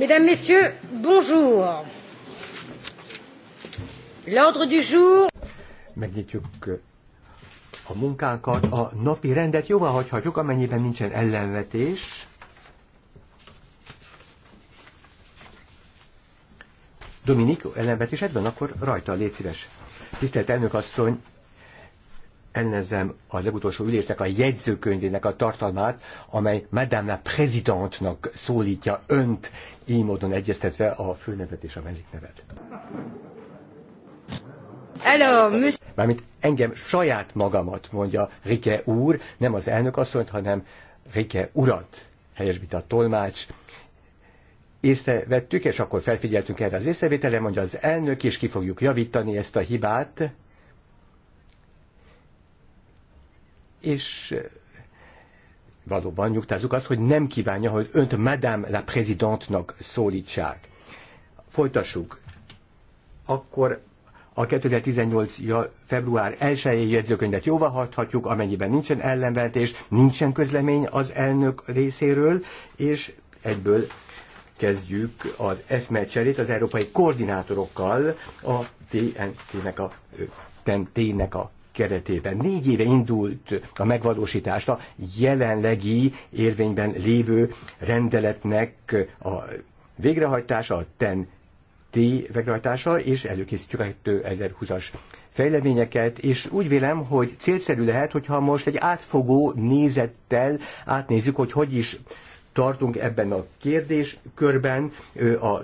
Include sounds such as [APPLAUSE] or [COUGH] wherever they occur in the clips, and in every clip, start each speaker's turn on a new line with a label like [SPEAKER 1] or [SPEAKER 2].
[SPEAKER 1] Mesdames, Messieurs, bonjour.
[SPEAKER 2] L'ordre du jour.
[SPEAKER 3] Megnyitjuk eh, a munkánkat, a napi rendet jóvá hagyhatjuk, amennyiben nincsen ellenvetés. Dominik, ellenvetésed van, akkor rajta légy szíves. Tisztelt elnök asszony, Elnezem a legutolsó ülésnek a jegyzőkönyvének a tartalmát, amely Madame la Présidentnak szólítja önt, így módon egyeztetve a főnevet és a melléknevet. Hello, Mármint engem saját magamat mondja Rike úr, nem az elnök asszonyt, hanem Rike urat, helyesbít a tolmács, észrevettük, és akkor felfigyeltünk erre az észrevételre, mondja az elnök, és ki fogjuk javítani ezt a hibát. és valóban nyugtázzuk azt, hogy nem kívánja, hogy önt Madame la Présidentnak szólítsák. Folytassuk. Akkor a 2018. február 1-i jegyzőkönyvet jóvá hagyhatjuk, amennyiben nincsen ellenvetés, nincsen közlemény az elnök részéről, és egyből kezdjük az eszmecserét az európai koordinátorokkal a TNT-nek a, TNT-nek a keretében. Négy éve indult a megvalósítást a jelenlegi érvényben lévő rendeletnek a végrehajtása, a TEN-T végrehajtása, és előkészítjük a 2020-as fejleményeket, és úgy vélem, hogy célszerű lehet, hogyha most egy átfogó nézettel átnézzük, hogy hogy is tartunk ebben a kérdéskörben a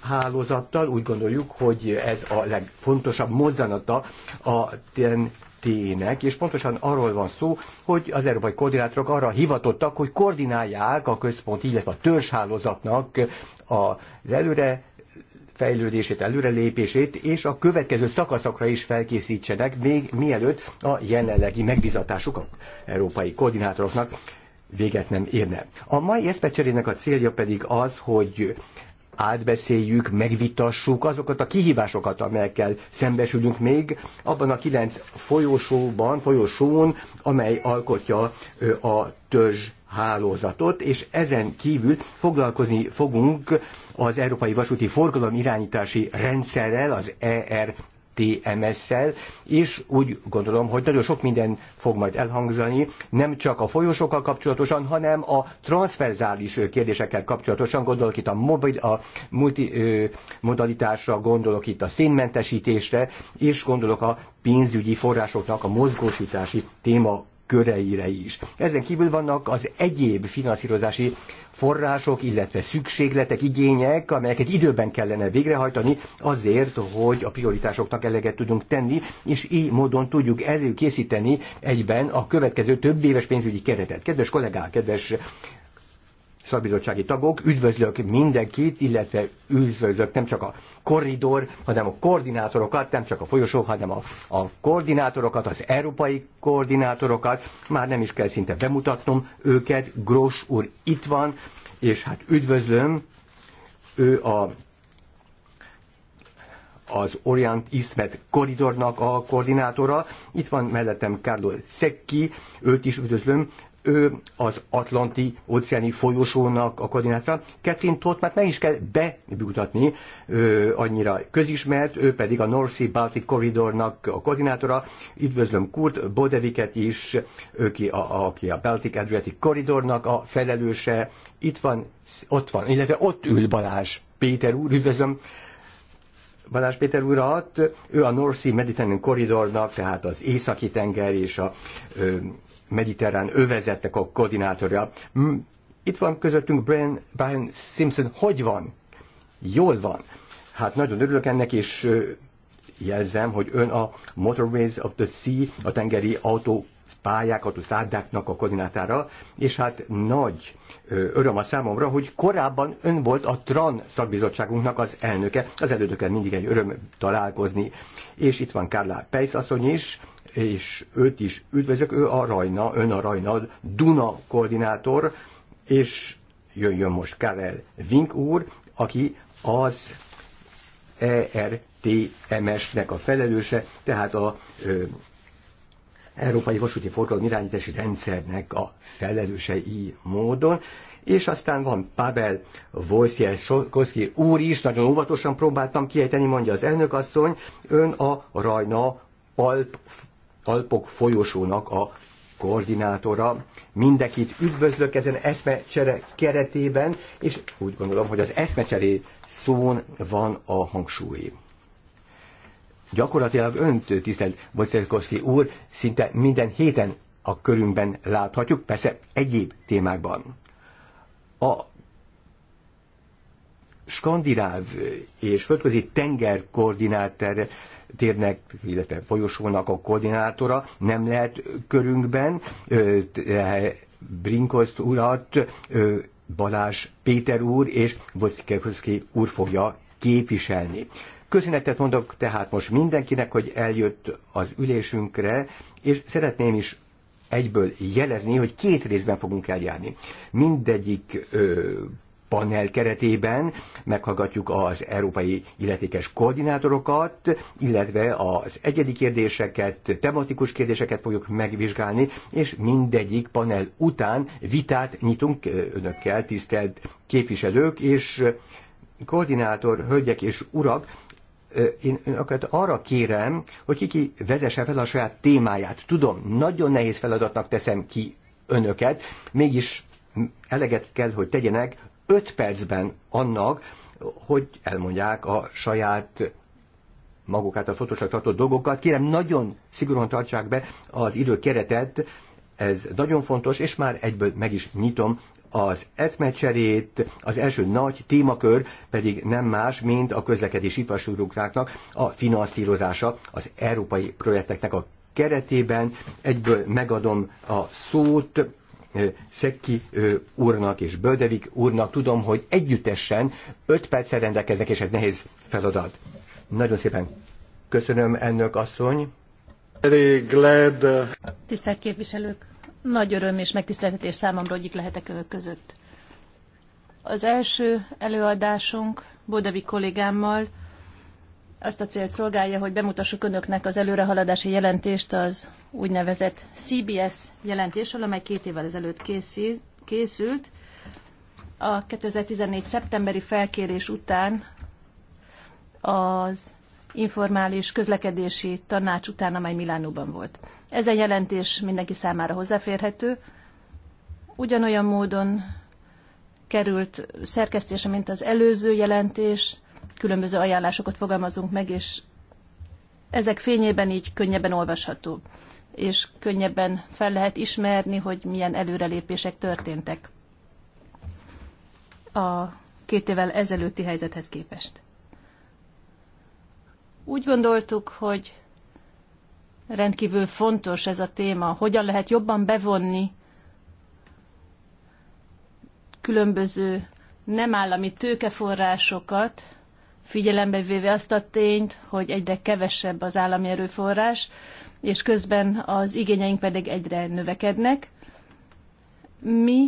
[SPEAKER 3] hálózattal Úgy gondoljuk, hogy ez a legfontosabb mozzanata a tének, és pontosan arról van szó, hogy az európai koordinátorok arra hivatottak, hogy koordinálják a központi, illetve a törzshálózatnak az előre fejlődését, előrelépését, és a következő szakaszokra is felkészítsenek, még mielőtt a jelenlegi megbizatásuk a európai koordinátoroknak véget nem érne. A mai eszpecserének a célja pedig az, hogy átbeszéljük, megvitassuk azokat a kihívásokat, amelyekkel szembesülünk még abban a kilenc folyosóban, folyosón, amely alkotja a törzs hálózatot, és ezen kívül foglalkozni fogunk az Európai Vasúti Forgalom Irányítási Rendszerrel, az ER TMS-szel, és úgy gondolom, hogy nagyon sok minden fog majd elhangzani, nem csak a folyosokkal kapcsolatosan, hanem a transferzális kérdésekkel kapcsolatosan, gondolok itt a, mobil, a modalitásra, gondolok itt a szénmentesítésre, és gondolok a pénzügyi forrásoknak a mozgósítási téma köreire is. Ezen kívül vannak az egyéb finanszírozási források, illetve szükségletek, igények, amelyeket időben kellene végrehajtani azért, hogy a prioritásoknak eleget tudunk tenni, és így módon tudjuk előkészíteni egyben a következő több éves pénzügyi keretet. Kedves kollégák, kedves szabizottsági tagok, üdvözlök mindenkit, illetve üdvözlök nem csak a korridor, hanem a koordinátorokat, nem csak a folyosó, hanem a, a koordinátorokat, az európai koordinátorokat, már nem is kell szinte bemutatnom őket, Gross úr itt van, és hát üdvözlöm, ő a az Orient Ismet koridornak a koordinátora. Itt van mellettem Carlo Secchi, őt is üdvözlöm, ő az Atlanti óceáni folyosónak a koordinátora. Catherine Todd, már meg is kell bemutatni, annyira közismert, ő pedig a North Sea Baltic Corridornak a koordinátora. Üdvözlöm Kurt Bodeviket is, ő ki a, aki a Baltic Adriatic Corridornak a felelőse. Itt van, ott van, illetve ott ül Balázs Péter úr, üdvözlöm. Balázs Péter urat, ő a North Sea Mediterranean Corridornak, tehát az északi tenger és a ö, mediterrán övezetnek a koordinátorja. Itt van közöttünk Brian, Brian Simpson. Hogy van? Jól van. Hát nagyon örülök ennek, és jelzem, hogy ön a Motorways of the Sea, a tengeri autó pályák, autószrádáknak a koordinátára, és hát nagy öröm a számomra, hogy korábban ön volt a TRAN szakbizottságunknak az elnöke, az elődökkel mindig egy öröm találkozni, és itt van Carla Pejsz asszony is, és őt is üdvözlök, ő a Rajna, ön a Rajna, Duna koordinátor, és jöjjön most Karel Vink úr, aki az ERTMS-nek a felelőse, tehát a ö, Európai Vasúti Forgalom Irányítási Rendszernek a felelőse így módon. És aztán van Pavel Wojciechowski úr is, nagyon óvatosan próbáltam kiejteni, mondja az elnök asszony, ön a Rajna Alp Alpok folyosónak a koordinátora. Mindenkit üdvözlök ezen eszmecsere keretében, és úgy gondolom, hogy az eszmecseré szón van a hangsúly. Gyakorlatilag önt, tisztelt Bocserkovszki úr, szinte minden héten a körünkben láthatjuk, persze egyéb témákban. A skandináv és földközi tenger koordinátor térnek, illetve folyosónak a koordinátora nem lehet körünkben, Brinkoszt urat Balázs Péter úr és Voszkevszki úr fogja képviselni. Köszönetet mondok tehát most mindenkinek, hogy eljött az ülésünkre, és szeretném is egyből jelezni, hogy két részben fogunk eljárni. Mindegyik ö, panel keretében meghallgatjuk az európai illetékes koordinátorokat, illetve az egyedi kérdéseket, tematikus kérdéseket fogjuk megvizsgálni, és mindegyik panel után vitát nyitunk önökkel, tisztelt képviselők, és koordinátor, hölgyek és urak, én önöket arra kérem, hogy kiki vezesse fel a saját témáját. Tudom, nagyon nehéz feladatnak teszem ki önöket, mégis eleget kell, hogy tegyenek öt percben annak, hogy elmondják a saját magukat a fontosnak tartott dolgokat. Kérem, nagyon szigorúan tartsák be az időkeretet, ez nagyon fontos, és már egyből meg is nyitom az eszmecserét, az első nagy témakör pedig nem más, mint a közlekedési infrastruktúráknak a finanszírozása az európai projekteknek a keretében. Egyből megadom a szót Szeki úrnak és Böldevik úrnak tudom, hogy együttesen 5 percet rendelkeznek, és ez nehéz feladat. Nagyon szépen köszönöm, ennök asszony.
[SPEAKER 4] Tisztelt
[SPEAKER 1] képviselők, nagy öröm és megtiszteltetés számomra, hogy itt lehetek önök között. Az első előadásunk Bodevi kollégámmal azt a célt szolgálja, hogy bemutassuk önöknek az előrehaladási jelentést az úgynevezett CBS jelentésről, amely két évvel ezelőtt készült, készült. A 2014. szeptemberi felkérés után az informális közlekedési tanács után, amely Milánóban volt. Ez a jelentés mindenki számára hozzáférhető. Ugyanolyan módon került szerkesztése, mint az előző jelentés, különböző ajánlásokat fogalmazunk meg, és ezek fényében így könnyebben olvasható, és könnyebben fel lehet ismerni, hogy milyen előrelépések történtek a két évvel ezelőtti helyzethez képest. Úgy gondoltuk, hogy rendkívül fontos ez a téma, hogyan lehet jobban bevonni különböző nem állami tőkeforrásokat figyelembe véve azt a tényt, hogy egyre kevesebb az állami erőforrás, és közben az igényeink pedig egyre növekednek. Mi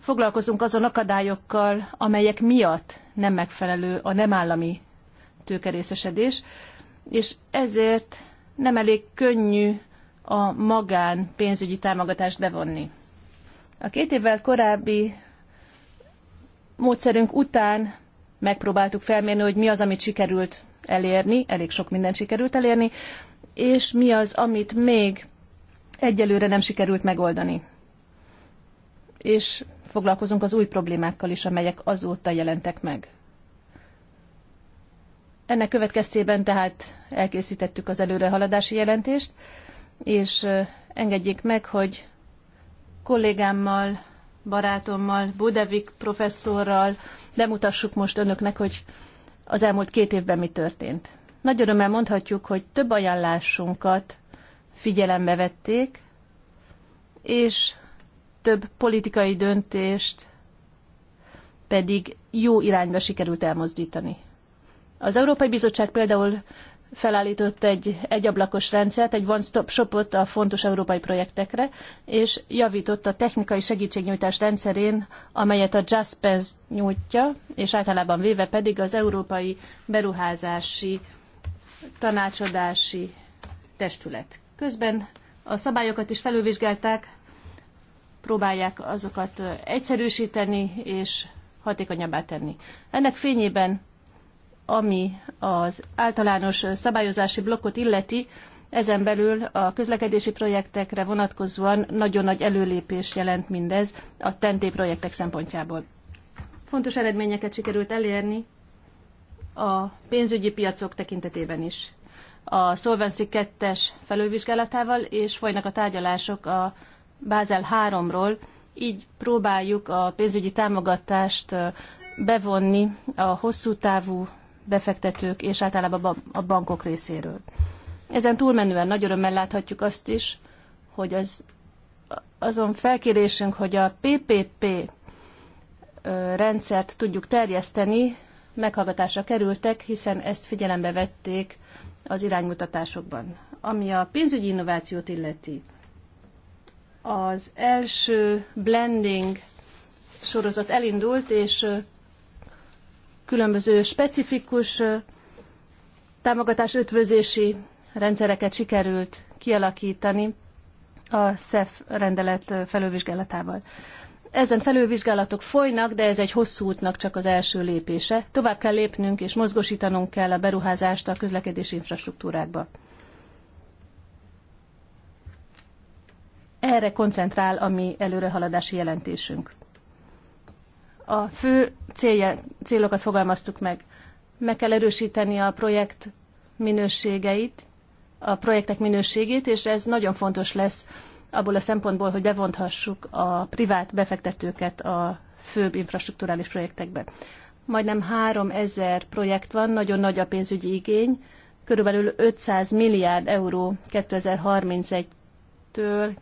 [SPEAKER 1] foglalkozunk azon akadályokkal, amelyek miatt nem megfelelő a nem állami tőkerészesedés, és ezért nem elég könnyű a magán pénzügyi támogatást bevonni. A két évvel korábbi módszerünk után megpróbáltuk felmérni, hogy mi az, amit sikerült elérni, elég sok mindent sikerült elérni, és mi az, amit még egyelőre nem sikerült megoldani. És foglalkozunk az új problémákkal is, amelyek azóta jelentek meg. Ennek következtében tehát elkészítettük az előrehaladási jelentést, és engedjék meg, hogy kollégámmal barátommal, Budevik professzorral bemutassuk most önöknek, hogy az elmúlt két évben mi történt. Nagy örömmel mondhatjuk, hogy több ajánlásunkat figyelembe vették, és több politikai döntést pedig jó irányba sikerült elmozdítani. Az Európai Bizottság például felállított egy egyablakos rendszert, egy one-stop shopot a fontos európai projektekre, és javított a technikai segítségnyújtás rendszerén, amelyet a Jaspers nyújtja, és általában véve pedig az Európai Beruházási Tanácsadási Testület. Közben a szabályokat is felülvizsgálták, próbálják azokat egyszerűsíteni és hatékonyabbá tenni. Ennek fényében ami az általános szabályozási blokkot illeti, ezen belül a közlekedési projektekre vonatkozóan nagyon nagy előlépés jelent mindez a TENTÉ projektek szempontjából. Fontos eredményeket sikerült elérni a pénzügyi piacok tekintetében is. A Solvency 2-es felülvizsgálatával, és folynak a tárgyalások a Bázel 3-ról, így próbáljuk a pénzügyi támogatást bevonni a hosszú távú befektetők és általában a bankok részéről. Ezen túlmenően nagy örömmel láthatjuk azt is, hogy az, azon felkérésünk, hogy a PPP rendszert tudjuk terjeszteni, meghallgatásra kerültek, hiszen ezt figyelembe vették az iránymutatásokban. Ami a pénzügyi innovációt illeti, az első blending sorozat elindult, és különböző specifikus támogatás ötvözési rendszereket sikerült kialakítani a SZEF rendelet felülvizsgálatával. Ezen felülvizsgálatok folynak, de ez egy hosszú útnak csak az első lépése. Tovább kell lépnünk és mozgosítanunk kell a beruházást a közlekedési infrastruktúrákba. Erre koncentrál a mi előrehaladási jelentésünk a fő célja, célokat fogalmaztuk meg. Meg kell erősíteni a projekt minőségeit, a projektek minőségét, és ez nagyon fontos lesz abból a szempontból, hogy bevonthassuk a privát befektetőket a főbb infrastruktúrális projektekbe. Majdnem 3000 projekt van, nagyon nagy a pénzügyi igény, körülbelül 500 milliárd euró 2031-től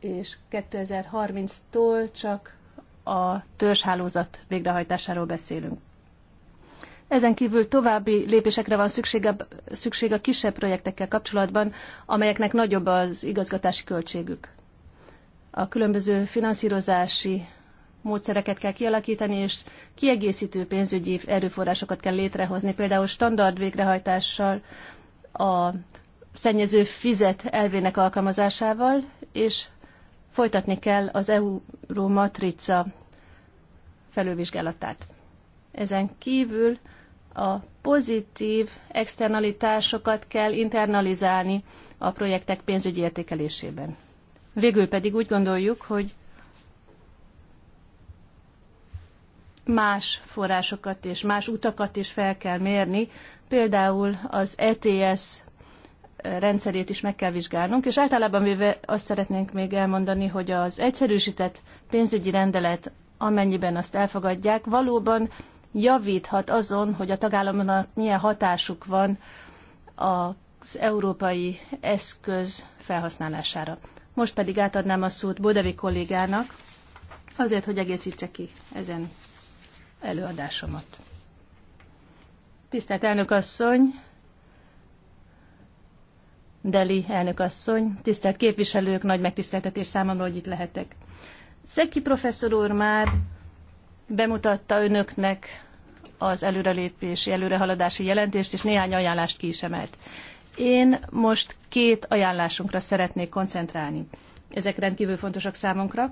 [SPEAKER 1] és 2030-tól csak a törzshálózat végrehajtásáról beszélünk. Ezen kívül további lépésekre van szükség a, szükség a kisebb projektekkel kapcsolatban, amelyeknek nagyobb az igazgatási költségük. A különböző finanszírozási módszereket kell kialakítani, és kiegészítő pénzügyi erőforrásokat kell létrehozni, például standard végrehajtással, a szennyező fizet elvének alkalmazásával, és folytatni kell az euró matrica felülvizsgálatát. Ezen kívül a pozitív externalitásokat kell internalizálni a projektek pénzügyi értékelésében. Végül pedig úgy gondoljuk, hogy más forrásokat és más utakat is fel kell mérni, például az ETS rendszerét is meg kell vizsgálnunk, és általában véve azt szeretnénk még elmondani, hogy az egyszerűsített pénzügyi rendelet, amennyiben azt elfogadják, valóban javíthat azon, hogy a tagállamnak milyen hatásuk van az európai eszköz felhasználására. Most pedig átadnám a szót Bodevi kollégának, azért, hogy egészítse ki ezen előadásomat. Tisztelt elnök asszony, Deli elnökasszony, tisztelt képviselők, nagy megtiszteltetés számomra, hogy itt lehetek. Szeki professzor úr már bemutatta önöknek az előrelépési, előrehaladási jelentést, és néhány ajánlást ki is emelt. Én most két ajánlásunkra szeretnék koncentrálni. Ezek rendkívül fontosak számunkra.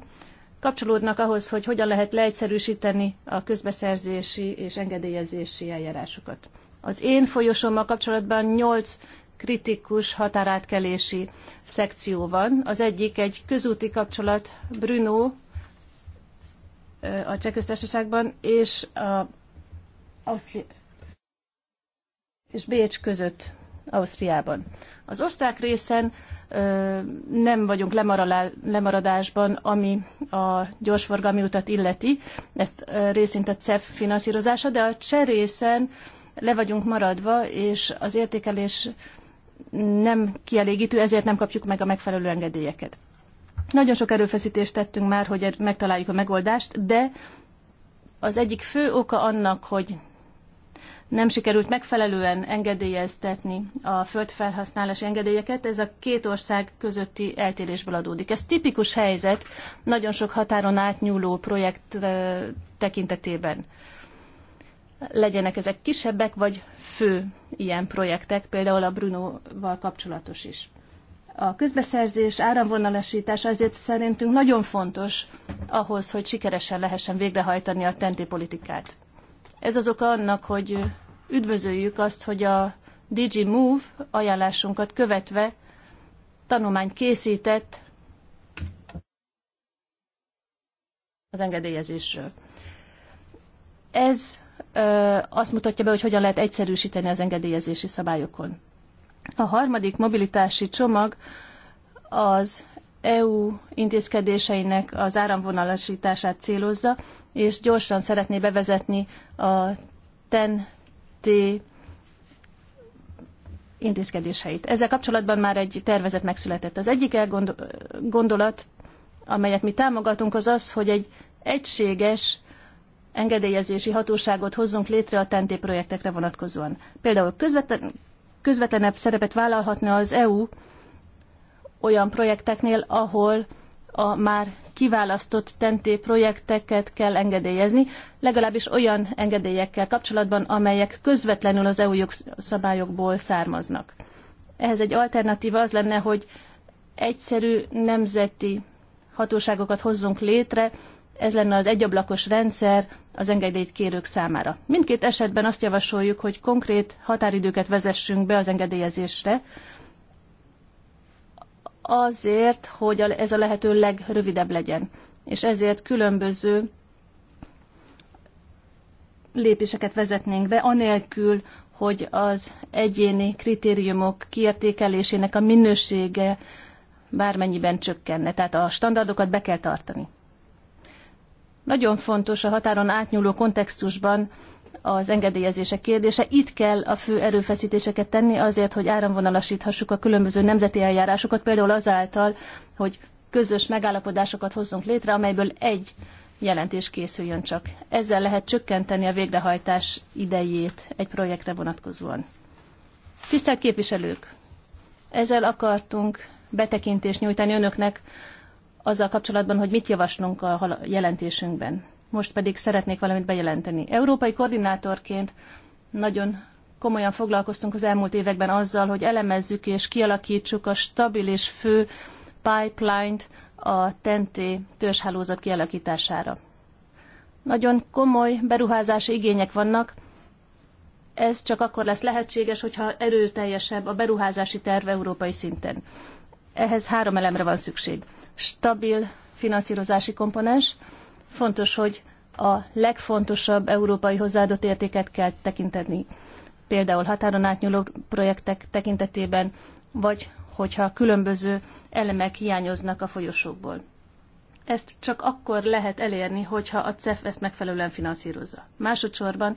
[SPEAKER 1] Kapcsolódnak ahhoz, hogy hogyan lehet leegyszerűsíteni a közbeszerzési és engedélyezési eljárásokat. Az én folyosommal kapcsolatban nyolc kritikus határátkelési szekció van. Az egyik egy közúti kapcsolat Bruno a Csehköztársaságban és a Ausztri- és Bécs között Ausztriában. Az osztrák részen nem vagyunk lemaradásban, ami a gyorsforgalmi utat illeti, ezt részint a CEF finanszírozása, de a cserészen le vagyunk maradva, és az értékelés nem kielégítő, ezért nem kapjuk meg a megfelelő engedélyeket. Nagyon sok erőfeszítést tettünk már, hogy er- megtaláljuk a megoldást, de az egyik fő oka annak, hogy nem sikerült megfelelően engedélyeztetni a földfelhasználási engedélyeket, ez a két ország közötti eltérésből adódik. Ez tipikus helyzet nagyon sok határon átnyúló projekt tekintetében legyenek ezek kisebbek vagy fő ilyen projektek, például a Bruno-val kapcsolatos is. A közbeszerzés, áramvonalasítás azért szerintünk nagyon fontos ahhoz, hogy sikeresen lehessen végrehajtani a tenti politikát. Ez az oka annak, hogy üdvözöljük azt, hogy a DG Move ajánlásunkat követve tanulmány készített az engedélyezésről. Ez azt mutatja be, hogy hogyan lehet egyszerűsíteni az engedélyezési szabályokon. A harmadik mobilitási csomag az EU intézkedéseinek az áramvonalasítását célozza, és gyorsan szeretné bevezetni a TEN-T intézkedéseit. Ezzel kapcsolatban már egy tervezet megszületett. Az egyik elgondolat, amelyet mi támogatunk, az az, hogy egy egységes engedélyezési hatóságot hozzunk létre a TNT projektekre vonatkozóan. Például közvetlen, közvetlenebb szerepet vállalhatna az EU olyan projekteknél, ahol a már kiválasztott tenté projekteket kell engedélyezni, legalábbis olyan engedélyekkel kapcsolatban, amelyek közvetlenül az EU jogszabályokból származnak. Ehhez egy alternatíva az lenne, hogy egyszerű nemzeti hatóságokat hozzunk létre, ez lenne az egyablakos rendszer az engedélyt kérők számára. Mindkét esetben azt javasoljuk, hogy konkrét határidőket vezessünk be az engedélyezésre, azért, hogy ez a lehető legrövidebb legyen. És ezért különböző lépéseket vezetnénk be, anélkül, hogy az egyéni kritériumok kiértékelésének a minősége bármennyiben csökkenne. Tehát a standardokat be kell tartani. Nagyon fontos a határon átnyúló kontextusban az engedélyezések kérdése. Itt kell a fő erőfeszítéseket tenni azért, hogy áramvonalasíthassuk a különböző nemzeti eljárásokat, például azáltal, hogy közös megállapodásokat hozzunk létre, amelyből egy jelentés készüljön csak. Ezzel lehet csökkenteni a végrehajtás idejét egy projektre vonatkozóan. Tisztelt képviselők! Ezzel akartunk betekintést nyújtani önöknek azzal kapcsolatban, hogy mit javaslunk a jelentésünkben. Most pedig szeretnék valamit bejelenteni. Európai koordinátorként nagyon komolyan foglalkoztunk az elmúlt években azzal, hogy elemezzük és kialakítsuk a stabil és fő pipeline-t a TNT törzshálózat kialakítására. Nagyon komoly beruházási igények vannak, ez csak akkor lesz lehetséges, hogyha erőteljesebb a beruházási terv európai szinten. Ehhez három elemre van szükség. Stabil finanszírozási komponens. Fontos, hogy a legfontosabb európai hozzáadott értéket kell tekinteni. Például határon átnyúló projektek tekintetében, vagy hogyha különböző elemek hiányoznak a folyosókból. Ezt csak akkor lehet elérni, hogyha a CEF ezt megfelelően finanszírozza. Másodszorban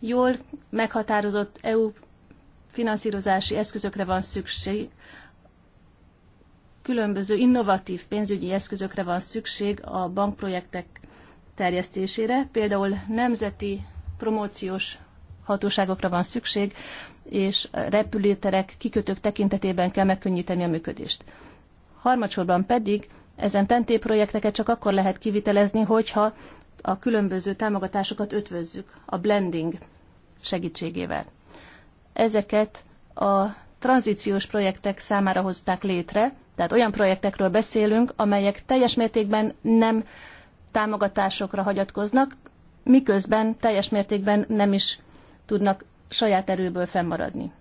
[SPEAKER 1] jól meghatározott EU finanszírozási eszközökre van szükség, különböző innovatív pénzügyi eszközökre van szükség a bankprojektek terjesztésére, például nemzeti promóciós hatóságokra van szükség, és repülőterek, kikötők tekintetében kell megkönnyíteni a működést. Harmadsorban pedig ezen tenté projekteket csak akkor lehet kivitelezni, hogyha a különböző támogatásokat ötvözzük a blending segítségével. Ezeket a tranzíciós projektek számára hozták létre, tehát olyan projektekről beszélünk, amelyek teljes mértékben nem támogatásokra hagyatkoznak, miközben teljes mértékben nem is tudnak saját erőből fennmaradni.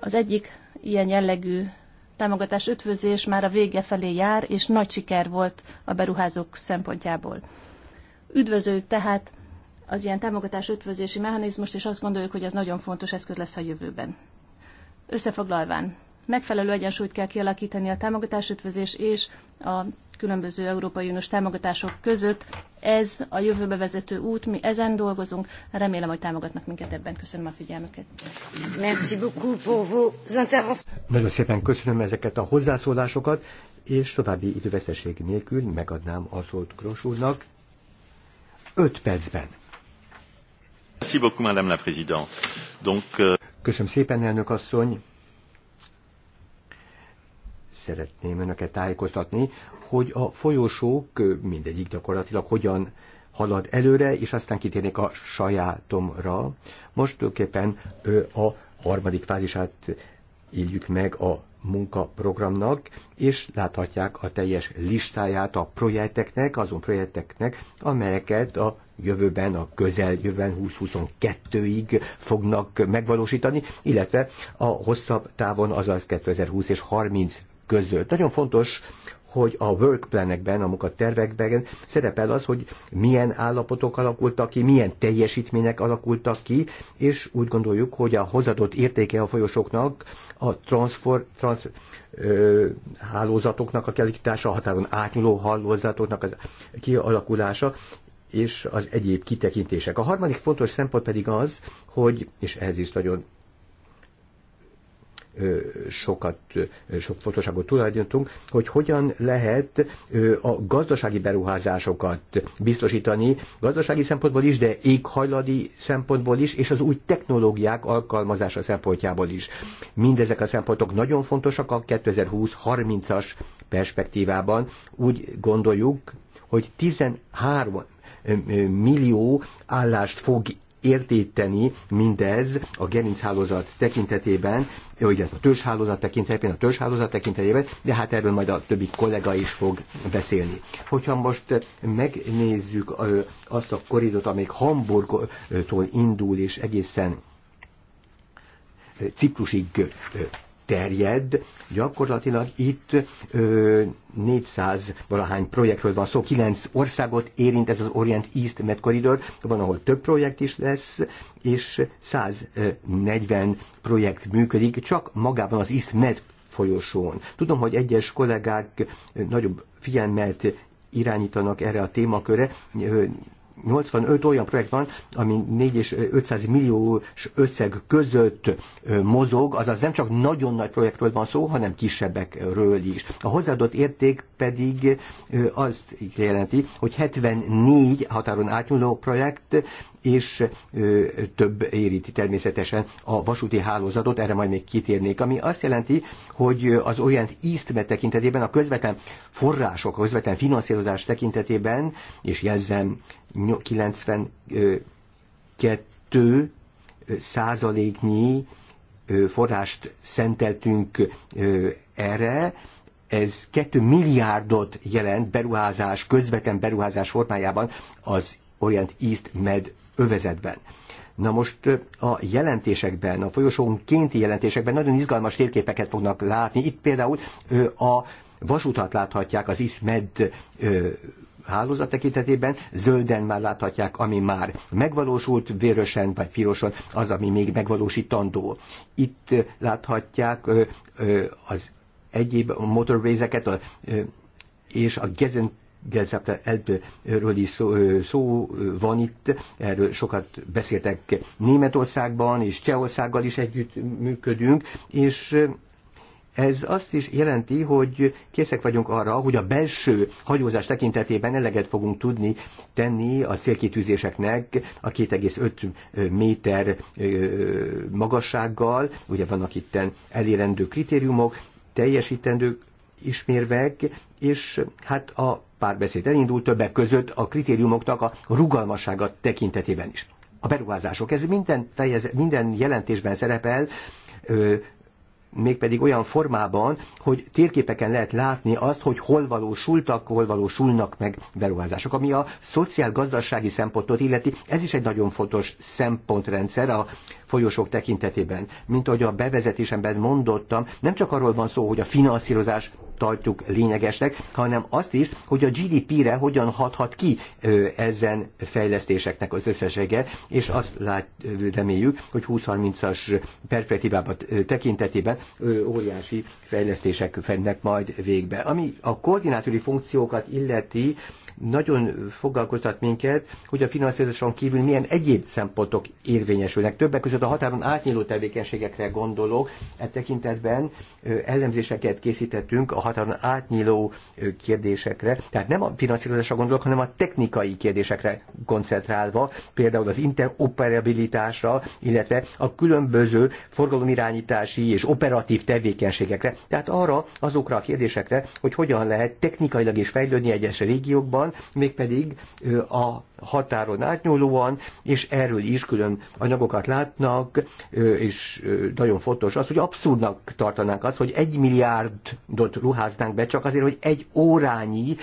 [SPEAKER 1] Az egyik ilyen jellegű támogatás ötvözés már a vége felé jár, és nagy siker volt a beruházók szempontjából. Üdvözöljük tehát az ilyen támogatás ötvözési mechanizmust, és azt gondoljuk, hogy ez nagyon fontos eszköz lesz a jövőben. Összefoglalván, megfelelő egyensúlyt kell kialakítani a támogatásötvözés és a különböző Európai Uniós támogatások között. Ez a jövőbe vezető út, mi ezen dolgozunk. Remélem, hogy támogatnak minket ebben. Köszönöm a figyelmüket.
[SPEAKER 2] Merci beaucoup pour vos
[SPEAKER 3] Nagyon szépen köszönöm ezeket a hozzászólásokat, és további időveszteség nélkül megadnám a szót Gros úrnak. Öt percben.
[SPEAKER 4] Merci beaucoup, Madame la Présidente.
[SPEAKER 3] Donc, euh, Köszönöm szépen, elnök asszony szeretném önöket tájékoztatni, hogy a folyosók mindegyik gyakorlatilag hogyan halad előre, és aztán kitérnék a sajátomra. Most tulajdonképpen a harmadik fázisát éljük meg a munkaprogramnak, és láthatják a teljes listáját a projekteknek, azon projekteknek, amelyeket a jövőben, a közeljövőben 20-22-ig fognak megvalósítani, illetve a hosszabb távon, azaz 2020 és 30 között. Nagyon fontos, hogy a workplanekben, a munkatervekben szerepel az, hogy milyen állapotok alakultak ki, milyen teljesítmények alakultak ki, és úgy gondoljuk, hogy a hozadott értéke a folyosoknak a transfer, trans, ö, hálózatoknak a kialakítása, a határon átnyúló hálózatoknak a kialakulása, és az egyéb kitekintések. A harmadik fontos szempont pedig az, hogy, és ehhez is nagyon sokat, sok fontosságot tulajdonítunk, hogy hogyan lehet a gazdasági beruházásokat biztosítani, gazdasági szempontból is, de éghajladi szempontból is, és az új technológiák alkalmazása szempontjából is. Mindezek a szempontok nagyon fontosak a 2020-30-as perspektívában. Úgy gondoljuk, hogy 13 millió állást fog értéteni mindez a gerinchálózat tekintetében, illetve a törzshálózat tekintetében, a törzshálózat tekintetében, de hát erről majd a többi kollega is fog beszélni. Hogyha most megnézzük azt a koridot, amelyik Hamburgtól indul és egészen ciklusig terjed. Gyakorlatilag itt ö, 400 valahány projektről van szó, 9 országot érint ez az Orient East Med Corridor, van, ahol több projekt is lesz, és 140 projekt működik, csak magában az East Med folyosón. Tudom, hogy egyes kollégák nagyobb figyelmet irányítanak erre a témakörre. 85 olyan projekt van, ami 4 és 500 milliós összeg között mozog, azaz nem csak nagyon nagy projektről van szó, hanem kisebbekről is. A hozzáadott érték pedig azt jelenti, hogy 74 határon átnyúló projekt és több érinti természetesen a vasúti hálózatot, erre majd még kitérnék, ami azt jelenti, hogy az Orient Eastmet tekintetében, a közvetlen források, a közvetlen finanszírozás tekintetében, és jelzem 92 százaléknyi forrást szenteltünk erre, ez 2 milliárdot jelent beruházás, közvetlen beruházás formájában az Orient East Med övezetben. Na most a jelentésekben, a folyosónkénti jelentésekben nagyon izgalmas térképeket fognak látni. Itt például a vasutat láthatják az ISMED hálózat tekintetében, zölden már láthatják, ami már megvalósult, vérösen vagy pirosan, az, ami még megvalósítandó. Itt láthatják az egyéb motorvézeket, és a gezent Gelszabta Eltről is szó, szó van itt, erről sokat beszéltek Németországban és Csehországgal is együtt működünk, és ez azt is jelenti, hogy készek vagyunk arra, hogy a belső hajózás tekintetében eleget fogunk tudni tenni a célkitűzéseknek a 2,5 méter magassággal, ugye vannak itten elérendő kritériumok, teljesítendő ismérvek, és hát a párbeszéd elindult többek között a kritériumoknak a rugalmassága tekintetében is. A beruházások, ez minden, fejez, minden jelentésben szerepel, ö, mégpedig olyan formában, hogy térképeken lehet látni azt, hogy hol valósultak, hol valósulnak meg beruházások. Ami a szociál-gazdasági szempontot illeti, ez is egy nagyon fontos szempontrendszer a folyosók tekintetében. Mint ahogy a bevezetésemben mondottam, nem csak arról van szó, hogy a finanszírozás tartjuk lényegesnek, hanem azt is, hogy a GDP-re hogyan hathat ki ezen fejlesztéseknek az összesége, és azt lát, reméljük, hogy 20-30-as perspektívában tekintetében óriási fejlesztések fennek majd végbe. Ami a koordinátori funkciókat illeti, nagyon foglalkoztat minket, hogy a finanszírozáson kívül milyen egyéb szempontok érvényesülnek. Többek között a határon átnyíló tevékenységekre gondolok. E tekintetben ellenzéseket készítettünk a határon átnyíló kérdésekre. Tehát nem a finanszírozásra gondolok, hanem a technikai kérdésekre koncentrálva, például az interoperabilitásra, illetve a különböző forgalomirányítási és operatív tevékenységekre. Tehát arra, azokra a kérdésekre, hogy hogyan lehet technikailag is fejlődni egyes régiókban, van, mégpedig a határon átnyúlóan, és erről is külön anyagokat látnak, és nagyon fontos az, hogy abszurdnak tartanák az, hogy egy milliárdot ruháznánk be csak azért, hogy egy órányi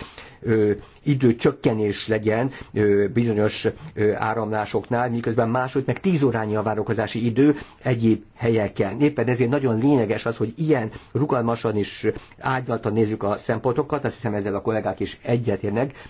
[SPEAKER 3] időcsökkenés legyen bizonyos áramlásoknál, miközben máshogy meg tíz órányi a várakozási idő egyéb helyeken. Éppen ezért nagyon lényeges az, hogy ilyen rugalmasan és árnyaltan nézzük a szempontokat, azt hiszem ezzel a kollégák is egyetérnek,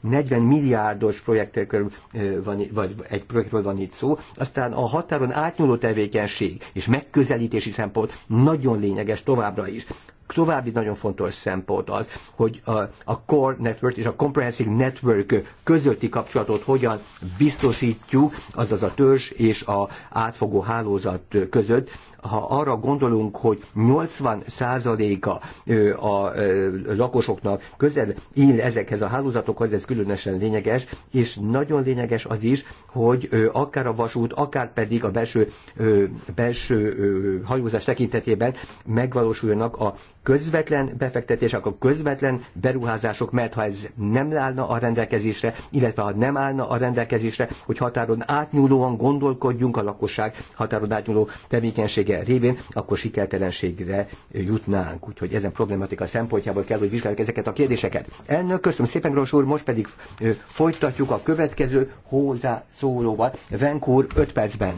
[SPEAKER 3] 40 milliárdos projektekről van, vagy egy projektről van itt szó. Aztán a határon átnyúló tevékenység és megközelítési szempont nagyon lényeges továbbra is további nagyon fontos szempont az, hogy a, a core network és a comprehensive network közötti kapcsolatot hogyan biztosítjuk, azaz a törzs és a átfogó hálózat között. Ha arra gondolunk, hogy 80%-a a lakosoknak közel él ezekhez a hálózatokhoz, ez különösen lényeges, és nagyon lényeges az is, hogy akár a vasút, akár pedig a belső, belső hajózás tekintetében megvalósuljanak a közvetlen befektetés, akkor közvetlen beruházások, mert ha ez nem állna a rendelkezésre, illetve ha nem állna a rendelkezésre, hogy határon átnyúlóan gondolkodjunk a lakosság határon átnyúló tevékenysége révén, akkor sikertelenségre jutnánk. Úgyhogy ezen problematika szempontjából kell, hogy vizsgáljuk ezeket a kérdéseket. Elnök, köszönöm szépen, Gros úr, most pedig folytatjuk a következő hozzászólóval. Venkúr 5 percben.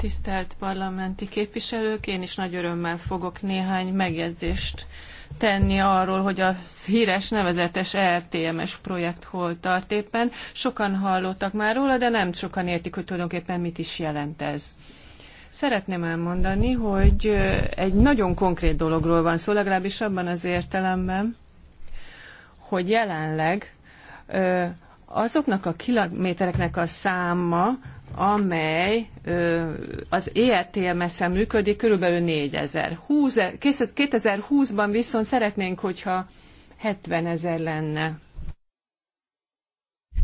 [SPEAKER 2] Tisztelt parlamenti képviselők, én is nagy örömmel fogok néhány megjegyzést tenni arról, hogy a híres nevezetes RTMS er projekt hol tart éppen. Sokan hallottak már róla, de nem sokan értik, hogy tulajdonképpen mit is jelent ez. Szeretném elmondani, hogy egy nagyon konkrét dologról van szó, legalábbis abban az értelemben, hogy jelenleg azoknak a kilométereknek a száma, amely az ERTMS-en működik, körülbelül 4000. 2020-ban viszont szeretnénk, hogyha 70 ezer lenne.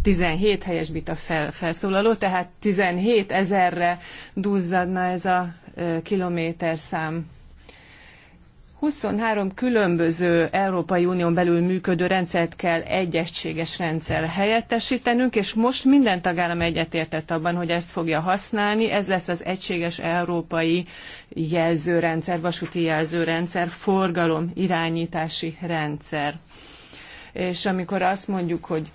[SPEAKER 2] 17 bit a fel, felszólaló, tehát 17 ezerre duzzadna ez a kilométerszám. 23 különböző Európai Unión belül működő rendszert kell egy egységes rendszer helyettesítenünk, és most minden tagállam egyetértett abban, hogy ezt fogja használni. Ez lesz az egységes európai jelzőrendszer, vasúti jelzőrendszer, forgalom irányítási rendszer és amikor azt mondjuk, hogy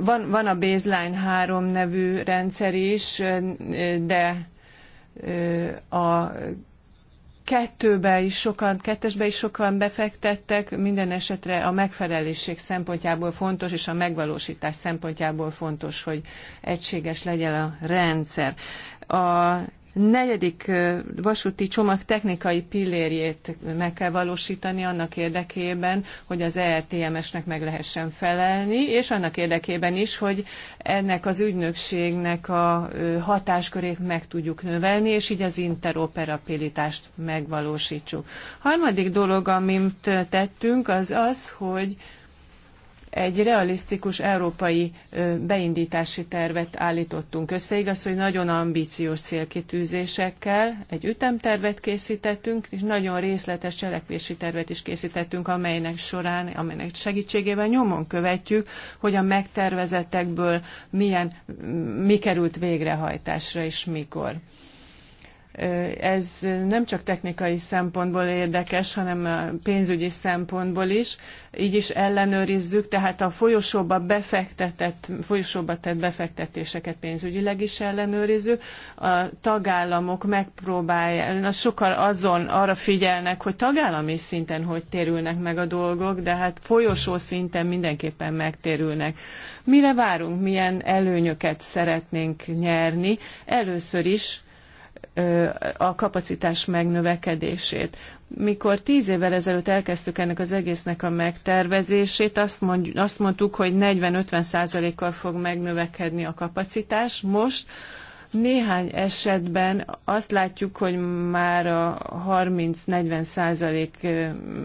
[SPEAKER 2] van, van a Baseline 3 nevű rendszer is, de a kettőbe is sokan, kettesbe is sokan befektettek, minden esetre a megfelelésség szempontjából fontos, és a megvalósítás szempontjából fontos, hogy egységes legyen a rendszer. A negyedik vasúti csomag technikai pillérjét meg kell valósítani annak érdekében, hogy az ERTMS-nek meg lehessen felelni, és annak érdekében is, hogy ennek az ügynökségnek a hatáskörét meg tudjuk növelni, és így az interoperabilitást megvalósítsuk. Harmadik dolog, amit tettünk, az az, hogy egy realisztikus európai beindítási tervet állítottunk össze. Igaz, hogy nagyon ambíciós célkitűzésekkel egy ütemtervet készítettünk, és nagyon részletes cselekvési tervet is készítettünk, amelynek során, amelynek segítségével nyomon követjük, hogy a megtervezettekből milyen, mi került végrehajtásra és mikor ez nem csak technikai szempontból érdekes, hanem pénzügyi szempontból is. Így is ellenőrizzük, tehát a folyosóba befektetett, folyosóba tett befektetéseket pénzügyileg is ellenőrizzük. A tagállamok megpróbálják, sokkal azon arra figyelnek, hogy tagállami szinten hogy térülnek meg a dolgok, de hát folyosó szinten mindenképpen megtérülnek. Mire várunk, milyen előnyöket szeretnénk nyerni? Először is a kapacitás megnövekedését. Mikor tíz évvel ezelőtt elkezdtük ennek az egésznek a megtervezését, azt, mond, azt mondtuk, hogy 40-50 százalékkal fog megnövekedni a kapacitás. Most néhány esetben azt látjuk, hogy már a 30-40 százalék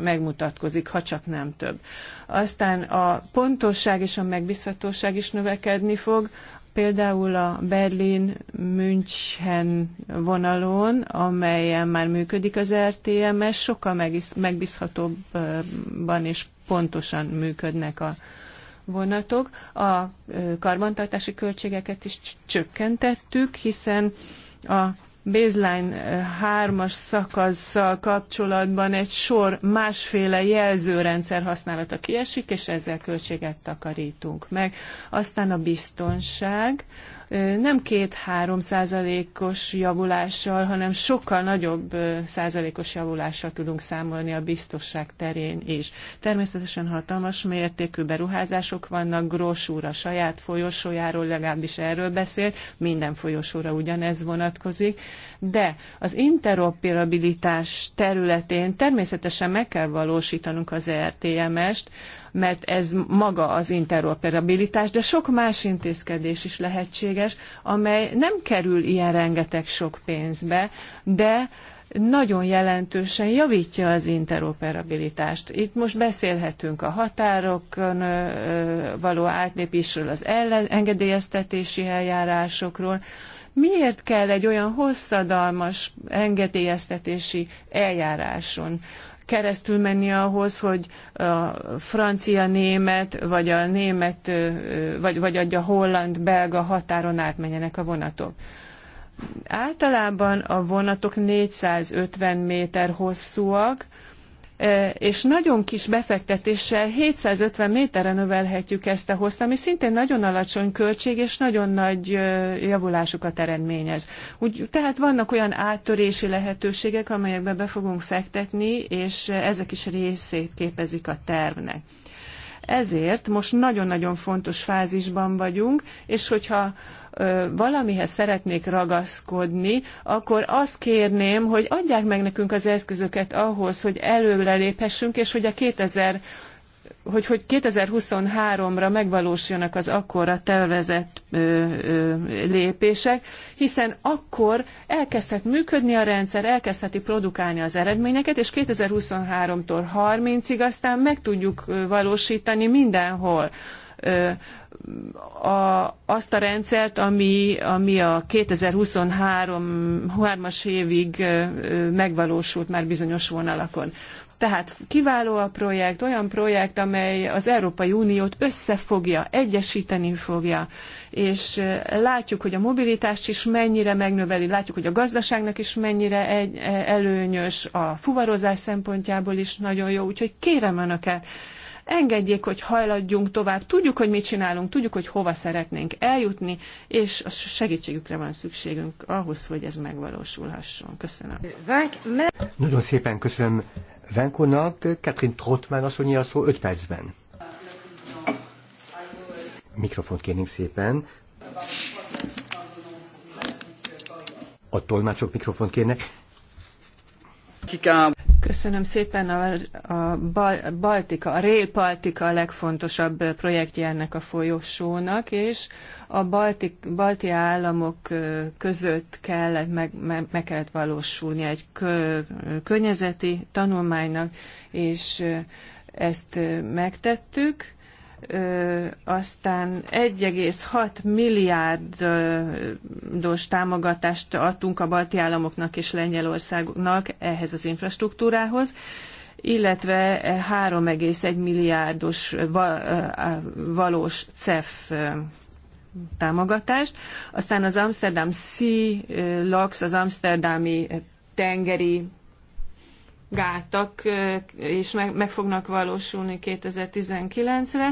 [SPEAKER 2] megmutatkozik, ha csak nem több. Aztán a pontosság és a megbízhatóság is növekedni fog, például a Berlin-München vonalon, amelyen már működik az RTMS, sokkal megbízhatóbban és pontosan működnek a vonatok. A karbantartási költségeket is csökkentettük, hiszen a baseline 3-as szakasszal kapcsolatban egy sor másféle jelzőrendszer használata kiesik, és ezzel költséget takarítunk meg. Aztán a biztonság, nem két-három százalékos javulással, hanem sokkal nagyobb százalékos javulással tudunk számolni a biztosság terén is. Természetesen hatalmas mértékű beruházások vannak, Gross úr a saját folyosójáról legalábbis erről beszélt, minden folyosóra ugyanez vonatkozik, de az interoperabilitás területén természetesen meg kell valósítanunk az RTMS-t, mert ez maga az interoperabilitás, de sok más intézkedés is lehetséges, amely nem kerül ilyen rengeteg sok pénzbe, de nagyon jelentősen javítja az interoperabilitást. Itt most beszélhetünk a határokon való átlépésről, az ellen, engedélyeztetési eljárásokról. Miért kell egy olyan hosszadalmas engedélyeztetési eljáráson keresztül menni ahhoz, hogy a francia német, vagy a német, vagy, vagy a holland belga határon átmenjenek a vonatok. Általában a vonatok 450 méter hosszúak, és nagyon kis befektetéssel 750 méterre növelhetjük ezt a hozt, ami szintén nagyon alacsony költség és nagyon nagy javulásokat eredményez. Úgy, tehát vannak olyan áttörési lehetőségek, amelyekbe be fogunk fektetni, és ezek is részét képezik a tervnek. Ezért most nagyon-nagyon fontos fázisban vagyunk, és hogyha valamihez szeretnék ragaszkodni, akkor azt kérném, hogy adják meg nekünk az eszközöket ahhoz, hogy előre léphessünk, és hogy a 2000 hogy, hogy 2023-ra megvalósuljanak az akkora tervezett ö, ö, lépések, hiszen akkor elkezdhet működni a rendszer, elkezdheti produkálni az eredményeket, és 2023-tól 30-ig aztán meg tudjuk valósítani mindenhol a, azt a rendszert, ami, ami a 2023-as évig megvalósult már bizonyos vonalakon. Tehát kiváló a projekt, olyan projekt, amely az Európai Uniót összefogja, egyesíteni fogja, és látjuk, hogy a mobilitást is mennyire megnöveli, látjuk, hogy a gazdaságnak is mennyire előnyös, a fuvarozás szempontjából is nagyon jó, úgyhogy kérem Önöket, engedjék, hogy hajladjunk tovább, tudjuk, hogy mit csinálunk, tudjuk, hogy hova szeretnénk eljutni, és a segítségükre van szükségünk ahhoz, hogy ez megvalósulhasson. Köszönöm.
[SPEAKER 3] Nagyon szépen köszönöm Venkónak, Katrin Trottmann asszonyi a szó 5 percben. Mikrofont kérnénk szépen. A tolmácsok mikrofont kérnek.
[SPEAKER 2] Köszönöm szépen. A, a Bal Baltika, a Rail Baltica a legfontosabb projektje ennek a folyosónak, és a Baltik, balti államok között kellett, meg, meg kellett valósulni egy kö, környezeti tanulmánynak, és ezt megtettük aztán 1,6 milliárdos támogatást adtunk a balti államoknak és Lengyelországnak ehhez az infrastruktúrához, illetve 3,1 milliárdos valós CEF támogatást. Aztán az Amsterdam Sea Locks, az amsterdami tengeri gáltak, és meg, meg fognak valósulni 2019-re.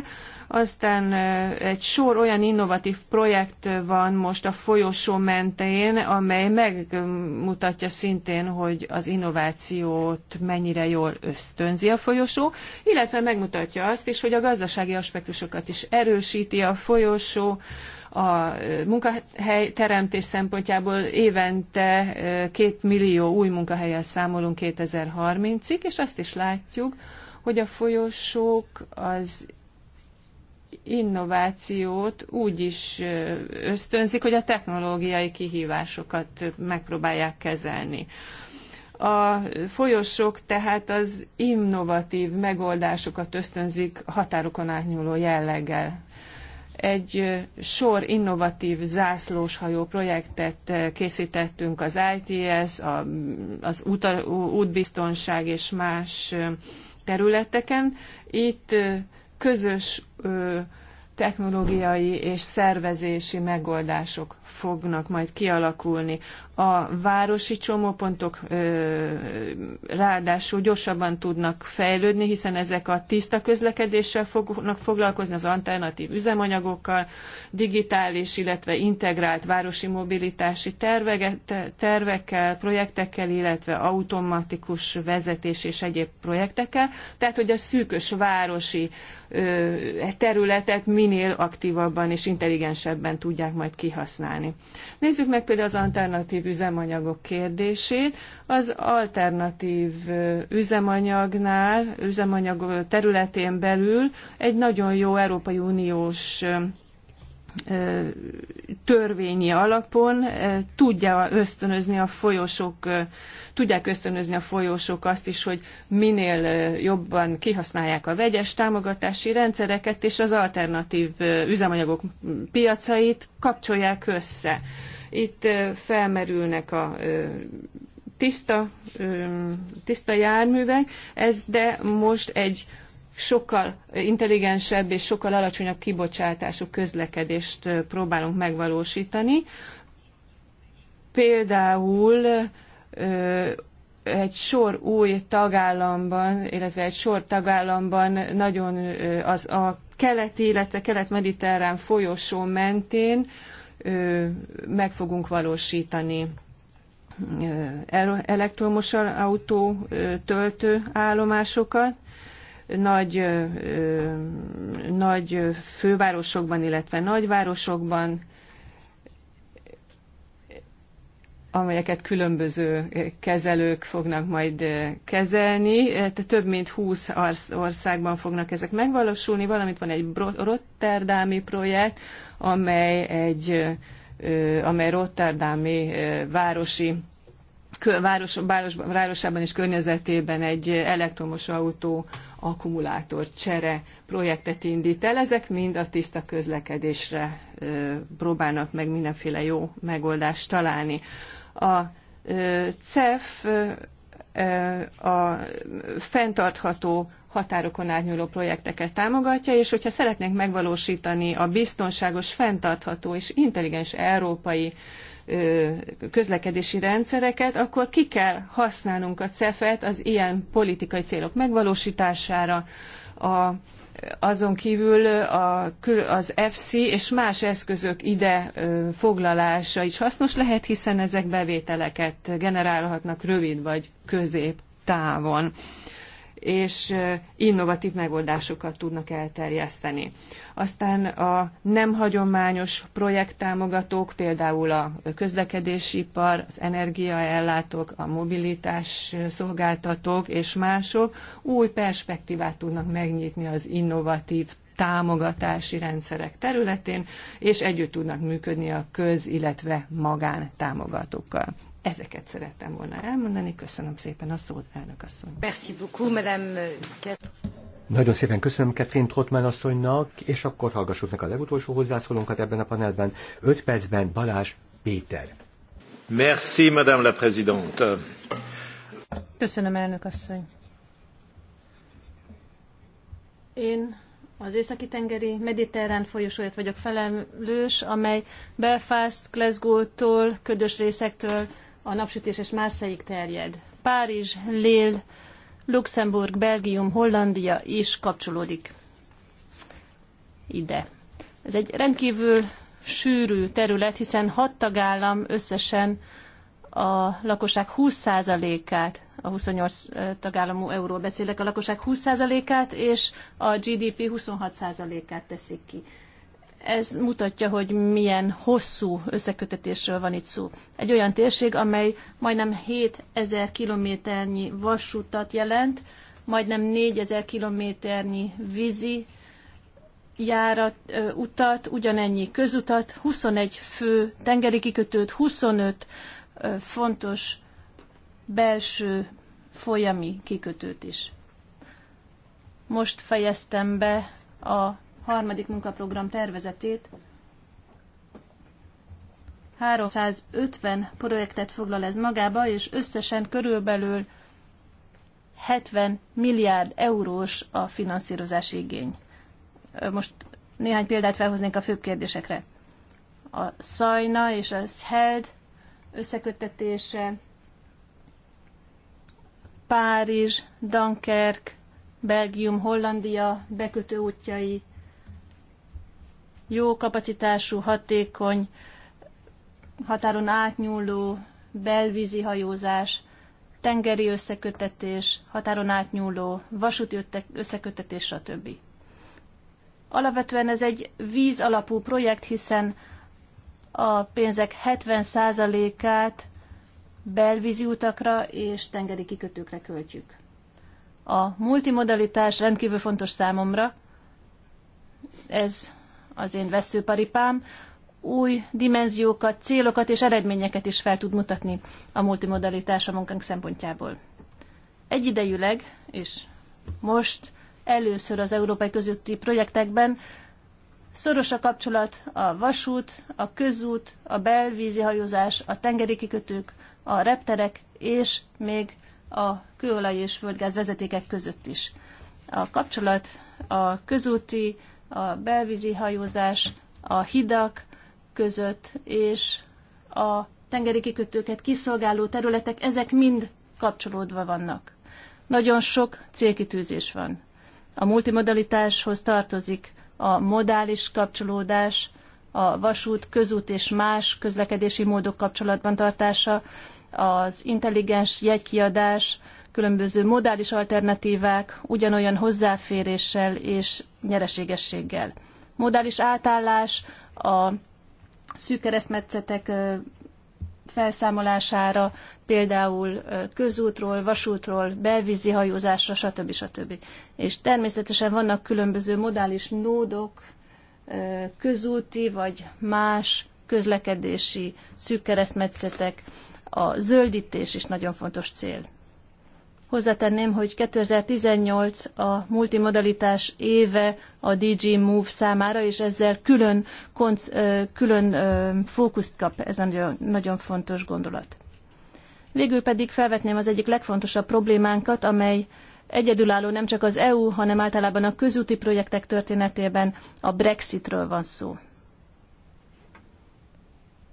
[SPEAKER 2] Aztán egy sor olyan innovatív projekt van most a folyosó mentén, amely megmutatja szintén, hogy az innovációt mennyire jól ösztönzi a folyosó, illetve megmutatja azt is, hogy a gazdasági aspektusokat is erősíti a folyosó, a munkahely teremtés szempontjából évente két millió új munkahelyet számolunk 2030-ig, és azt is látjuk, hogy a folyosók az innovációt úgy is ösztönzik, hogy a technológiai kihívásokat megpróbálják kezelni. A folyosok tehát az innovatív megoldásokat ösztönzik határokon átnyúló jelleggel egy sor innovatív zászlóshajó projektet készítettünk az ITS, a, az uta, útbiztonság és más területeken. Itt közös technológiai és szervezési megoldások fognak majd kialakulni. A városi csomópontok ráadásul gyorsabban tudnak fejlődni, hiszen ezek a tiszta közlekedéssel fognak foglalkozni, az alternatív üzemanyagokkal, digitális, illetve integrált városi mobilitási tervekkel, projektekkel, illetve automatikus vezetés és egyéb projektekkel. Tehát, hogy a szűkös városi területet mind minél aktívabban és intelligensebben tudják majd kihasználni. Nézzük meg például az alternatív üzemanyagok kérdését. Az alternatív üzemanyagnál, üzemanyag területén belül egy nagyon jó Európai Uniós törvényi alapon tudja ösztönözni a folyosok, tudják ösztönözni a folyosok azt is, hogy minél jobban kihasználják a vegyes támogatási rendszereket és az alternatív üzemanyagok piacait kapcsolják össze. Itt felmerülnek a tiszta, tiszta járművek, ez de most egy sokkal intelligensebb és sokkal alacsonyabb kibocsátású közlekedést próbálunk megvalósítani. Például egy sor új tagállamban, illetve egy sor tagállamban nagyon az a keleti, illetve kelet-mediterrán folyosó mentén meg fogunk valósítani elektromos autó töltő állomásokat, nagy, nagy fővárosokban, illetve nagyvárosokban, amelyeket különböző kezelők fognak majd kezelni. több mint 20 országban fognak ezek megvalósulni, valamint van egy Rotterdámi projekt, amely egy amely Rotterdami városi város, város, városában és környezetében egy elektromos autó akkumulátor csere projektet indít el. Ezek mind a tiszta közlekedésre próbálnak meg mindenféle jó megoldást találni. A CEF a fenntartható határokon átnyúló projekteket támogatja, és hogyha szeretnénk megvalósítani a biztonságos, fenntartható és intelligens európai közlekedési rendszereket, akkor ki kell használnunk a CEF-et az ilyen politikai célok megvalósítására, a, azon kívül a, az FC és más eszközök ide foglalása is hasznos lehet, hiszen ezek bevételeket generálhatnak rövid vagy középtávon. távon és innovatív megoldásokat tudnak elterjeszteni. Aztán a nem hagyományos projekttámogatók, például a közlekedési ipar, az energiaellátók, a mobilitás szolgáltatók és mások új perspektívát tudnak megnyitni az innovatív támogatási rendszerek területén, és együtt tudnak működni a köz, illetve magán támogatókkal. Ezeket szerettem volna elmondani. Köszönöm szépen a szót, elnök asszony.
[SPEAKER 3] Merci beaucoup, madame. Euh, Nagyon szépen köszönöm Ketrin Trottmann asszonynak, és akkor hallgassuk meg a legutolsó hozzászólónkat ebben a panelben. 5 percben Balázs Péter.
[SPEAKER 4] Merci, madame la présidente.
[SPEAKER 1] Köszönöm, elnök asszony. Én az északi-tengeri mediterrán folyosóért vagyok felelős, amely Belfast, Glasgow-tól, ködös részektől a napsütés és Márszeig terjed. Párizs, Lille, Luxemburg, Belgium, Hollandia is kapcsolódik ide. Ez egy rendkívül sűrű terület, hiszen hat tagállam összesen a lakosság 20%-át a 28 tagállamú euróról beszélek, a lakosság 20%-át és a GDP 26%-át teszik ki. Ez mutatja, hogy milyen hosszú összekötetésről van itt szó. Egy olyan térség, amely majdnem 7000 kilométernyi vasútat jelent, majdnem 4000 kilométernyi vízi járat, utat, ugyanennyi közutat, 21 fő tengeri kikötőt, 25 fontos belső folyami kikötőt is. Most fejeztem be a harmadik munkaprogram tervezetét. 350 projektet foglal ez magába, és összesen körülbelül 70 milliárd eurós a finanszírozási igény. Most néhány példát felhoznék a főbb kérdésekre. A Szajna és a Szeld összeköttetése, Párizs, Dunkerque, Belgium, Hollandia bekötő útjai, jó kapacitású, hatékony, határon átnyúló belvízi hajózás, tengeri összekötetés, határon átnyúló vasúti összekötetés, stb. Alapvetően ez egy víz alapú projekt, hiszen a pénzek 70%-át belvízi utakra és tengeri kikötőkre költjük. A multimodalitás rendkívül fontos számomra, ez az én veszőparipám, új dimenziókat, célokat és eredményeket is fel tud mutatni a multimodalitás a munkánk szempontjából. Egyidejűleg, és most először az európai közötti projektekben szoros a kapcsolat a vasút, a közút, a belvízi hajózás, a tengeri kikötők, a repterek és még a kőolaj és földgáz vezetékek között is. A kapcsolat a közúti, a belvízi hajózás, a hidak között és a tengeri kikötőket kiszolgáló területek, ezek mind kapcsolódva vannak. Nagyon sok célkitűzés van. A multimodalitáshoz tartozik a modális kapcsolódás, a vasút, közút és más közlekedési módok kapcsolatban tartása, az intelligens jegykiadás, különböző modális alternatívák ugyanolyan hozzáféréssel és nyereségességgel. Modális átállás, a szűk keresztmetszetek felszámolására, például közútról, vasútról, belvízi hajózásra, stb. stb. És természetesen vannak különböző modális nódok, közúti vagy más közlekedési szűk keresztmetszetek, a zöldítés is nagyon fontos cél. Hozzátenném, hogy 2018 a multimodalitás éve a DG Move számára, és ezzel külön, konc, külön fókuszt kap ez a nagyon, fontos gondolat. Végül pedig felvetném az egyik legfontosabb problémánkat, amely egyedülálló nem csak az EU, hanem általában a közúti projektek történetében a Brexitről van szó.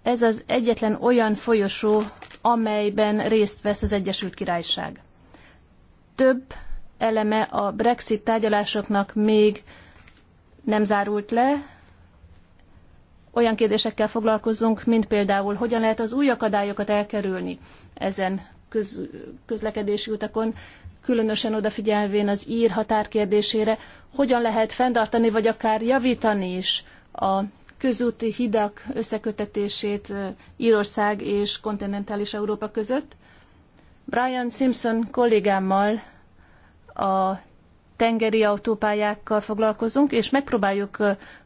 [SPEAKER 1] Ez az egyetlen olyan folyosó, amelyben részt vesz az Egyesült Királyság. Több eleme a Brexit tárgyalásoknak még nem zárult le. Olyan kérdésekkel foglalkozunk, mint például, hogyan lehet az új akadályokat elkerülni ezen köz, közlekedési utakon, különösen odafigyelvén az ír határ kérdésére, hogyan lehet fenntartani vagy akár javítani is a közúti hidak összekötetését Írország és kontinentális Európa között. Brian Simpson kollégámmal a tengeri autópályákkal foglalkozunk, és megpróbáljuk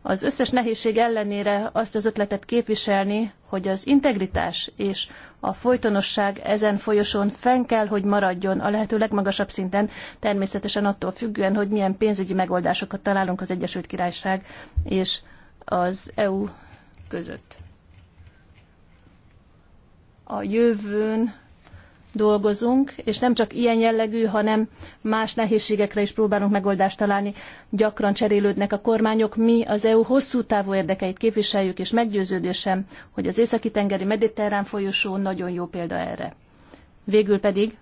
[SPEAKER 1] az összes nehézség ellenére azt az ötletet képviselni, hogy az integritás és a folytonosság ezen folyosón fenn kell, hogy maradjon a lehető legmagasabb szinten, természetesen attól függően, hogy milyen pénzügyi megoldásokat találunk az Egyesült Királyság és az EU között. A jövőn dolgozunk, és nem csak ilyen jellegű, hanem más nehézségekre is próbálunk megoldást találni. Gyakran cserélődnek a kormányok, mi az EU hosszú távú érdekeit képviseljük, és meggyőződésem, hogy az északi-tengeri mediterrán folyosó nagyon jó példa erre. Végül pedig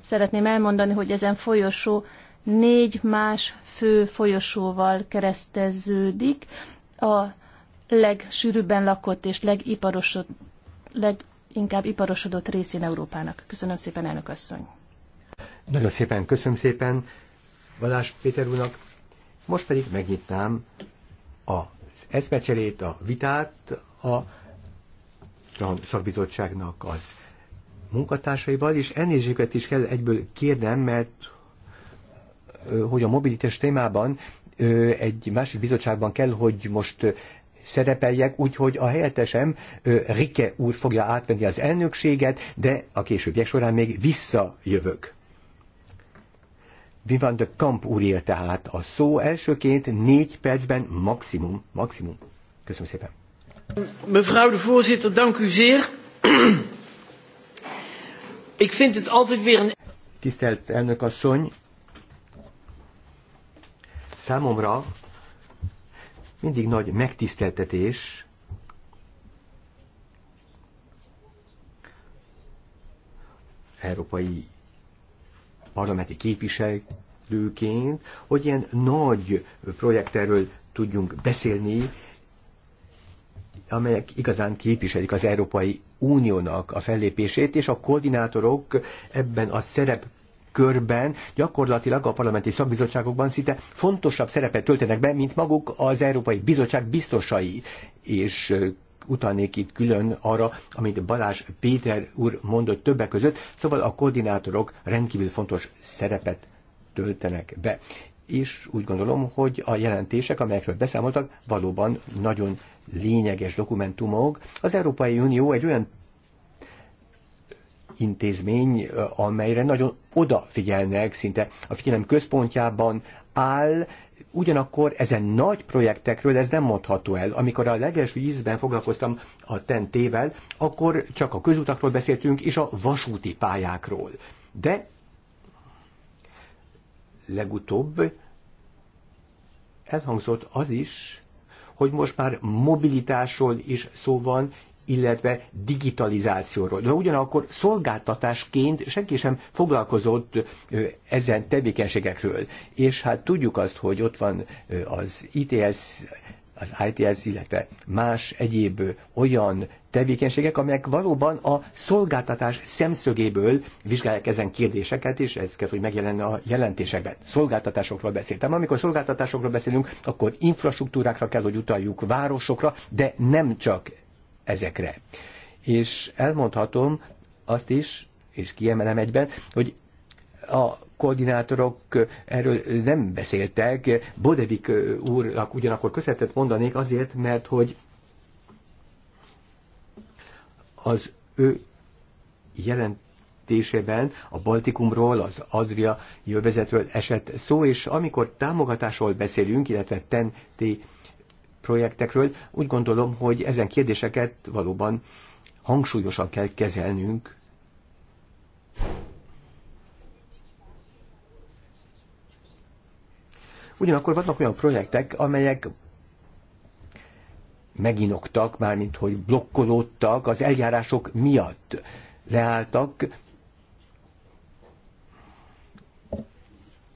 [SPEAKER 1] szeretném elmondani, hogy ezen folyosó négy más fő folyosóval kereszteződik, a legsűrűbben lakott és legiparosod, leginkább iparosodott részén Európának. Köszönöm szépen, elnök asszony!
[SPEAKER 3] Nagyon szépen köszönöm szépen Valás Péter úrnak. Most pedig megnyitnám az eszmecserét, a vitát a szakbizottságnak az munkatársaival, és elnézséget is kell egyből kérnem, mert hogy a mobilitás témában egy másik bizottságban kell, hogy most szerepeljek, úgyhogy a helyettesem Rike úr fogja átvenni az elnökséget, de a későbbiek során még visszajövök. Vivan de Kamp úr tehát a szó elsőként négy percben maximum, maximum. Köszönöm szépen.
[SPEAKER 2] Mevrouw de voorzitter, dank u zeer.
[SPEAKER 3] Ik vind het altijd weer een... Tisztelt elnök asszony, Számomra mindig nagy megtiszteltetés európai parlamenti képviselőként, hogy ilyen nagy projekterről tudjunk beszélni, amelyek igazán képviselik az Európai Uniónak a fellépését, és a koordinátorok ebben a szerep körben gyakorlatilag a parlamenti szakbizottságokban szinte fontosabb szerepet töltenek be, mint maguk az Európai Bizottság biztosai. És utalnék itt külön arra, amit Balázs Péter úr mondott többek között, szóval a koordinátorok rendkívül fontos szerepet töltenek be. És úgy gondolom, hogy a jelentések, amelyekről beszámoltak, valóban nagyon lényeges dokumentumok. Az Európai Unió egy olyan intézmény, eh, amelyre nagyon odafigyelnek, szinte a figyelem központjában áll, ugyanakkor ezen nagy projektekről ez nem mondható el. Amikor a legelső ízben foglalkoztam a tentével, akkor csak a közutakról beszéltünk, és a vasúti pályákról. De legutóbb elhangzott az is, hogy most már mobilitásról is szó van, illetve digitalizációról. De ugyanakkor szolgáltatásként senki sem foglalkozott ezen tevékenységekről. És hát tudjuk azt, hogy ott van az ITS az ITS, illetve más egyéb olyan tevékenységek, amelyek valóban a szolgáltatás szemszögéből vizsgálják ezen kérdéseket, és ez kell, hogy megjelenne a jelentésekben. Szolgáltatásokról beszéltem. Amikor szolgáltatásokról beszélünk, akkor infrastruktúrákra kell, hogy utaljuk, városokra, de nem csak ezekre. És elmondhatom azt is, és kiemelem egyben, hogy a koordinátorok erről nem beszéltek. Bodevik úrnak ugyanakkor köszönetet mondanék azért, mert hogy az ő jelent jelentésében a Baltikumról, az Adria jövezetről esett szó, és amikor támogatásról beszélünk, illetve tenti projektekről. Úgy gondolom, hogy ezen kérdéseket valóban hangsúlyosan kell kezelnünk. Ugyanakkor vannak olyan projektek, amelyek meginoktak, mármint hogy blokkolódtak az eljárások miatt leálltak,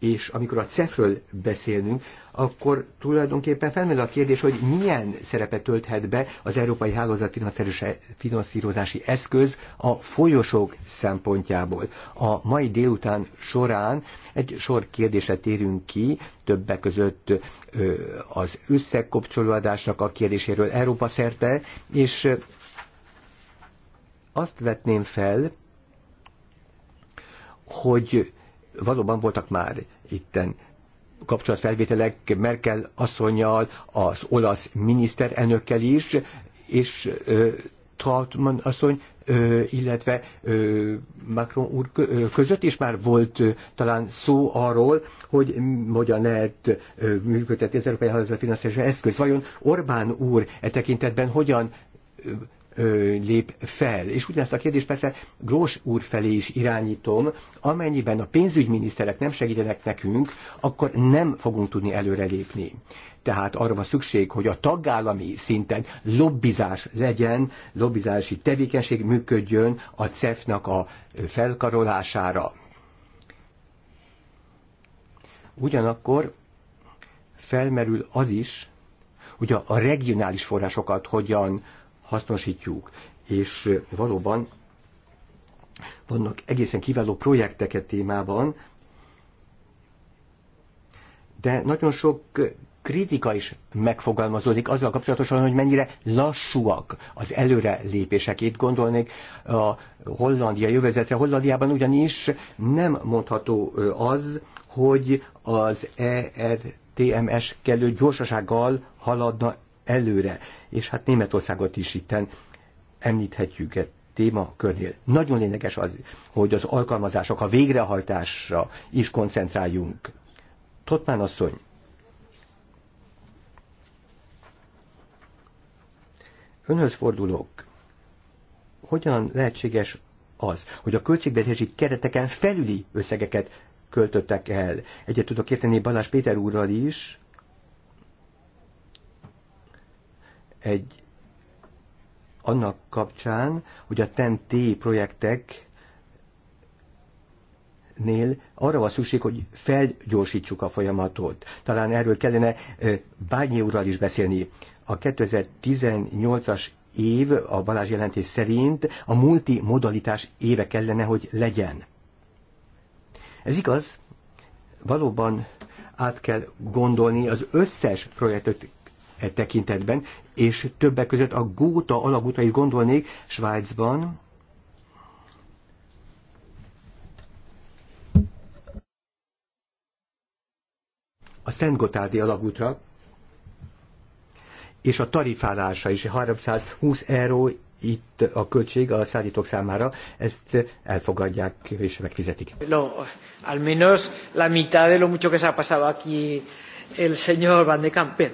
[SPEAKER 3] és amikor a CEF-ről beszélünk, akkor tulajdonképpen felmerül a kérdés, hogy milyen szerepet tölthet be az Európai Hálózat finanszírozási eszköz a folyosók szempontjából. A mai délután során egy sor kérdésre térünk ki, többek között az összekapcsolódásnak a kérdéséről Európa szerte, és azt vetném fel, hogy valóban voltak már itten kapcsolatfelvételek Merkel asszonyjal, az olasz miniszterelnökkel is, és ö, Trautmann asszony, ö, illetve ö, Macron úr között is már volt ö, talán szó arról, hogy hogyan lehet ö, működtetni az Európai Hálózat finanszírozási eszköz. Vajon Orbán úr e tekintetben hogyan lép fel. És ugyanezt a kérdést persze Grós úr felé is irányítom, amennyiben a pénzügyminiszterek nem segítenek nekünk, akkor nem fogunk tudni előrelépni. Tehát arra van szükség, hogy a tagállami szinten lobbizás legyen, lobbizási tevékenység működjön a CEF-nak a felkarolására. Ugyanakkor felmerül az is, hogy a regionális forrásokat hogyan hasznosítjuk. És valóban vannak egészen kiváló projekteket témában, de nagyon sok kritika is megfogalmazódik azzal kapcsolatosan, hogy mennyire lassúak az előre lépések. Itt gondolnék a Hollandia jövezetre. Hollandiában ugyanis nem mondható az, hogy az ERTMS kellő gyorsasággal haladna előre, és hát Németországot is itten említhetjük egy témakörnél. Nagyon lényeges az, hogy az alkalmazások, a végrehajtásra is koncentráljunk. Totmán asszony, önhöz fordulok. Hogyan lehetséges az, hogy a költségvetési kereteken felüli összegeket költöttek el. Egyet tudok érteni Balázs Péter úrral is, egy annak kapcsán, hogy a TEN-T projektek nél arra van szükség, hogy felgyorsítsuk a folyamatot. Talán erről kellene Bányi úrral is beszélni. A 2018-as év a Balázs jelentés szerint a multimodalitás éve kellene, hogy legyen. Ez igaz, valóban át kell gondolni az összes projektet e tekintetben, és többek között a Góta alagútra is gondolnék Svájcban, a Szent Gotárdi alagútra, és a tarifálása is 320 euró itt a költség a szállítók számára, ezt elfogadják és megfizetik.
[SPEAKER 2] No, al menos la mitad de lo mucho que se ha pasado aquí el señor Van de Campen.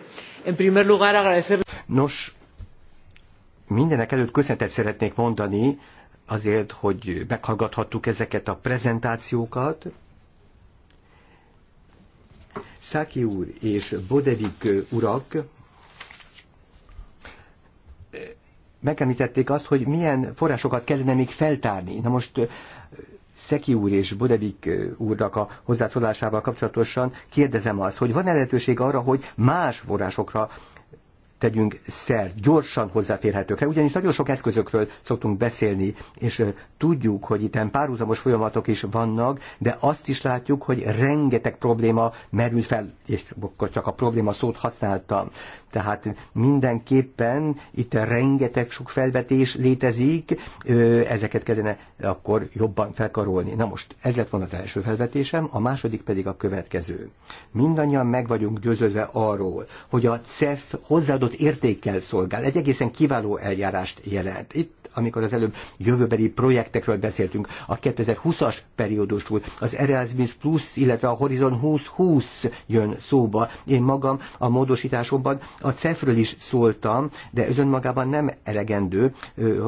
[SPEAKER 3] Nos, mindenek előtt köszönetet szeretnék mondani azért, hogy meghallgathattuk ezeket a prezentációkat. Száki úr és Bodevik urak eh, megemlítették azt, hogy milyen forrásokat kellene még feltárni. Na most eh, Szeki úr és Bodevik úrnak a hozzászólásával kapcsolatosan kérdezem azt, hogy van-e lehetőség arra, hogy más forrásokra tegyünk szer, gyorsan hozzáférhetőkre, ugyanis nagyon sok eszközökről szoktunk beszélni, és tudjuk, hogy itt párhuzamos folyamatok is vannak, de azt is látjuk, hogy rengeteg probléma merül fel, és csak a probléma szót használtam. Tehát mindenképpen itt rengeteg sok felvetés létezik, ezeket kellene akkor jobban felkarolni. Na most, ez lett volna az első felvetésem, a második pedig a következő. Mindannyian meg vagyunk győződve arról, hogy a CEF hozzáadott adott értékkel szolgál. Egy egészen kiváló eljárást jelent. Itt, amikor az előbb jövőbeli projektekről beszéltünk, a 2020-as periódusról, az Erasmus Plus, illetve a Horizon 2020 jön szóba. Én magam a módosításomban a CEF-ről is szóltam, de ez önmagában nem elegendő,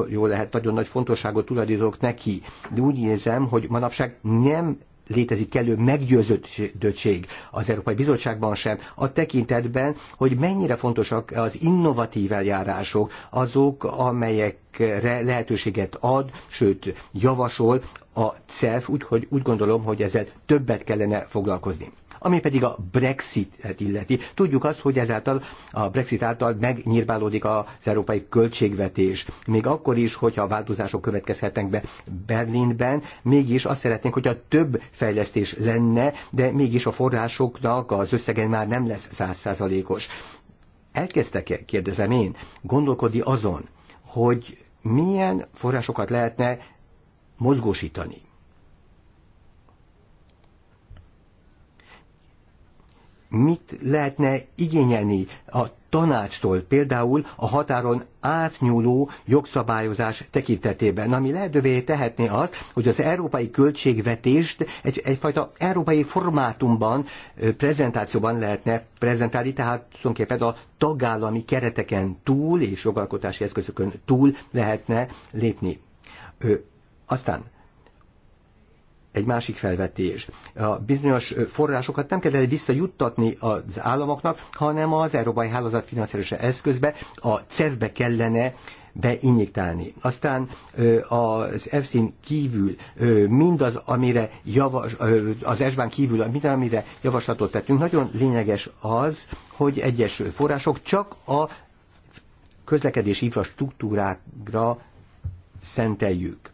[SPEAKER 3] jól lehet, nagyon nagy fontosságot tulajdonítok neki. De úgy érzem, hogy manapság nem létezik kellő meggyőződtség az Európai Bizottságban sem, a tekintetben, hogy mennyire fontosak az innovatív eljárások, azok, amelyekre lehetőséget ad, sőt, javasol a CEF, úgyhogy úgy gondolom, hogy ezzel többet kellene foglalkozni. Ami pedig a Brexit-et illeti. Tudjuk azt, hogy ezáltal a Brexit által megnyírbálódik az európai költségvetés. Még akkor is, hogyha a változások következhetnek be Berlinben, mégis azt szeretnénk, hogyha több fejlesztés lenne, de mégis a forrásoknak az összege már nem lesz százszázalékos. Elkezdtek-e, kérdezem én, gondolkodni azon, hogy milyen forrásokat lehetne mozgósítani. mit lehetne igényelni a tanácstól például a határon átnyúló jogszabályozás tekintetében, ami lehetővé tehetné azt, hogy az európai költségvetést egy, egyfajta európai formátumban, prezentációban lehetne prezentálni, tehát tulajdonképpen a tagállami kereteken túl és jogalkotási eszközökön túl lehetne lépni. Ö, aztán egy másik felvetés. A bizonyos forrásokat nem kellene visszajuttatni az államoknak, hanem az Európai Hálózat finanszírozása eszközbe, a CEF-be kellene beinjektálni. Aztán az efsin kívül mindaz, amire javas, az ESBÁN kívül minden, amire javaslatot tettünk, nagyon lényeges az, hogy egyes források csak a közlekedési infrastruktúrákra szenteljük.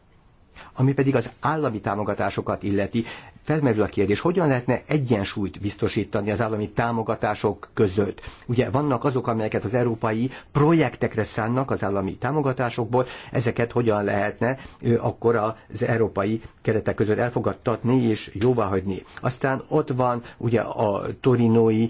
[SPEAKER 3] Ami pedig az állami támogatásokat illeti, felmerül a kérdés, hogyan lehetne egyensúlyt biztosítani az állami támogatások között. Ugye vannak azok, amelyeket az európai projektekre szánnak az állami támogatásokból, ezeket hogyan lehetne akkor az európai keretek között elfogadtatni és jóváhagyni. Aztán ott van ugye a torinói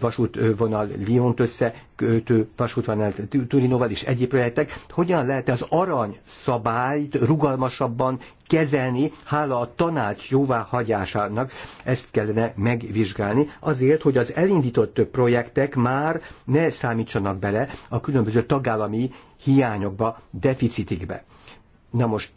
[SPEAKER 3] vasútvonal Lyont össze kikötő vasútvonal Turinóval és egyéb projektek, hogyan lehet az arany szabályt rugalmasabban kezelni, hála a tanács jóváhagyásának. Ezt kellene megvizsgálni azért, hogy az elindított projektek már ne számítsanak bele a különböző tagállami hiányokba, deficitikbe. Na most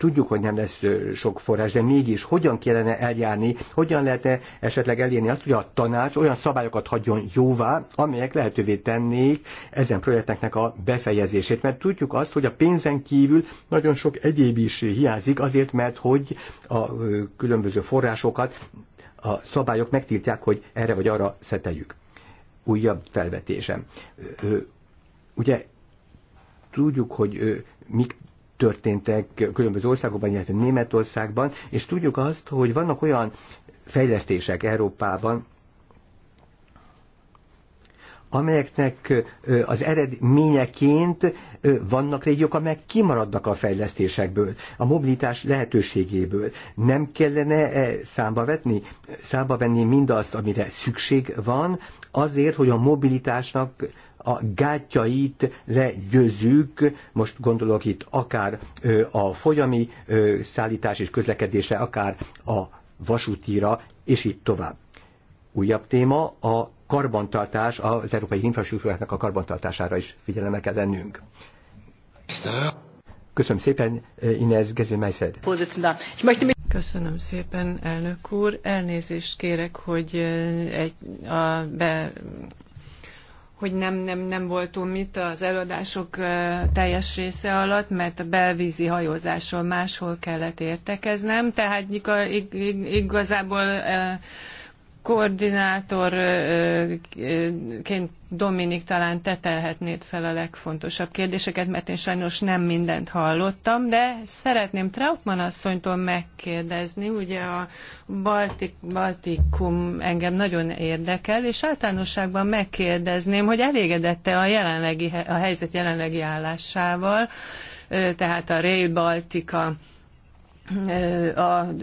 [SPEAKER 3] Tudjuk, hogy nem lesz sok forrás, de mégis hogyan kellene eljárni, hogyan -e esetleg elérni azt, hogy a tanács olyan szabályokat hagyjon jóvá, amelyek lehetővé tennék ezen projekteknek a befejezését. Mert tudjuk azt, hogy a pénzen kívül nagyon sok egyéb is hiányzik, azért, mert hogy a különböző forrásokat a szabályok megtiltják, hogy erre vagy arra szeteljük. Újabb felvetésem. Ugye tudjuk, hogy mik történtek különböző országokban, illetve Németországban, és tudjuk azt, hogy vannak olyan fejlesztések Európában, amelyeknek az eredményeként vannak régiók, amelyek kimaradnak a fejlesztésekből, a mobilitás lehetőségéből. Nem kellene -e számba, vetni, számba venni mindazt, amire szükség van, azért, hogy a mobilitásnak a gátjait legyőzzük, most gondolok itt akár a folyami szállítás és közlekedésre, akár a vasútira, és itt tovább. Újabb téma a karbantartás, az európai infrastruktúráknak a karbantartására is figyelembe kell lennünk. Köszönöm szépen, Inez Gezőmeiszed.
[SPEAKER 2] Köszönöm szépen, elnök úr. Elnézést kérek, hogy egy, a, be, hogy nem, nem, nem voltunk itt az előadások teljes része alatt, mert a belvízi hajózásról máshol kellett értekeznem, tehát igazából koordinátorként Dominik talán te telhetnéd fel a legfontosabb kérdéseket, mert én sajnos nem mindent hallottam, de szeretném Trautmann asszonytól megkérdezni, ugye a Baltik, Baltikum engem nagyon érdekel, és általánosságban megkérdezném, hogy elégedette a, jelenlegi, a helyzet jelenlegi állásával, tehát a Rail Baltica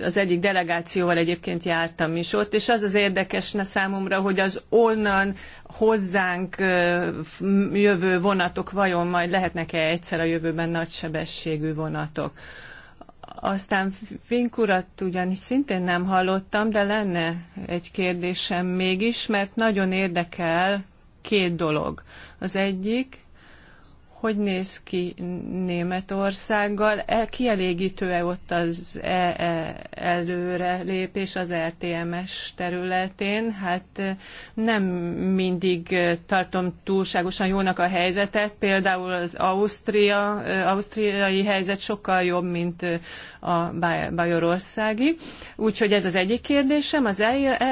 [SPEAKER 2] az egyik delegációval egyébként jártam is ott, és az az érdekes számomra, hogy az onnan hozzánk jövő vonatok vajon majd lehetnek-e egyszer a jövőben nagysebességű vonatok. Aztán Finkurat ugyanis szintén nem hallottam, de lenne egy kérdésem mégis, mert nagyon érdekel két dolog. Az egyik, hogy néz ki Németországgal? E, kielégítő-e ott az e -e lépés az RTMS er területén? Hát e, nem mindig e, tartom túlságosan jónak a helyzetet. Például az Ausztria, ausztriai helyzet sokkal jobb, mint a bajorországi. Úgyhogy ez az egyik kérdésem, az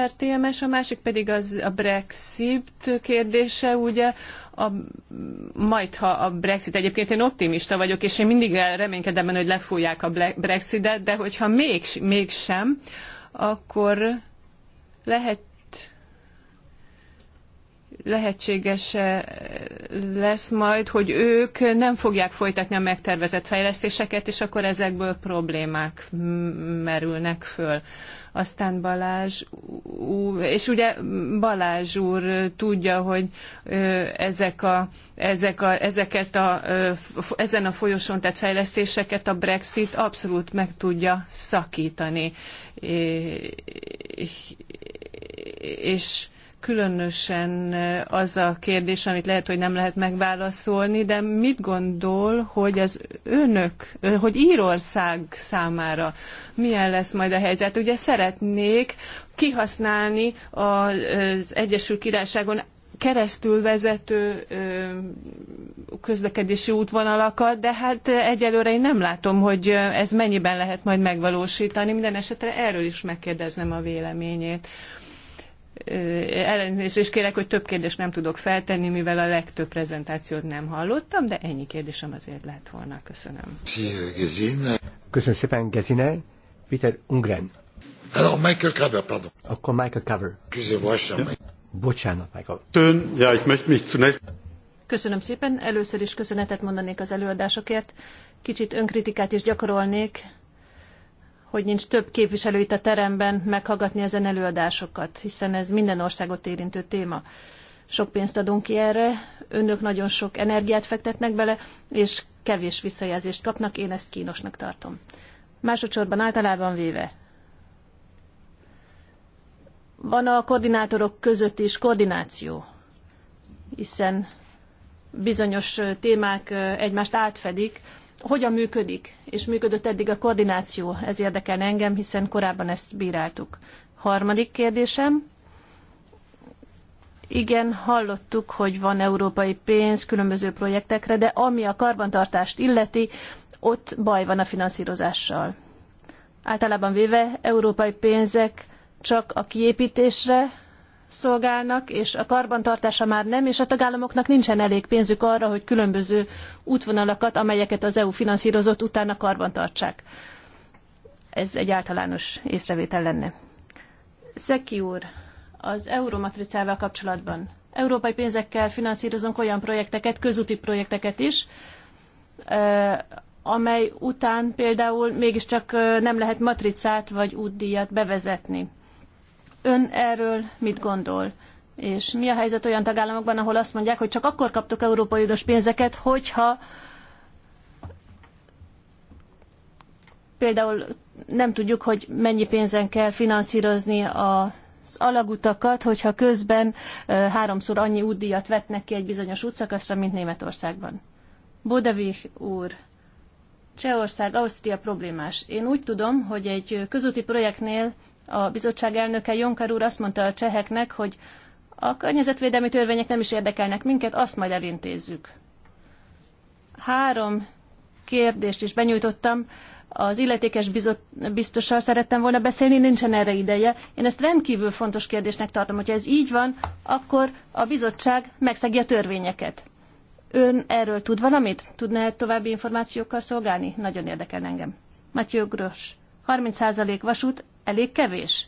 [SPEAKER 2] RTMS, er a másik pedig az a Brexit kérdése, ugye, a, majd ha a Brexit egyébként én optimista vagyok, és én mindig reménykedem benne, hogy lefújják a Brexitet, de hogyha még, mégsem, akkor lehet lehetséges eh, lesz majd, hogy ők nem fogják folytatni a megtervezett fejlesztéseket, és akkor ezekből problémák merülnek föl. Aztán Balázs, és ugye Balázs úr tudja, hogy ezek a, ezek a, ezeket a, ezen a folyosón tett fejlesztéseket a Brexit abszolút meg tudja szakítani. És különösen az a kérdés, amit lehet, hogy nem lehet megválaszolni, de mit gondol, hogy az önök, hogy Írország számára milyen lesz majd a helyzet? Ugye szeretnék kihasználni az Egyesült Királyságon keresztül vezető közlekedési útvonalakat, de hát egyelőre én nem látom, hogy ez mennyiben lehet majd megvalósítani. Minden esetre erről is megkérdeznem a véleményét elnézést és kérek, hogy több kérdést nem tudok feltenni, mivel a legtöbb prezentációt nem hallottam, de ennyi kérdésem azért lett volna. Köszönöm.
[SPEAKER 3] Köszönöm szépen, Gezine. Peter Ungren. Alors,
[SPEAKER 4] Michael Cover, pardon. Akkor
[SPEAKER 3] Michael Cover. Bocsánat, Michael. Tön,
[SPEAKER 4] ja, ich möchte mich zunächst...
[SPEAKER 1] Köszönöm szépen. Először is köszönetet mondanék az előadásokért. Kicsit önkritikát is gyakorolnék, hogy nincs több képviselő itt a teremben meghallgatni ezen előadásokat, hiszen ez minden országot érintő téma. Sok pénzt adunk ki erre, önök nagyon sok energiát fektetnek bele, és kevés visszajelzést kapnak, én ezt kínosnak tartom. Másodszorban általában véve, van a koordinátorok között is koordináció, hiszen bizonyos témák egymást átfedik, hogyan működik, és működött eddig a koordináció. Ez érdekel engem, hiszen korábban ezt bíráltuk. Harmadik kérdésem. Igen, hallottuk, hogy van európai pénz különböző projektekre, de ami a karbantartást illeti, ott baj van a finanszírozással. Általában véve európai pénzek csak a kiépítésre, szolgálnak, és a karbantartása már nem, és a tagállamoknak nincsen elég pénzük arra, hogy különböző útvonalakat, amelyeket az EU finanszírozott, utána karbantartsák. Ez egy általános észrevétel lenne. Szeki úr, az euromatricával kapcsolatban. Európai pénzekkel finanszírozunk olyan projekteket, közúti projekteket is, amely után például mégiscsak nem lehet matricát vagy útdíjat bevezetni Ön erről mit gondol? És mi a helyzet olyan tagállamokban, ahol azt mondják, hogy csak akkor kaptok Európai Uniós pénzeket, hogyha például nem tudjuk, hogy mennyi pénzen kell finanszírozni az alagutakat, hogyha közben háromszor annyi útdíjat vetnek ki egy bizonyos útszakaszra, mint Németországban. Bodevich úr, Csehország, Ausztria problémás. Én úgy tudom, hogy egy közúti projektnél a bizottság elnöke Jonkar úr azt mondta a cseheknek, hogy a környezetvédelmi törvények nem is érdekelnek minket, azt majd elintézzük. Három kérdést is benyújtottam. Az illetékes bizot, biztossal szerettem volna beszélni, nincsen erre ideje. Én ezt rendkívül fontos kérdésnek tartom. Hogyha ez így van, akkor a bizottság megszegi a törvényeket. Ön erről tud valamit? Tudná -e további információkkal szolgálni? Nagyon érdekel engem. Matyő Grosz, 30% vasút, elég kevés.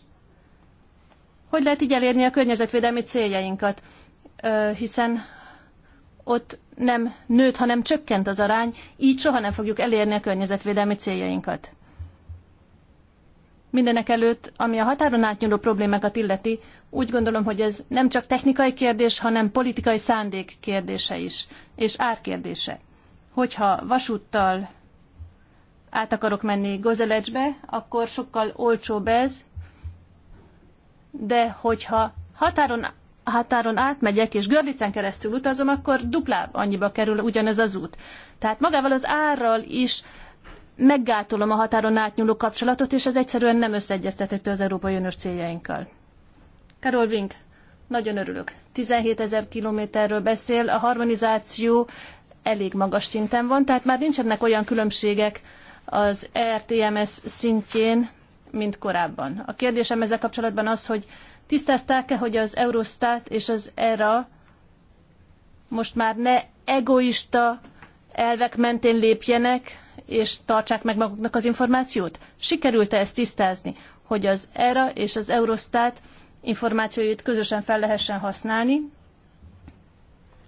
[SPEAKER 1] Hogy lehet így elérni a környezetvédelmi céljainkat? Hiszen ott nem nőtt, hanem csökkent az arány, így soha nem fogjuk elérni a környezetvédelmi céljainkat. Mindenek előtt, ami a határon átnyúló problémákat illeti, úgy gondolom, hogy ez nem csak technikai kérdés, hanem politikai szándék kérdése is, és árkérdése. Hogyha vasúttal át akarok menni Gozelecsbe, akkor sokkal olcsóbb ez, de hogyha határon, határon átmegyek és Görlicen keresztül utazom, akkor duplább annyiba kerül ugyanez az út. Tehát magával az árral is meggátolom a határon átnyúló kapcsolatot, és ez egyszerűen nem összeegyeztethető az Európai Uniós céljainkkal. Karol Vink, nagyon örülök. 17 ezer kilométerről beszél, a harmonizáció elég magas szinten van, tehát már nincsenek olyan különbségek az RTMS szintjén, mint korábban. A kérdésem ezzel kapcsolatban az, hogy tisztázták-e, hogy az Eurostat és az ERA most már ne egoista elvek mentén lépjenek, és tartsák meg maguknak az információt? Sikerült-e ezt tisztázni, hogy az ERA és az Eurostat információit közösen fel lehessen használni?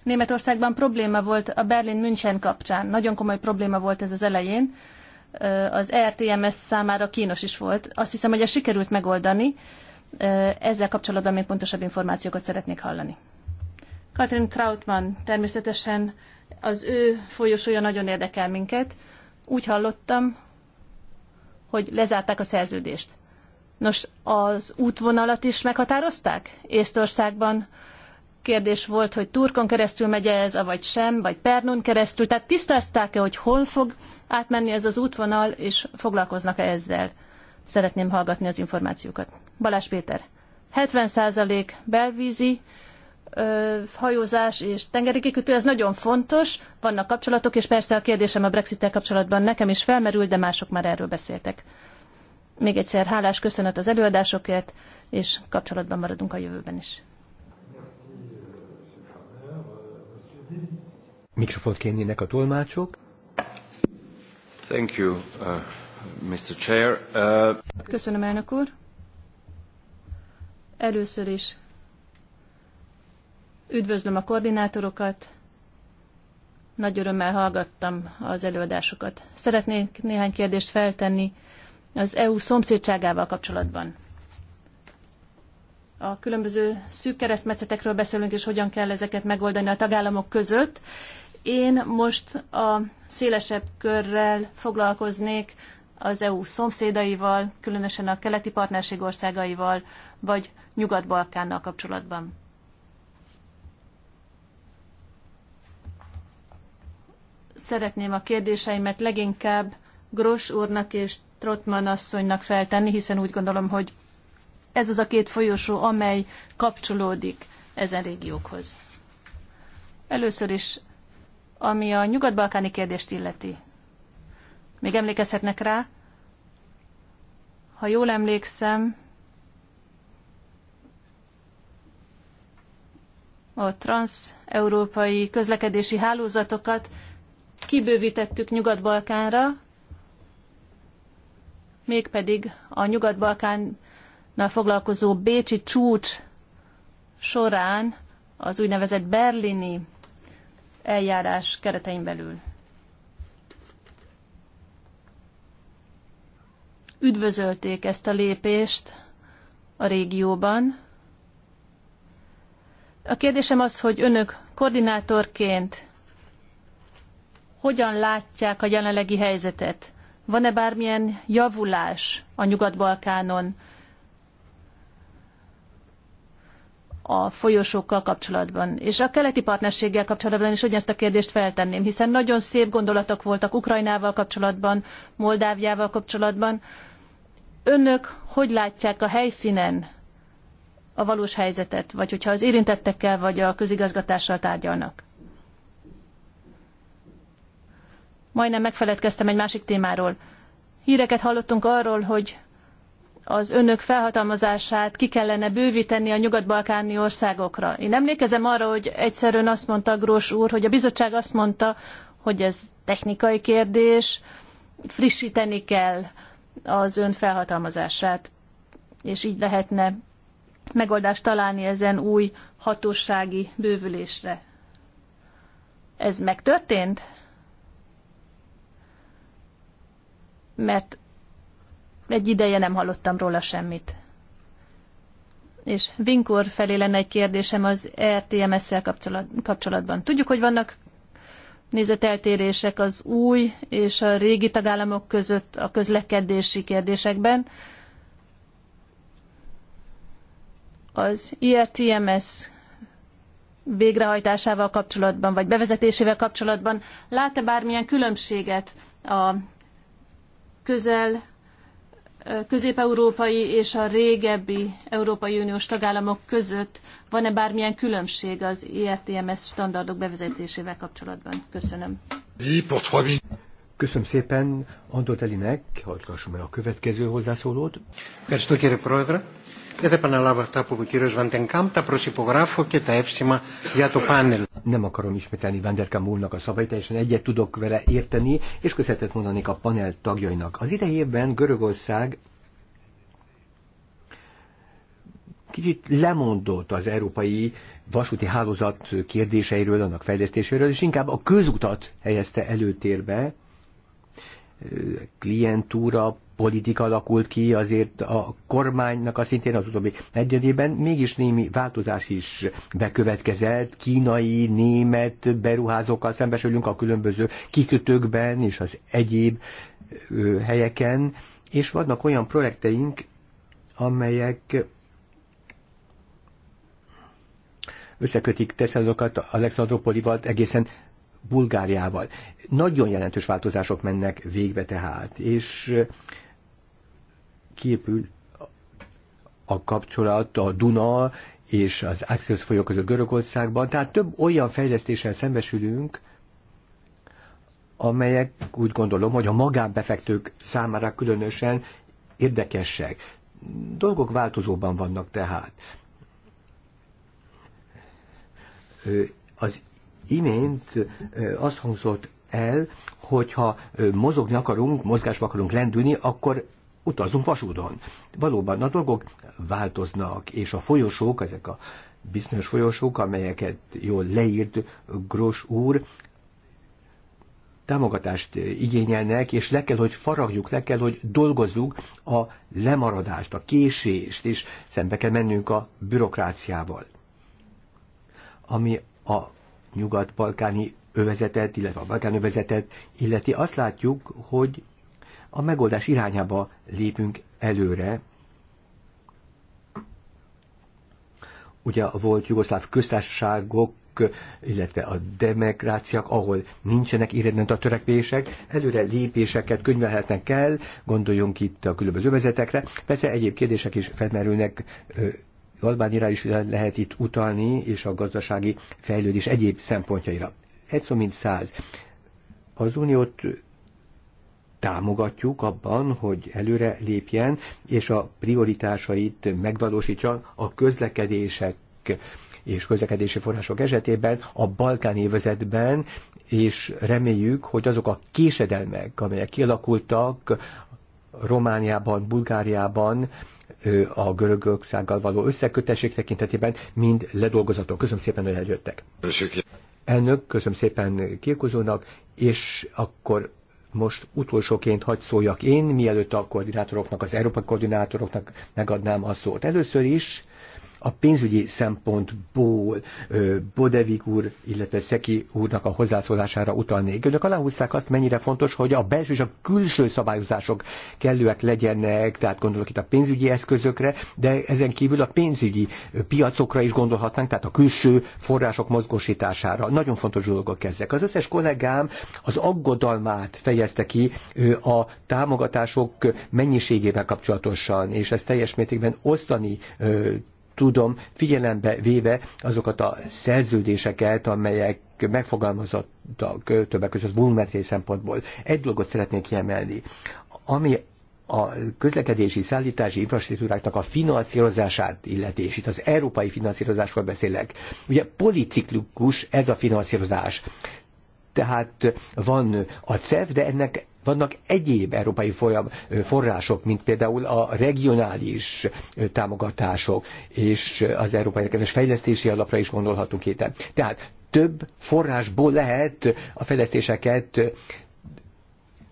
[SPEAKER 1] Németországban probléma volt a Berlin-München kapcsán. Nagyon komoly probléma volt ez az elején, az RTMS számára kínos is volt. Azt hiszem, hogy ezt sikerült megoldani. Ezzel kapcsolatban még pontosabb információkat szeretnék hallani. Katrin Trautmann természetesen az ő folyosója nagyon érdekel minket. Úgy hallottam, hogy lezárták a szerződést. Nos, az útvonalat is meghatározták? Észtországban kérdés volt, hogy Turkon keresztül megy -e ez, vagy sem, vagy Pernón keresztül. Tehát tisztázták-e, hogy hol fog átmenni ez az útvonal, és foglalkoznak-e ezzel? Szeretném hallgatni az információkat. Balázs Péter. 70% belvízi ö, hajózás és tengeri kikötő, ez nagyon fontos, vannak kapcsolatok, és persze a kérdésem a Brexit-tel kapcsolatban nekem is felmerült, de mások már erről beszéltek. Még egyszer hálás köszönet az előadásokért, és kapcsolatban maradunk a jövőben is.
[SPEAKER 3] Mikrofont kérnének a tolmácsok. Thank you,
[SPEAKER 2] uh, Mr. Chair. Uh...
[SPEAKER 1] Köszönöm, elnök úr. Először is üdvözlöm a koordinátorokat. Nagy örömmel hallgattam az előadásokat. Szeretnék néhány kérdést feltenni az EU szomszédságával kapcsolatban. A különböző szűk keresztmetszetekről beszélünk, és hogyan kell ezeket megoldani a tagállamok között, én most a szélesebb körrel foglalkoznék az EU szomszédaival, különösen a keleti partnerség országaival, vagy Nyugat-Balkánnal kapcsolatban. Szeretném a kérdéseimet leginkább Gros úrnak és Trotman asszonynak feltenni, hiszen úgy gondolom, hogy ez az a két folyosó, amely kapcsolódik ezen régiókhoz. Először is ami a nyugat-balkáni kérdést illeti. Még emlékezhetnek rá? Ha jól emlékszem, a transeurópai közlekedési hálózatokat kibővítettük Nyugat-Balkánra, mégpedig a Nyugat-Balkánnal foglalkozó Bécsi csúcs során az úgynevezett berlini eljárás keretein belül. Üdvözölték ezt a lépést a régióban. A kérdésem az, hogy önök koordinátorként hogyan látják a jelenlegi helyzetet? Van-e bármilyen javulás a Nyugat-Balkánon a folyosókkal kapcsolatban. És a keleti partnerséggel kapcsolatban is ugyanezt a kérdést feltenném, hiszen nagyon szép gondolatok voltak Ukrajnával kapcsolatban, Moldáviával kapcsolatban. Önök hogy látják a helyszínen a valós helyzetet, vagy hogyha az érintettekkel vagy a közigazgatással tárgyalnak? Majdnem megfeledkeztem egy másik témáról. Híreket hallottunk arról, hogy az önök felhatalmazását ki kellene bővíteni a nyugat-balkáni országokra. Én emlékezem arra, hogy egyszer ön azt mondta, Grós úr, hogy a bizottság azt mondta, hogy ez technikai kérdés, frissíteni kell az ön felhatalmazását, és így lehetne megoldást találni ezen új hatósági bővülésre. Ez megtörtént? Mert egy ideje nem hallottam róla semmit. És Vinkor felé lenne egy kérdésem az RTMS-szel kapcsolatban. Tudjuk, hogy vannak nézeteltérések az új és a régi tagállamok között a közlekedési kérdésekben. Az IRTMS végrehajtásával kapcsolatban, vagy bevezetésével kapcsolatban lát-e bármilyen különbséget a közel közép-európai és a régebbi Európai Uniós tagállamok között van-e bármilyen különbség az IRTMS standardok bevezetésével kapcsolatban? Köszönöm.
[SPEAKER 3] Köszönöm szépen Andor Telinek, hallgassam el a következő hozzászólót. Köszönöm, Δεν θα επαναλάβω αυτά που ο κύριος Βαντενκάμπ, τα προσυπογράφω και τα εύσημα για το πάνελ. Nem akarom ismételni Vanderkam a szavait, teljesen egyet tudok vele érteni, és köszönetet mondanék a panel tagjainak. Az idejében Görögország kicsit lemondott az európai vasúti hálózat kérdéseiről, annak fejlesztéséről, és inkább a közutat helyezte előtérbe, klientúra, politika alakult ki, azért a kormánynak a szintén az utóbbi negyedében mégis némi változás is bekövetkezett. Kínai, német beruházókkal szembesülünk a különböző kikötőkben és az egyéb helyeken, és vannak olyan projekteink, amelyek összekötik Teszelokat Alexandropolival egészen Bulgáriával. Nagyon jelentős változások mennek végbe tehát, és kiépül a kapcsolat a Duna és az Axios folyó között Görögországban. Tehát több olyan fejlesztéssel szembesülünk, amelyek úgy gondolom, hogy a magánbefektők számára különösen érdekesek. Dolgok változóban vannak tehát. Az imént azt hangzott el, hogyha mozogni akarunk, mozgásba akarunk lendülni, akkor utazunk vasúton. Valóban a dolgok változnak, és a folyosók, ezek a bizonyos folyosók, amelyeket jól leírt Gros úr, támogatást igényelnek, és le kell, hogy faragjuk, le kell, hogy dolgozzuk a lemaradást, a késést, és szembe kell mennünk a bürokráciával. Ami a nyugat-balkáni övezetet, illetve a balkán övezetet illeti, azt látjuk, hogy a megoldás irányába lépünk előre. Ugye volt jugoszláv köztársaságok, illetve a demokráciák, ahol nincsenek irányent a törekvések, előre lépéseket könyvelhetnek el, gondoljunk itt a különböző vezetekre. Persze egyéb kérdések is felmerülnek Albánira is lehet itt utalni, és a gazdasági fejlődés egyéb szempontjaira. Egy szó mint száz. Az uniót támogatjuk abban, hogy előre lépjen, és a prioritásait megvalósítsa a közlekedések és közlekedési források esetében a Balkán évezetben, és reméljük, hogy azok a késedelmek, amelyek kialakultak Romániában, Bulgáriában, a görögök szággal való összekötesség tekintetében mind ledolgozatok. Köszönöm szépen, hogy eljöttek. Köszönöm. Elnök, köszönöm szépen Kirkuzónak, és akkor most utolsóként hagy szóljak én, mielőtt a koordinátoroknak, az Európa koordinátoroknak megadnám a szót. Először is a pénzügyi szempontból Bodevik úr, illetve Szeki úrnak a hozzászólására utalnék. Önök aláhúzták azt, mennyire fontos, hogy a belső és a külső szabályozások kellőek legyenek, tehát gondolok itt a pénzügyi eszközökre, de ezen kívül a pénzügyi piacokra is gondolhatnánk, tehát a külső források mozgósítására. Nagyon fontos dolgok ezek. Az összes kollégám az aggodalmát fejezte ki a támogatások mennyiségével kapcsolatosan, és ezt teljes mértékben osztani tudom, figyelembe véve azokat a szerződéseket, amelyek megfogalmazottak többek között volumetrés szempontból. Egy dolgot szeretnék kiemelni, ami a közlekedési szállítási infrastruktúráknak a finanszírozását illeti, és itt az európai finanszírozásról beszélek. Ugye policiklikus ez a finanszírozás. Tehát van a CEF, de ennek vannak egyéb európai folyam, források, mint például a regionális támogatások, és az Európai Rekedves Fejlesztési Alapra is gondolhatunk itt. Tehát több forrásból lehet a fejlesztéseket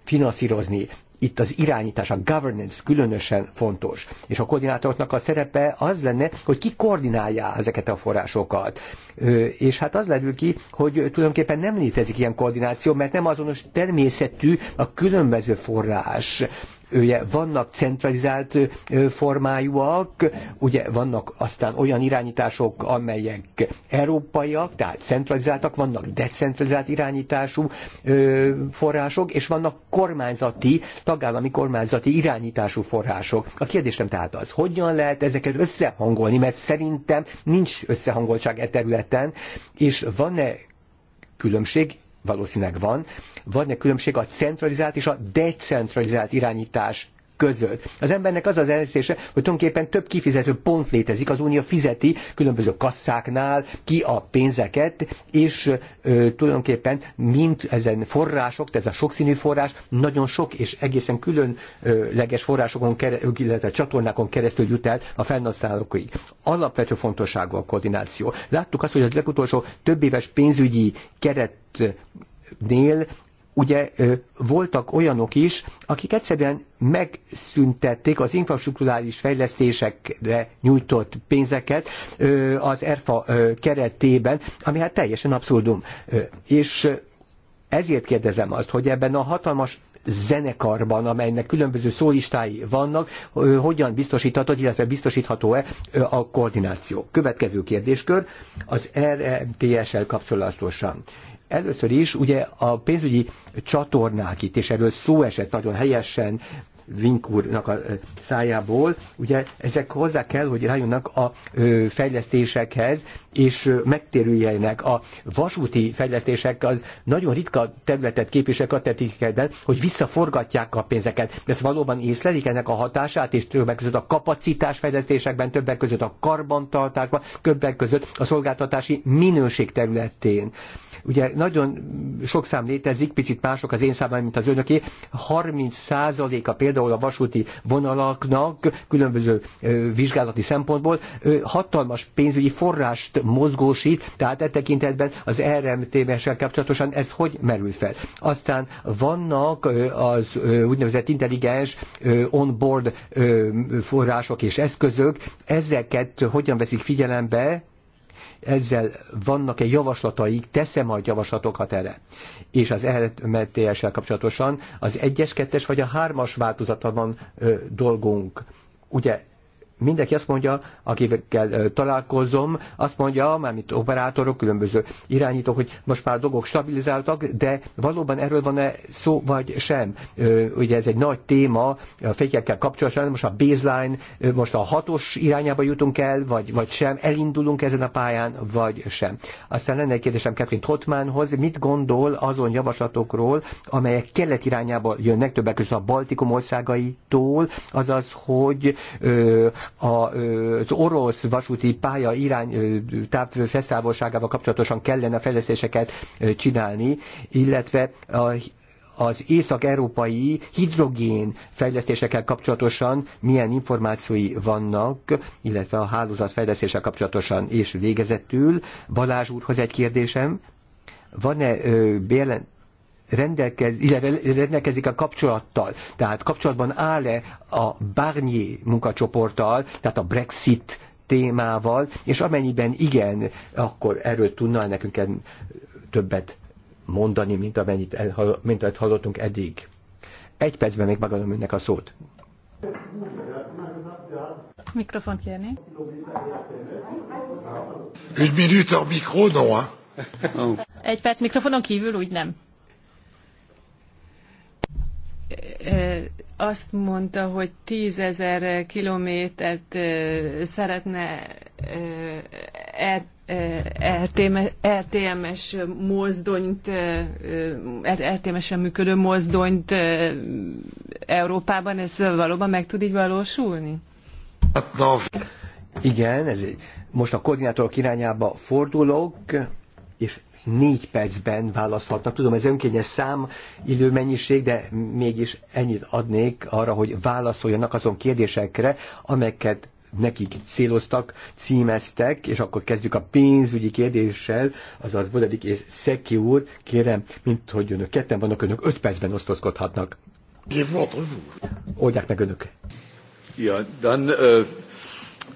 [SPEAKER 3] finanszírozni itt az irányítás, a governance különösen fontos. És a koordinátoroknak a szerepe az lenne, hogy ki koordinálja ezeket a forrásokat. És hát az lerül ki, hogy tulajdonképpen nem létezik ilyen koordináció, mert nem azonos természetű a különböző forrás ugye vannak centralizált formájúak, ugye vannak aztán olyan irányítások, amelyek európaiak, tehát centralizáltak, vannak decentralizált irányítású források, és vannak kormányzati, tagállami kormányzati irányítású források. A kérdésem tehát az, hogyan lehet ezeket összehangolni, mert szerintem nincs összehangoltság e területen, és van-e különbség valószínűleg van. Van-e különbség a centralizált és a decentralizált irányítás között. Az embernek az az elszése, hogy tulajdonképpen több kifizető pont létezik, az Unió fizeti különböző kasszáknál ki a pénzeket, és ö, tulajdonképpen mint ezen források, tehát ez a sokszínű forrás, nagyon sok és egészen különleges forrásokon, illetve csatornákon keresztül jut el a felhasználókig. Alapvető fontosságú a koordináció. Láttuk azt, hogy az legutolsó több éves pénzügyi keret nél ugye voltak olyanok is, akik egyszerűen megszüntették az infrastruktúrális fejlesztésekre nyújtott pénzeket az ERFA keretében, ami hát teljesen abszurdum. És ezért kérdezem azt, hogy ebben a hatalmas zenekarban, amelynek különböző szólistái vannak, hogyan biztosíthatod, illetve biztosítható-e a koordináció. Következő kérdéskör az RMTS-el kapcsolatosan. Először is ugye a pénzügyi csatornák itt, és erről szó esett nagyon helyesen, Vink úrnak a szájából, ugye ezek hozzá kell, hogy rájönnek a fejlesztésekhez, és megtérüljenek. A vasúti fejlesztések az nagyon ritka területet képvisel a tetikekben, hogy visszaforgatják a pénzeket. De ezt valóban észlelik ennek a hatását, és többek között a kapacitás fejlesztésekben, többek között a karbantartásban, többek között a szolgáltatási minőség területén. Ugye nagyon sok szám létezik, picit mások az én számom, mint az önöké. 30%-a például a vasúti vonalaknak különböző vizsgálati szempontból hatalmas pénzügyi forrást mozgósít, tehát e tekintetben az RMT-messel kapcsolatosan ez hogy merül fel. Aztán vannak az úgynevezett intelligens on-board források és eszközök, ezeket hogyan veszik figyelembe, ezzel vannak-e javaslataik, teszem majd javaslatokat erre. És az RMTS-sel kapcsolatosan az egyes, kettes vagy a hármas változata van ö, dolgunk. Ugye mindenki azt mondja, akikkel találkozom, azt mondja, mármint operátorok, különböző irányítók, hogy most már a dolgok stabilizáltak, de valóban erről van-e szó, vagy sem? Ugye ez egy nagy téma a fékekkel kapcsolatban, most a baseline, most a hatos irányába jutunk el, vagy, vagy sem, elindulunk ezen a pályán, vagy sem. Aztán lenne egy kérdésem Catherine Trotmanhoz, mit gondol azon javaslatokról, amelyek kelet irányába jönnek, többek között a Baltikum országaitól, azaz, hogy az orosz vasúti pálya irány távfeszávolságával kapcsolatosan kellene fejlesztéseket csinálni, illetve a az észak-európai hidrogén fejlesztésekkel kapcsolatosan milyen információi vannak, illetve a hálózat fejlesztéssel kapcsolatosan és végezetül. Balázs úrhoz egy kérdésem. Van-e rendelkez, illetve rendelkezik a kapcsolattal, tehát kapcsolatban áll-e a Barnier munkacsoporttal, tehát a Brexit témával, és amennyiben igen, akkor erről tudna nekünk többet mondani, mint amennyit, el, mint amit hallottunk eddig. Egy percben még megadom önnek a szót.
[SPEAKER 1] Mikrofon kérni.
[SPEAKER 4] Egy a mikro,
[SPEAKER 1] Egy perc
[SPEAKER 2] mikrofonon kívül, úgy nem. azt mondta, hogy tízezer kilométert szeretne RTMS mozdonyt, RTMS-en működő mozdonyt Európában, ez valóban meg tud így valósulni?
[SPEAKER 3] Hát, Igen, ez egy, most a koordinátorok irányába fordulok négy percben választhatnak. Tudom, ez önkényes szám, időmennyiség, de mégis ennyit adnék arra, hogy válaszoljanak azon kérdésekre, amelyeket nekik céloztak, címeztek, és akkor kezdjük a pénzügyi kérdéssel, azaz Bodedik és Szeki úr, kérem, mint hogy önök ketten vannak, önök öt percben osztozkodhatnak. Oldják meg önök.
[SPEAKER 4] Ja, dann, äh,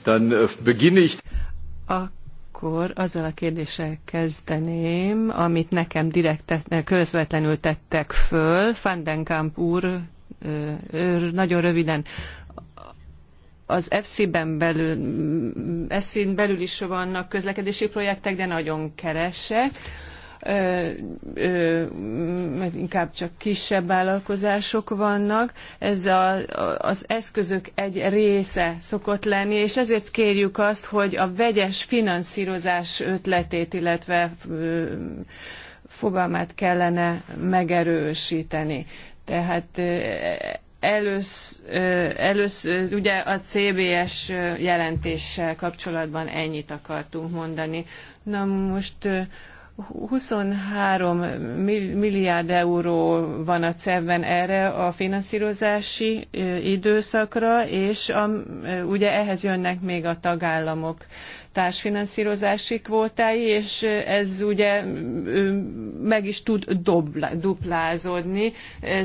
[SPEAKER 4] dann äh, beginne
[SPEAKER 3] ich.
[SPEAKER 2] A akkor azzal a kérdéssel kezdeném, amit nekem direkt eh, közvetlenül tettek föl. Fandenkamp úr nagyon röviden az FC-ben belül, mm, fc belül is vannak közlekedési projektek, de nagyon keresek mert inkább csak kisebb vállalkozások vannak. Ez a, az eszközök egy része szokott lenni, és ezért kérjük azt, hogy a vegyes finanszírozás ötletét, illetve fogalmát kellene megerősíteni. Tehát elősz, elősz, ugye a CBS jelentéssel kapcsolatban ennyit akartunk mondani. Na most 23 milliárd euró van a CEV-ben erre a finanszírozási időszakra, és a, ugye ehhez jönnek még a tagállamok társfinanszírozási kvótái, és ez ugye meg is tud dobla, duplázódni,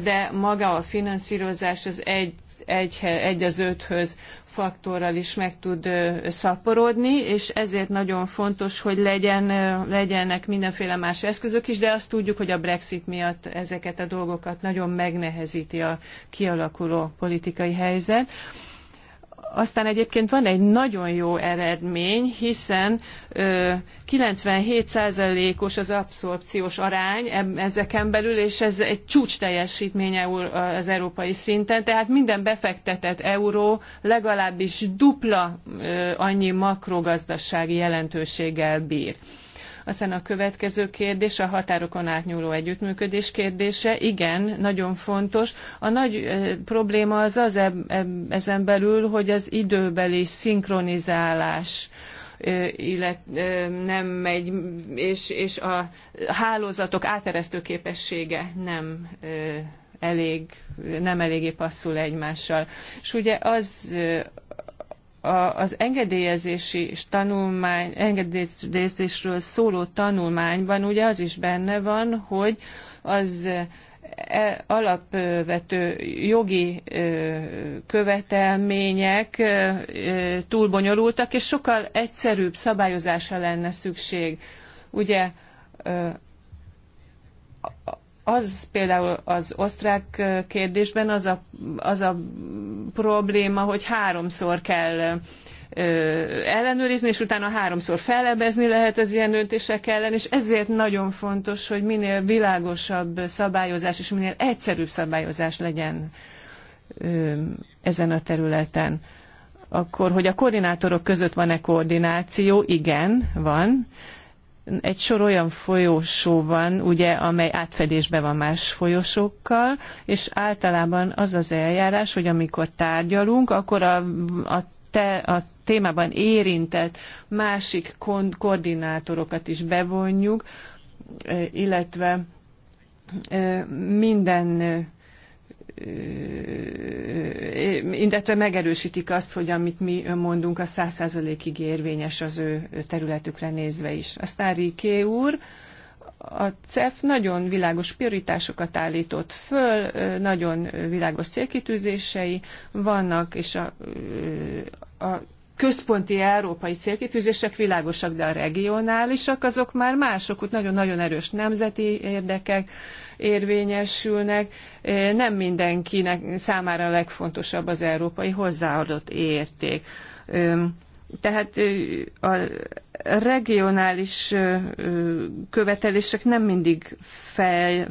[SPEAKER 2] de maga a finanszírozás az egy egy, egy az öthöz faktorral is meg tud szaporodni, és ezért nagyon fontos, hogy legyen, legyenek mindenféle más eszközök is, de azt tudjuk, hogy a Brexit miatt ezeket a dolgokat nagyon megnehezíti a kialakuló politikai helyzet. Aztán egyébként van egy nagyon jó eredmény, hiszen 97%-os az abszorpciós arány ezeken belül, és ez egy csúcs teljesítmény az európai szinten, tehát minden befektetett euró legalábbis dupla annyi makrogazdasági jelentőséggel bír. Aztán a következő kérdés a határokon átnyúló együttműködés kérdése. Igen, nagyon fontos. A nagy probléma az az ezen belül, hogy az időbeli szinkronizálás illet, nem megy, és, és a hálózatok áteresztő képessége nem elég, nem eléggé passzol egymással. És ugye az az engedélyezési és tanulmány, engedélyezésről szóló tanulmányban ugye az is benne van, hogy az e, alapvető jogi e, követelmények e, túl bonyolultak, és sokkal egyszerűbb szabályozásra lenne szükség. Ugye az például az osztrák kérdésben az a, az a probléma, hogy háromszor kell ellenőrizni, és utána háromszor fellebezni lehet az ilyen döntések ellen, és ezért nagyon fontos, hogy minél világosabb szabályozás és minél egyszerűbb szabályozás legyen ezen a területen. Akkor, hogy a koordinátorok között van-e koordináció? Igen, van egy sor olyan folyosó van, ugye, amely átfedésben van más folyosókkal, és általában az az eljárás, hogy amikor tárgyalunk, akkor a, a, te, a témában érintett másik kon- koordinátorokat is bevonjuk, illetve minden illetve megerősítik azt, hogy amit mi mondunk, a száz százalékig érvényes az ő területükre nézve is. Aztán Riké úr, a CEF nagyon világos prioritásokat állított föl, nagyon világos célkitűzései vannak, és a, a központi európai célkitűzések világosak, de a regionálisak azok már mások, ott nagyon-nagyon erős nemzeti érdekek érvényesülnek. Nem mindenkinek számára a legfontosabb az európai hozzáadott érték. Tehát a regionális követelések nem mindig fel,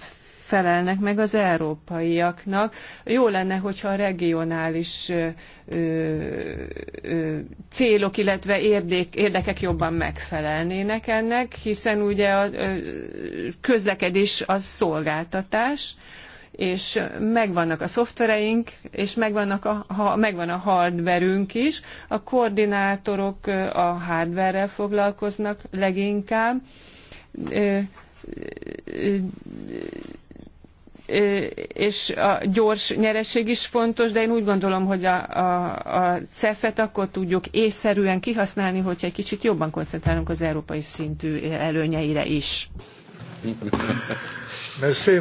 [SPEAKER 2] felelnek meg az európaiaknak. Jó lenne, hogyha a regionális ö, ö, célok, illetve érdek érdekek jobban megfelelnének ennek, hiszen ugye a ö, közlekedés az szolgáltatás, és megvannak a szoftvereink, és megvannak a, ha, megvan a hardverünk is. A koordinátorok a hardverrel foglalkoznak leginkább és a gyors nyereség is fontos, de én úgy gondolom, hogy a, a, a CEF-et akkor tudjuk észszerűen kihasználni, hogyha egy kicsit jobban koncentrálunk az európai szintű előnyeire is.
[SPEAKER 4] Merci,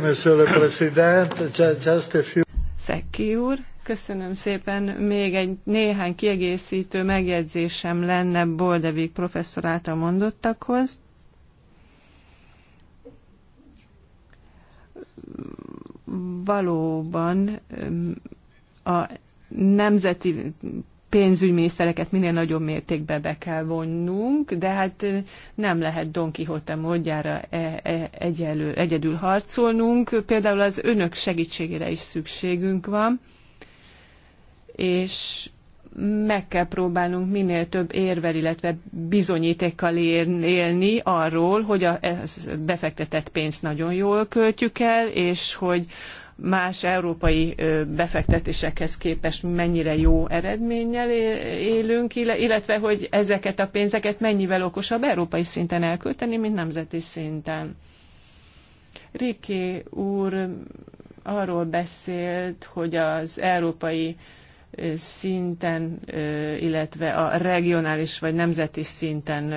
[SPEAKER 4] úr,
[SPEAKER 2] köszönöm szépen. Még egy néhány kiegészítő megjegyzésem lenne Boldevik professzor által mondottakhoz valóban a nemzeti pénzügyminisztereket minél nagyobb mértékben be kell vonnunk, de hát nem lehet Don Quixote módjára e, e, egyelő, egyedül harcolnunk. Például az önök segítségére is szükségünk van, és meg kell próbálnunk minél több érvel, illetve bizonyítékkal élni arról, hogy a befektetett pénzt nagyon jól költjük el, és hogy más európai befektetésekhez képest mennyire jó eredménnyel élünk, illetve hogy ezeket a pénzeket mennyivel okosabb európai szinten elkölteni, mint nemzeti szinten. Riki úr arról beszélt, hogy az európai szinten, illetve a regionális vagy nemzeti szinten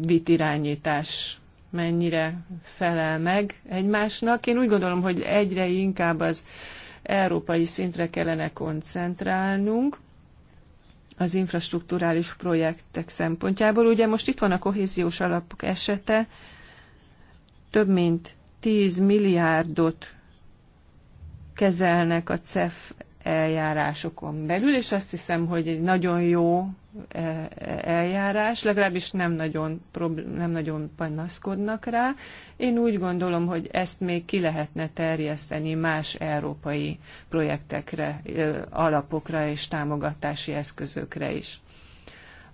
[SPEAKER 2] vitirányítás mennyire felel meg egymásnak. Én úgy gondolom, hogy egyre inkább az európai szintre kellene koncentrálnunk az infrastruktúrális projektek szempontjából. Ugye most itt van a kohéziós alapok esete, több mint 10 milliárdot kezelnek a CEF eljárásokon belül, és azt hiszem, hogy egy nagyon jó e, e, eljárás, legalábbis nem nagyon, nem nagyon panaszkodnak rá. Én úgy gondolom, hogy ezt még ki lehetne terjeszteni más európai projektekre, alapokra és támogatási eszközökre is.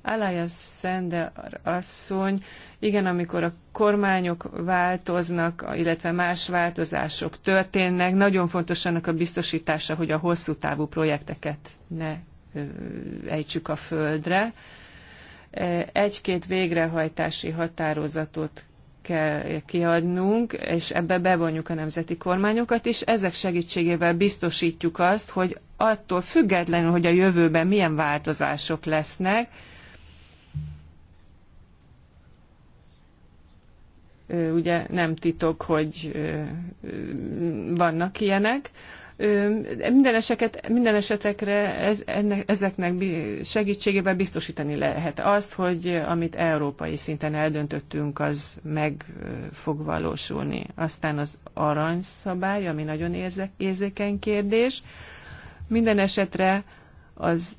[SPEAKER 2] Alája Szende asszony igen, amikor a kormányok változnak, illetve más változások történnek, nagyon fontos annak a biztosítása, hogy a hosszú távú projekteket ne ejtsük a földre. E, egy-két végrehajtási határozatot kell kiadnunk, és ebbe bevonjuk a nemzeti kormányokat is. Ezek segítségével biztosítjuk azt, hogy attól függetlenül, hogy a jövőben milyen változások lesznek, ugye nem titok, hogy vannak ilyenek. Minden, eseket, minden esetekre ez, ennek, ezeknek segítségével biztosítani lehet azt, hogy amit európai szinten eldöntöttünk, az meg fog valósulni. Aztán az aranyszabály, ami nagyon érzékeny kérdés. Minden esetre az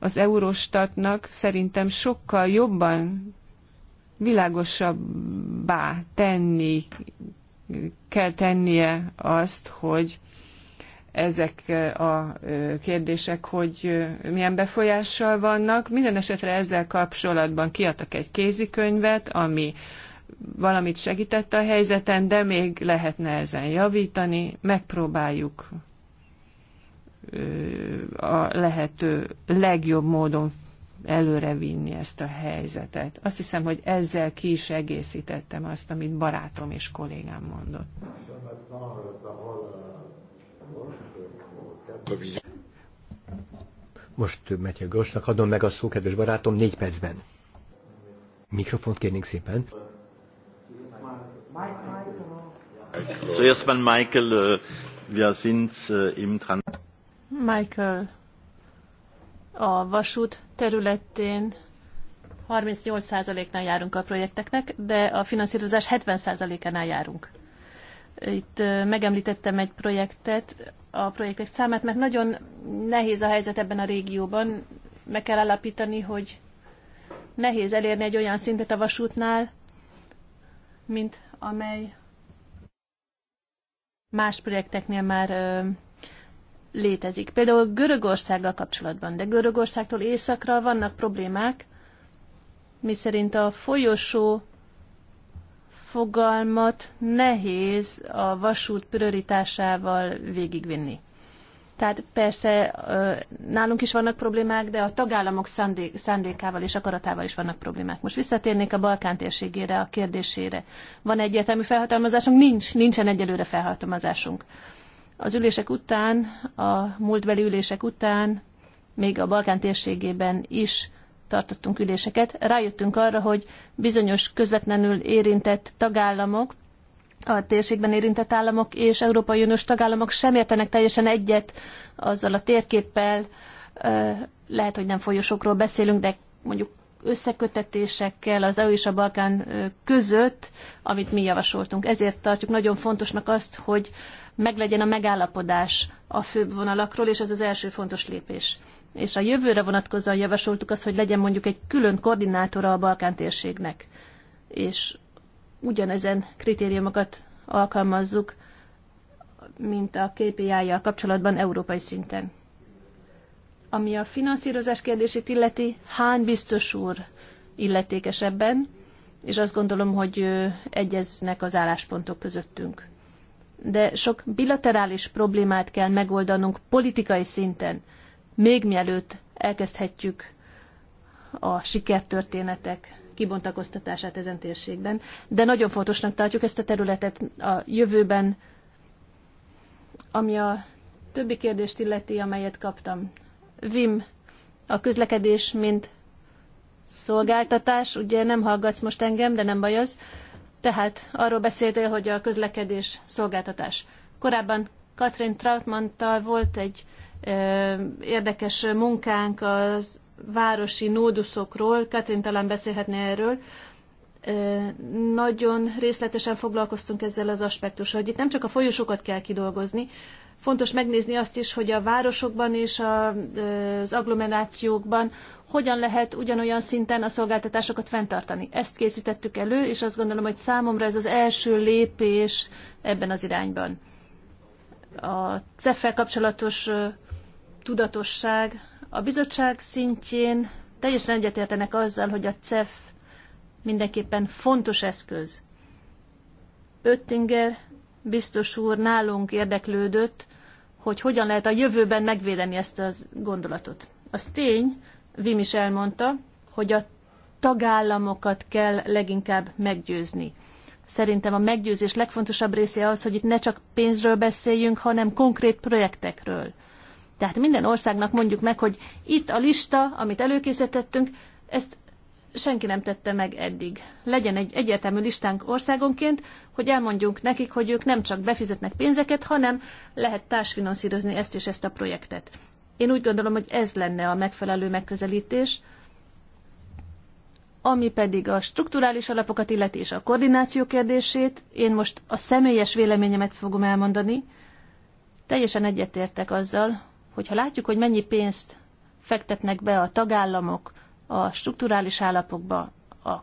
[SPEAKER 2] az Eurostatnak szerintem sokkal jobban világosabbá tenni kell tennie azt, hogy ezek a kérdések, hogy milyen befolyással vannak. Minden esetre ezzel kapcsolatban kiadtak egy kézikönyvet, ami valamit segített a helyzeten, de még lehetne ezen javítani. Megpróbáljuk a lehető legjobb módon előrevinni ezt a helyzetet. Azt hiszem, hogy ezzel ki is egészítettem azt, amit barátom és kollégám mondott.
[SPEAKER 3] Most a Gosnak adom meg a szó, kedves barátom, négy percben. Mikrofont kérnénk szépen. Michael, Michael.
[SPEAKER 4] Äh, Michael, wir sind äh, im Trans...
[SPEAKER 1] Michael, a vasút területén 38%-nál járunk a projekteknek, de a finanszírozás 70%-ánál járunk. Itt megemlítettem egy projektet, a projektek számát, mert nagyon nehéz a helyzet ebben a régióban. Meg kell alapítani, hogy nehéz elérni egy olyan szintet a vasútnál, mint amely más projekteknél már létezik. Például Görögországgal kapcsolatban, de Görögországtól északra vannak problémák, miszerint a folyosó fogalmat nehéz a vasút prioritásával végigvinni. Tehát persze nálunk is vannak problémák, de a tagállamok szándékával és akaratával is vannak problémák. Most visszatérnék a Balkán térségére, a kérdésére. Van egyértelmű felhatalmazásunk? Nincs, nincsen egyelőre felhatalmazásunk. Az ülések után, a múltbeli ülések után, még a Balkán térségében is tartottunk üléseket. Rájöttünk arra, hogy bizonyos közvetlenül érintett tagállamok, a térségben érintett államok és Európai Uniós tagállamok sem értenek teljesen egyet azzal a térképpel, lehet, hogy nem folyosokról beszélünk, de mondjuk összekötetésekkel az EU és a Balkán között, amit mi javasoltunk. Ezért tartjuk nagyon fontosnak azt, hogy meglegyen a megállapodás a főbb vonalakról, és ez az első fontos lépés. És a jövőre vonatkozóan javasoltuk azt, hogy legyen mondjuk egy külön koordinátora a Balkán térségnek. És ugyanezen kritériumokat alkalmazzuk, mint a KPI-jal kapcsolatban európai szinten. Ami a finanszírozás kérdését illeti, hány biztos úr illetékes ebben, és azt gondolom, hogy egyeznek az álláspontok közöttünk de sok bilaterális problémát kell megoldanunk politikai szinten, még mielőtt elkezdhetjük a sikertörténetek kibontakoztatását ezen térségben. De nagyon fontosnak tartjuk ezt a területet a jövőben, ami a többi kérdést illeti, amelyet kaptam. Vim, a közlekedés, mint szolgáltatás, ugye nem hallgatsz most engem, de nem baj az. Tehát arról beszéltél, hogy a közlekedés szolgáltatás. Korábban Katrin Trautmann-tal volt egy ö, érdekes munkánk az városi nóduszokról, Katrin talán beszélhetne erről. Ö, nagyon részletesen foglalkoztunk ezzel az aspektussal, hogy itt nem csak a folyosókat kell kidolgozni, Fontos megnézni azt is, hogy a városokban és az agglomerációkban hogyan lehet ugyanolyan szinten a szolgáltatásokat fenntartani. Ezt készítettük elő, és azt gondolom, hogy számomra ez az első lépés ebben az irányban. A CEF-fel kapcsolatos tudatosság a bizottság szintjén teljesen egyetértenek azzal, hogy a CEF mindenképpen fontos eszköz. Öttinger biztos úr nálunk érdeklődött, hogy hogyan lehet a jövőben megvédeni ezt a gondolatot. Az tény, Vim is elmondta, hogy a tagállamokat kell leginkább meggyőzni. Szerintem a meggyőzés legfontosabb része az, hogy itt ne csak pénzről beszéljünk, hanem konkrét projektekről. Tehát minden országnak mondjuk meg, hogy itt a lista, amit előkészítettünk, ezt senki nem tette meg eddig. Legyen egy egyértelmű listánk országonként, hogy elmondjunk nekik, hogy ők nem csak befizetnek pénzeket, hanem lehet társfinanszírozni ezt és ezt a projektet. Én úgy gondolom, hogy ez lenne a megfelelő megközelítés, ami pedig a strukturális alapokat illeti és a koordináció kérdését, én most a személyes véleményemet fogom elmondani. Teljesen egyetértek azzal, hogy ha látjuk, hogy mennyi pénzt fektetnek be a tagállamok, a strukturális állapokba a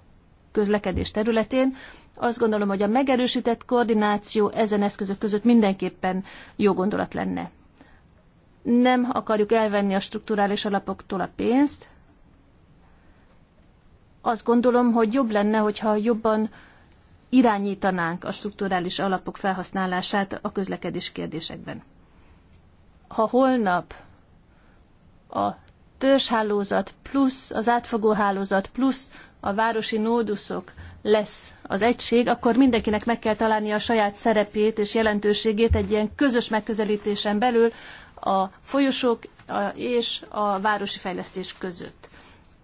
[SPEAKER 1] közlekedés területén, azt gondolom, hogy a megerősített koordináció ezen eszközök között mindenképpen jó gondolat lenne. Nem akarjuk elvenni a strukturális alapoktól a pénzt. Azt gondolom, hogy jobb lenne, hogyha jobban irányítanánk a strukturális alapok felhasználását a közlekedés kérdésekben. Ha holnap a törzshálózat plusz az átfogó hálózat plusz a városi nóduszok lesz az egység, akkor mindenkinek meg kell találnia a saját szerepét és jelentőségét egy ilyen közös megközelítésen belül a folyosók és a városi fejlesztés között.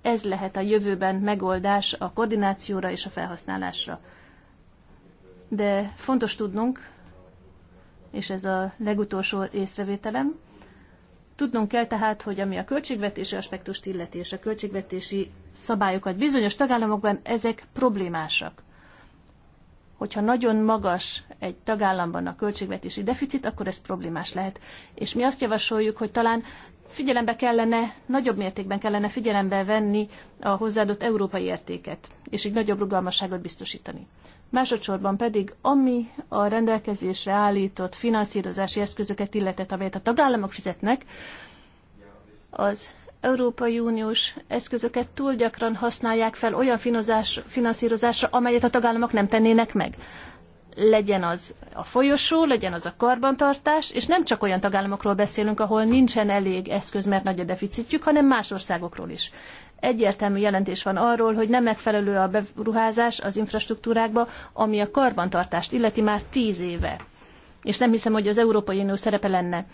[SPEAKER 1] Ez lehet a jövőben megoldás a koordinációra és a felhasználásra. De fontos tudnunk, és ez a legutolsó észrevételem, Tudnunk kell tehát, hogy ami a költségvetési aspektust illeti és a költségvetési szabályokat, bizonyos tagállamokban ezek problémásak. Hogyha nagyon magas egy tagállamban a költségvetési deficit, akkor ez problémás lehet. És mi azt javasoljuk, hogy talán figyelembe kellene, nagyobb mértékben kellene figyelembe venni a hozzáadott európai értéket, és így nagyobb rugalmasságot biztosítani másodszorban pedig ami a rendelkezésre állított finanszírozási eszközöket illetett, amelyet a tagállamok fizetnek, az Európai Uniós eszközöket túl gyakran használják fel olyan finanszírozásra, amelyet a tagállamok nem tennének meg. Legyen az a folyosó, legyen az a karbantartás, és nem csak olyan tagállamokról beszélünk, ahol nincsen elég eszköz, mert nagy a deficitjük, hanem más országokról is egyértelmű jelentés van arról, hogy nem megfelelő a beruházás az infrastruktúrákba, ami a karbantartást illeti már tíz éve. És nem hiszem, hogy az Európai Unió szerepe lenne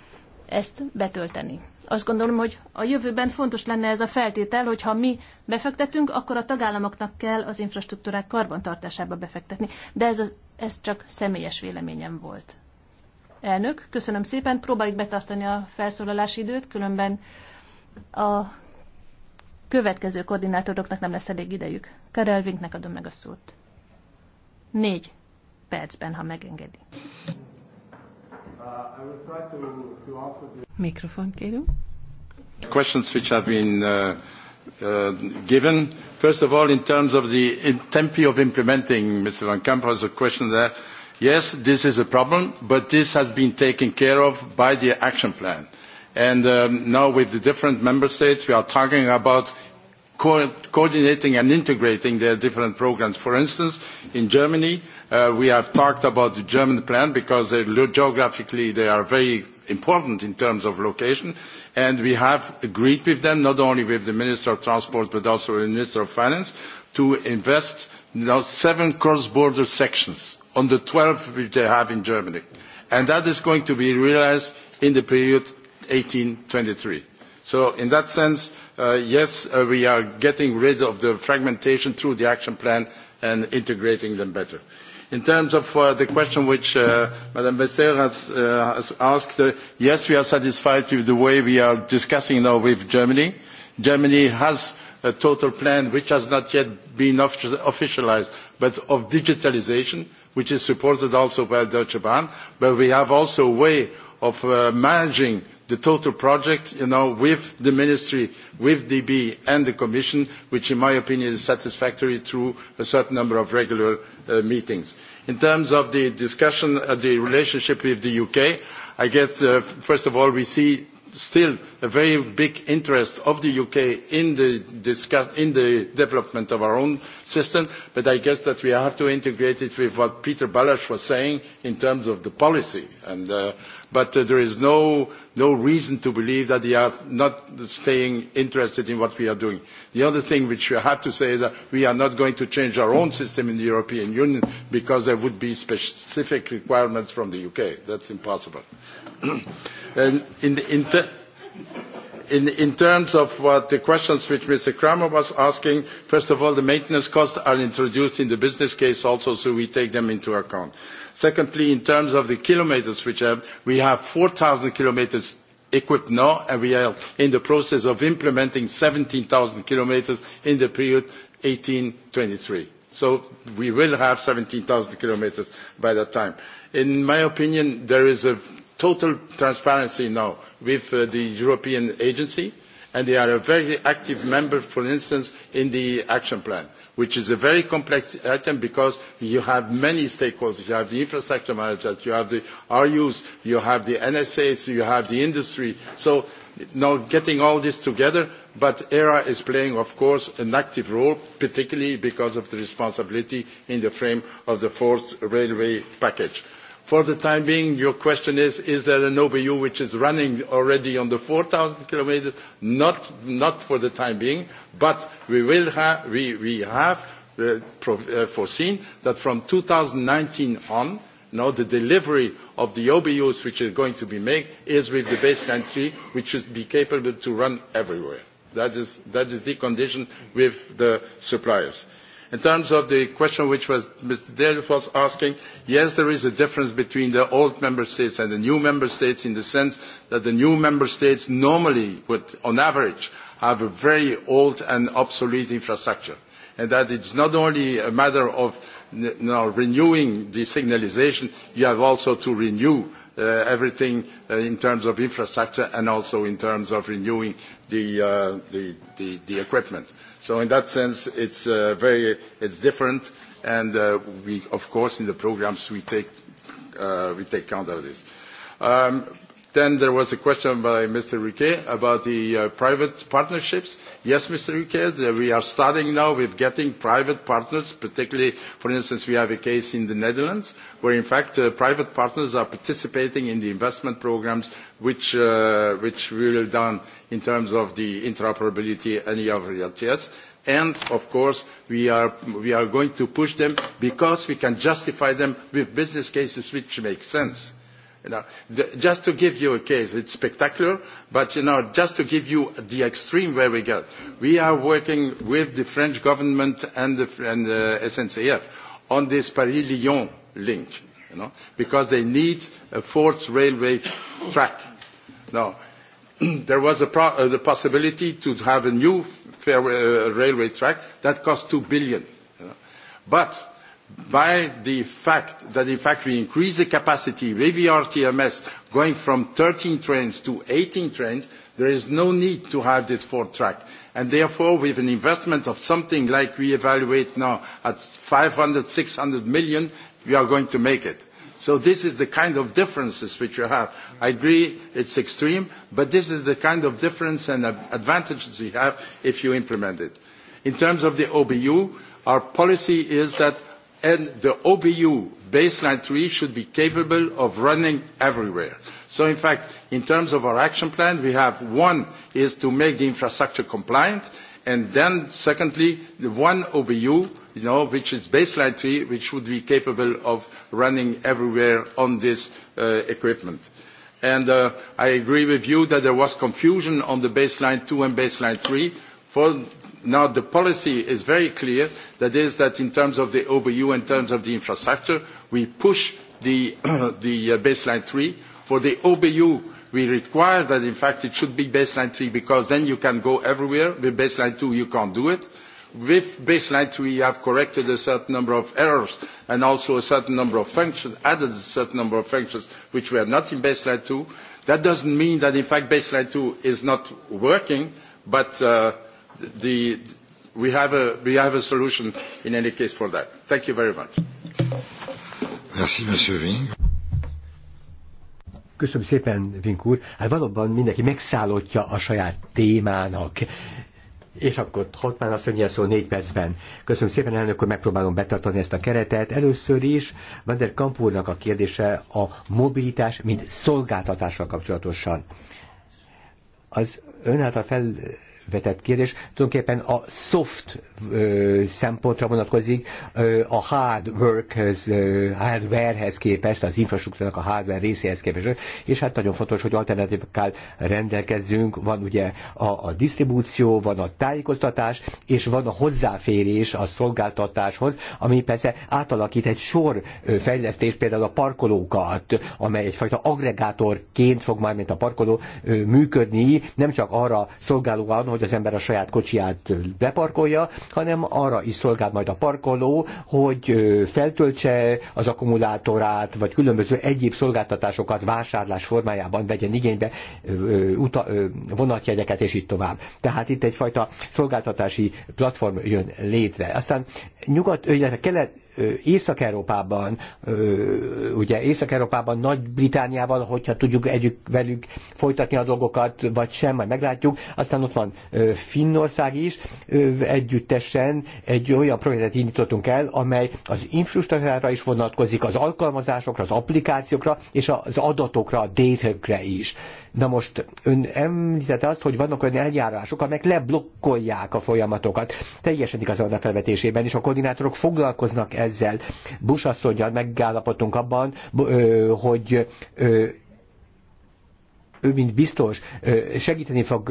[SPEAKER 1] ezt betölteni. Azt gondolom, hogy a jövőben fontos lenne ez a feltétel, hogy ha mi befektetünk, akkor a tagállamoknak kell az infrastruktúrák karbantartásába befektetni. De ez, a, ez csak személyes véleményem volt. Elnök, köszönöm szépen, próbáljuk betartani a felszólalási időt, különben a következő koordinátoroknak nem lesz elég idejük. Karelvinknek adom meg a szót. Négy percben, ha megengedi.
[SPEAKER 2] Mikrofon kérünk.
[SPEAKER 4] Questions which have been uh, uh, given. First of all, in terms of the tempo of implementing, Mr. Van Kamp has a question there. Yes, this is a problem, but this has been taken care of by the action plan. Uh, And um, now with the different member states, we are talking about coordinating and integrating their different programs. For instance, in Germany, uh, we have talked about the German plan because geographically they are very important in terms of location. And we have agreed with them, not only with the Minister of Transport, but also with the Minister of Finance, to invest now seven cross-border sections on the 12 which they have in Germany. And that is going to be realized in the period 1823. So in that sense, uh, yes, uh, we are getting rid of the fragmentation through the action plan and integrating them better. In terms of uh, the question which uh, Madame Besser has, asked, yes, we are satisfied with the way we are discussing now with Germany. Germany has a total plan which has not yet been officialized, but of digitalization, which is supported also by Deutsche Bahn, but we have also a way of uh, managing the total project, you know, with the ministry, with DB and the commission, which in my opinion is satisfactory through a certain number of regular uh, meetings. In terms of the discussion, of uh, the relationship with the UK, I guess, first of all, we see still a very big interest of the UK in the, development of our own system, but I guess that we have to integrate it with what Peter Balash was saying in terms of the policy. And but uh, there is no, no reason to believe that they are not staying interested in what we are doing. The other thing which we have to say is that we are not going to change our own system in the European Union because there would be specific requirements from the UK. That's impossible. [CLEARS THROAT] and in, the, in, ter in, in terms of what the questions which Mr. Kramer was asking, first of all, the maintenance costs are introduced in the business case also, so we take them into account. Secondly, in terms of the kilometers which have, we have 4,000 kilometers equipped now, and we are in the process of implementing 17,000 kilometers in the period 2018-2023. So we will have 17,000 kilometers by that time. In my opinion, there is a total transparency now with uh, the European agency, and they are a very active member, for instance, in the action plan which is a very complex item because you have many stakeholders. You have the infrastructure managers, you have the RUs, you have the NSAs, you have the industry. So now getting all this together, but ERA is playing, of course, an active role, particularly because of the responsibility in the frame of the fourth railway package. For the time being, your question is, is there an OBU which is running already on the 4,000 kilometers? Not, not for the time being, but we, will ha we, we have uh, uh, foreseen that from 2019 on, now the delivery of the OBUs which are going to be made is with the baseline 3, which should be capable to run everywhere. That is, that is the condition with the suppliers. In terms of the question which was Mr. Davis was asking, yes, there is a difference between the old member states and the new member states in the sense that the new member states normally would, on average, have a very old and obsolete infrastructure. And that it's not only a matter of you know, renewing the signalisation, you have also to renew Uh, everything uh, in terms of infrastructure and also in terms of renewing the, uh, the, the, the equipment. So in that sense, it's, very, it's different, and we, of course, in the programs, we take, we take count of this. Um, Then there was a question by Mr. Riquet about the uh, private partnerships. Yes, Mr. Riquet, uh, we are starting now with getting private partners, particularly, for instance, we have a case in the Netherlands, where in fact uh, private partners are participating in the investment programs which, we will done in terms of the interoperability and the other RTS and of course we are going to push them because we can justify them with business cases which make sense. You know, just to give you a case, it's spectacular, but you know, just to give you the extreme where we get, we are working with the French government and the, and the SNCF on this Paris-Lyon link, you know, because they need a fourth railway track. Now, [CLEARS THROAT] there was a pro- uh, the possibility to have a new fair, uh, railway track that cost two billion, you know. but by the fact that in fact we increase the capacity with the RTMS going from 13 trains to 18 trains, there is no need to have this fourth track. And therefore, with an investment of something like we evaluate now at 500, 600 million, we are going to make it. So this is the kind of differences which you have. I agree it's extreme, but this is the kind of difference and advantages we have if you implement it. In terms of the OBU, our policy is that and the OBU baseline three should be capable of running everywhere. So in fact, in terms of our action plan, we have one is to make the infrastructure compliant, and then secondly, the one OBU, you know, which is baseline three, which would be capable of running everywhere on this uh, equipment. And uh, I agree with you that there was confusion on the baseline two and baseline three. For Now, the policy is very clear, that is that in terms of the OBU, in terms of the infrastructure, we push the, [CLEARS THROAT] uh, baseline three. For the OBU, we require that, in fact, it should be baseline three, because then you can go everywhere. With baseline two, you can't do it. With baseline three, you have corrected a certain number of errors and also a certain number of functions, added a certain number of functions which were not in baseline two. That doesn't mean that, in fact, baseline two is not working, but uh, the, we, have a, we have a solution in any case for that. Thank you very much. Merci, Monsieur Ving.
[SPEAKER 3] Köszönöm szépen, Vink úr. Hát valóban mindenki megszállottja a saját témának. És akkor Hotman azt mondja szó négy percben. Köszönöm szépen, elnök úr, megpróbálom betartani ezt a keretet. Először is Van der Kamp úrnak a kérdése a mobilitás, mint szolgáltatással kapcsolatosan. Az ön által fel vetett kérdés tulajdonképpen a soft ö, szempontra vonatkozik ö, a hard workhez, hardwarehez képest, az infrastruktúrának a hardware részéhez képest, és hát nagyon fontos, hogy alternatívakkal rendelkezzünk, van ugye a, a disztribúció, van a tájékoztatás, és van a hozzáférés a szolgáltatáshoz, ami persze átalakít egy sor fejlesztés, például a parkolókat, amely egyfajta agregátorként fog már, mint a parkoló működni, nem csak arra szolgálóan, hogy az ember a saját kocsiját beparkolja, hanem arra is szolgál majd a parkoló, hogy feltöltse az akkumulátorát, vagy különböző egyéb szolgáltatásokat vásárlás formájában vegyen igénybe uta, vonatjegyeket, és így tovább. Tehát itt egyfajta szolgáltatási platform jön létre. Aztán nyugat, illetve kelet, Észak-Európában, ugye Észak-Európában, Nagy-Britániával, hogyha tudjuk együtt velük folytatni a dolgokat, vagy sem, majd meglátjuk. Aztán ott van Finnország is, együttesen egy olyan projektet indítottunk el, amely az infrastruktúrára is vonatkozik, az alkalmazásokra, az applikációkra és az adatokra, a data is. Na most ön említette azt, hogy vannak olyan eljárások, amelyek leblokkolják a folyamatokat. Teljesen igaz a felvetésében, és a koordinátorok foglalkoznak ezzel. Bush asszonyjal megállapodtunk abban, hogy ő, mint biztos, segíteni fog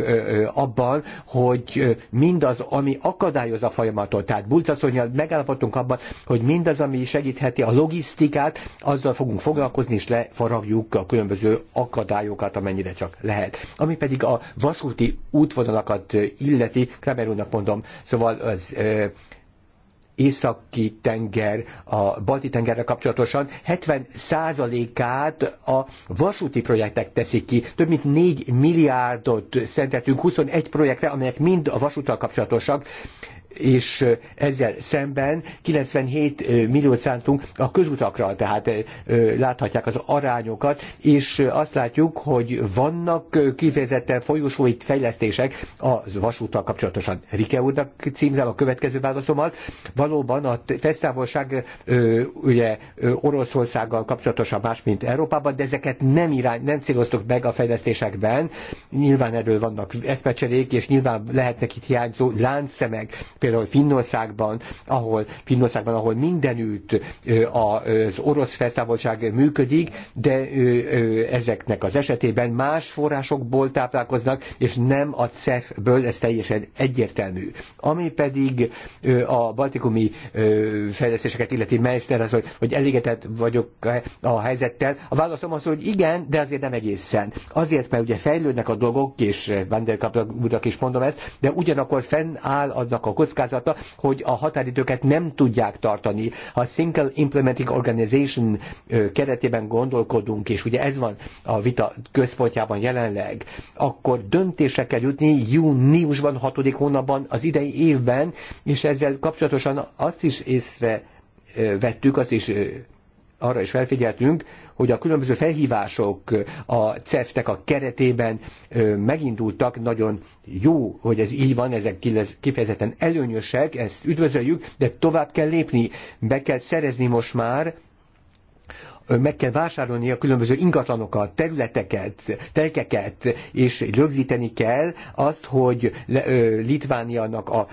[SPEAKER 3] abban, hogy mindaz, ami akadályoz a folyamatot, tehát Bulcaszonyjal megállapodtunk abban, hogy mindaz, ami segítheti a logisztikát, azzal fogunk foglalkozni, és lefaragjuk a különböző akadályokat, amennyire csak lehet. Ami pedig a vasúti útvonalakat illeti, Kramer úrnak mondom, szóval az északi tenger, a balti tengerre kapcsolatosan 70 át a vasúti projektek teszik ki. Több mint 4 milliárdot szenteltünk 21 projektre, amelyek mind a vasúttal kapcsolatosak és ezzel szemben 97 milliót szántunk a közutakra, tehát láthatják az arányokat, és azt látjuk, hogy vannak kifejezetten folyosói fejlesztések az vasúttal kapcsolatosan. Rike úrnak címzel a következő válaszomat. Valóban a fesztávolság ugye Oroszországgal kapcsolatosan más, mint Európában, de ezeket nem, irány, nem céloztuk meg a fejlesztésekben. Nyilván erről vannak eszmecserék, és nyilván lehetnek itt hiányzó láncszemek, például Finnországban, ahol, Finnországban, ahol mindenütt az orosz felszávoltság működik, de ezeknek az esetében más forrásokból táplálkoznak, és nem a CEF-ből, ez teljesen egyértelmű. Ami pedig a baltikumi fejlesztéseket illeti Meissner, az, hogy, hogy elégetett vagyok a helyzettel. A válaszom az, hogy igen, de azért nem egészen. Azért, mert ugye fejlődnek a dolgok, és Van úrnak is mondom ezt, de ugyanakkor fennáll annak a kockázat, kockázata, hogy a határidőket nem tudják tartani. Ha a Single Implementing Organization keretében gondolkodunk, és ugye ez van a vita központjában jelenleg, akkor döntésre kell jutni júniusban, hatodik hónapban, az idei évben, és ezzel kapcsolatosan azt is észre vettük, azt is arra is felfigyeltünk, hogy a különböző felhívások a CEFTEK a keretében megindultak, nagyon jó, hogy ez így van, ezek kifejezetten előnyösek, ezt üdvözöljük, de tovább kell lépni, be kell szerezni most már meg kell vásárolni a különböző ingatlanokat, területeket, telkeket, és rögzíteni kell azt, hogy Litvániának a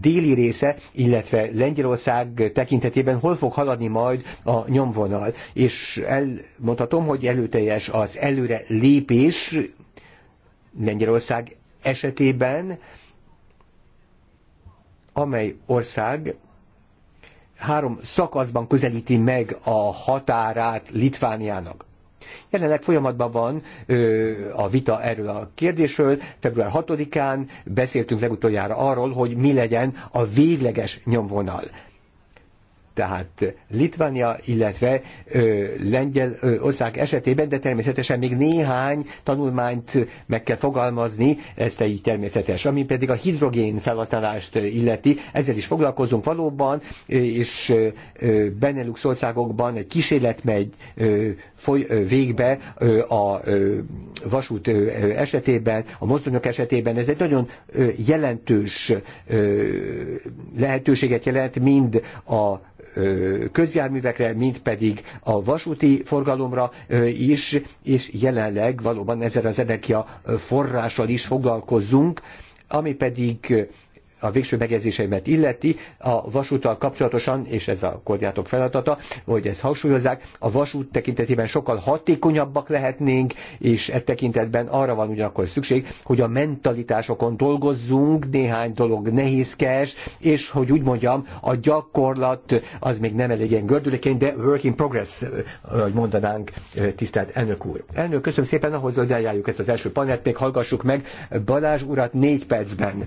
[SPEAKER 3] déli része, illetve Lengyelország tekintetében hol fog haladni majd a nyomvonal. És elmondhatom, hogy előteljes az előre lépés Lengyelország esetében, amely ország három szakaszban közelíti meg a határát Litvániának. Jelenleg folyamatban van ö, a vita erről a kérdésről. Február 6-án beszéltünk legutoljára arról, hogy mi legyen a végleges nyomvonal tehát Litvánia, illetve ö, Lengyelország esetében, de természetesen még néhány tanulmányt meg kell fogalmazni, ez így természetes. Ami pedig a hidrogén felhasználást illeti, ezzel is foglalkozunk valóban, és ö, Benelux országokban egy kísérlet megy ö, foly, ö, végbe ö, a ö, vasút ö, esetében, a mozdonyok esetében. Ez egy nagyon ö, jelentős ö, lehetőséget jelent, mind a közjárművekre, mint pedig a vasúti forgalomra is, és jelenleg valóban ezzel az energia forrással is foglalkozunk, ami pedig a végső megjegyzéseimet illeti, a vasúttal kapcsolatosan, és ez a kordiátok feladata, hogy ezt hangsúlyozzák, a vasút tekintetében sokkal hatékonyabbak lehetnénk, és e tekintetben arra van ugyanakkor szükség, hogy a mentalitásokon dolgozzunk, néhány dolog nehézkes, és hogy úgy mondjam, a gyakorlat az még nem elég ilyen gördülékeny, de work in progress, ahogy mondanánk, tisztelt elnök úr. Elnök, köszönöm szépen ahhoz, hogy eljárjuk ezt az első panelt, még hallgassuk meg Balázs urat négy percben.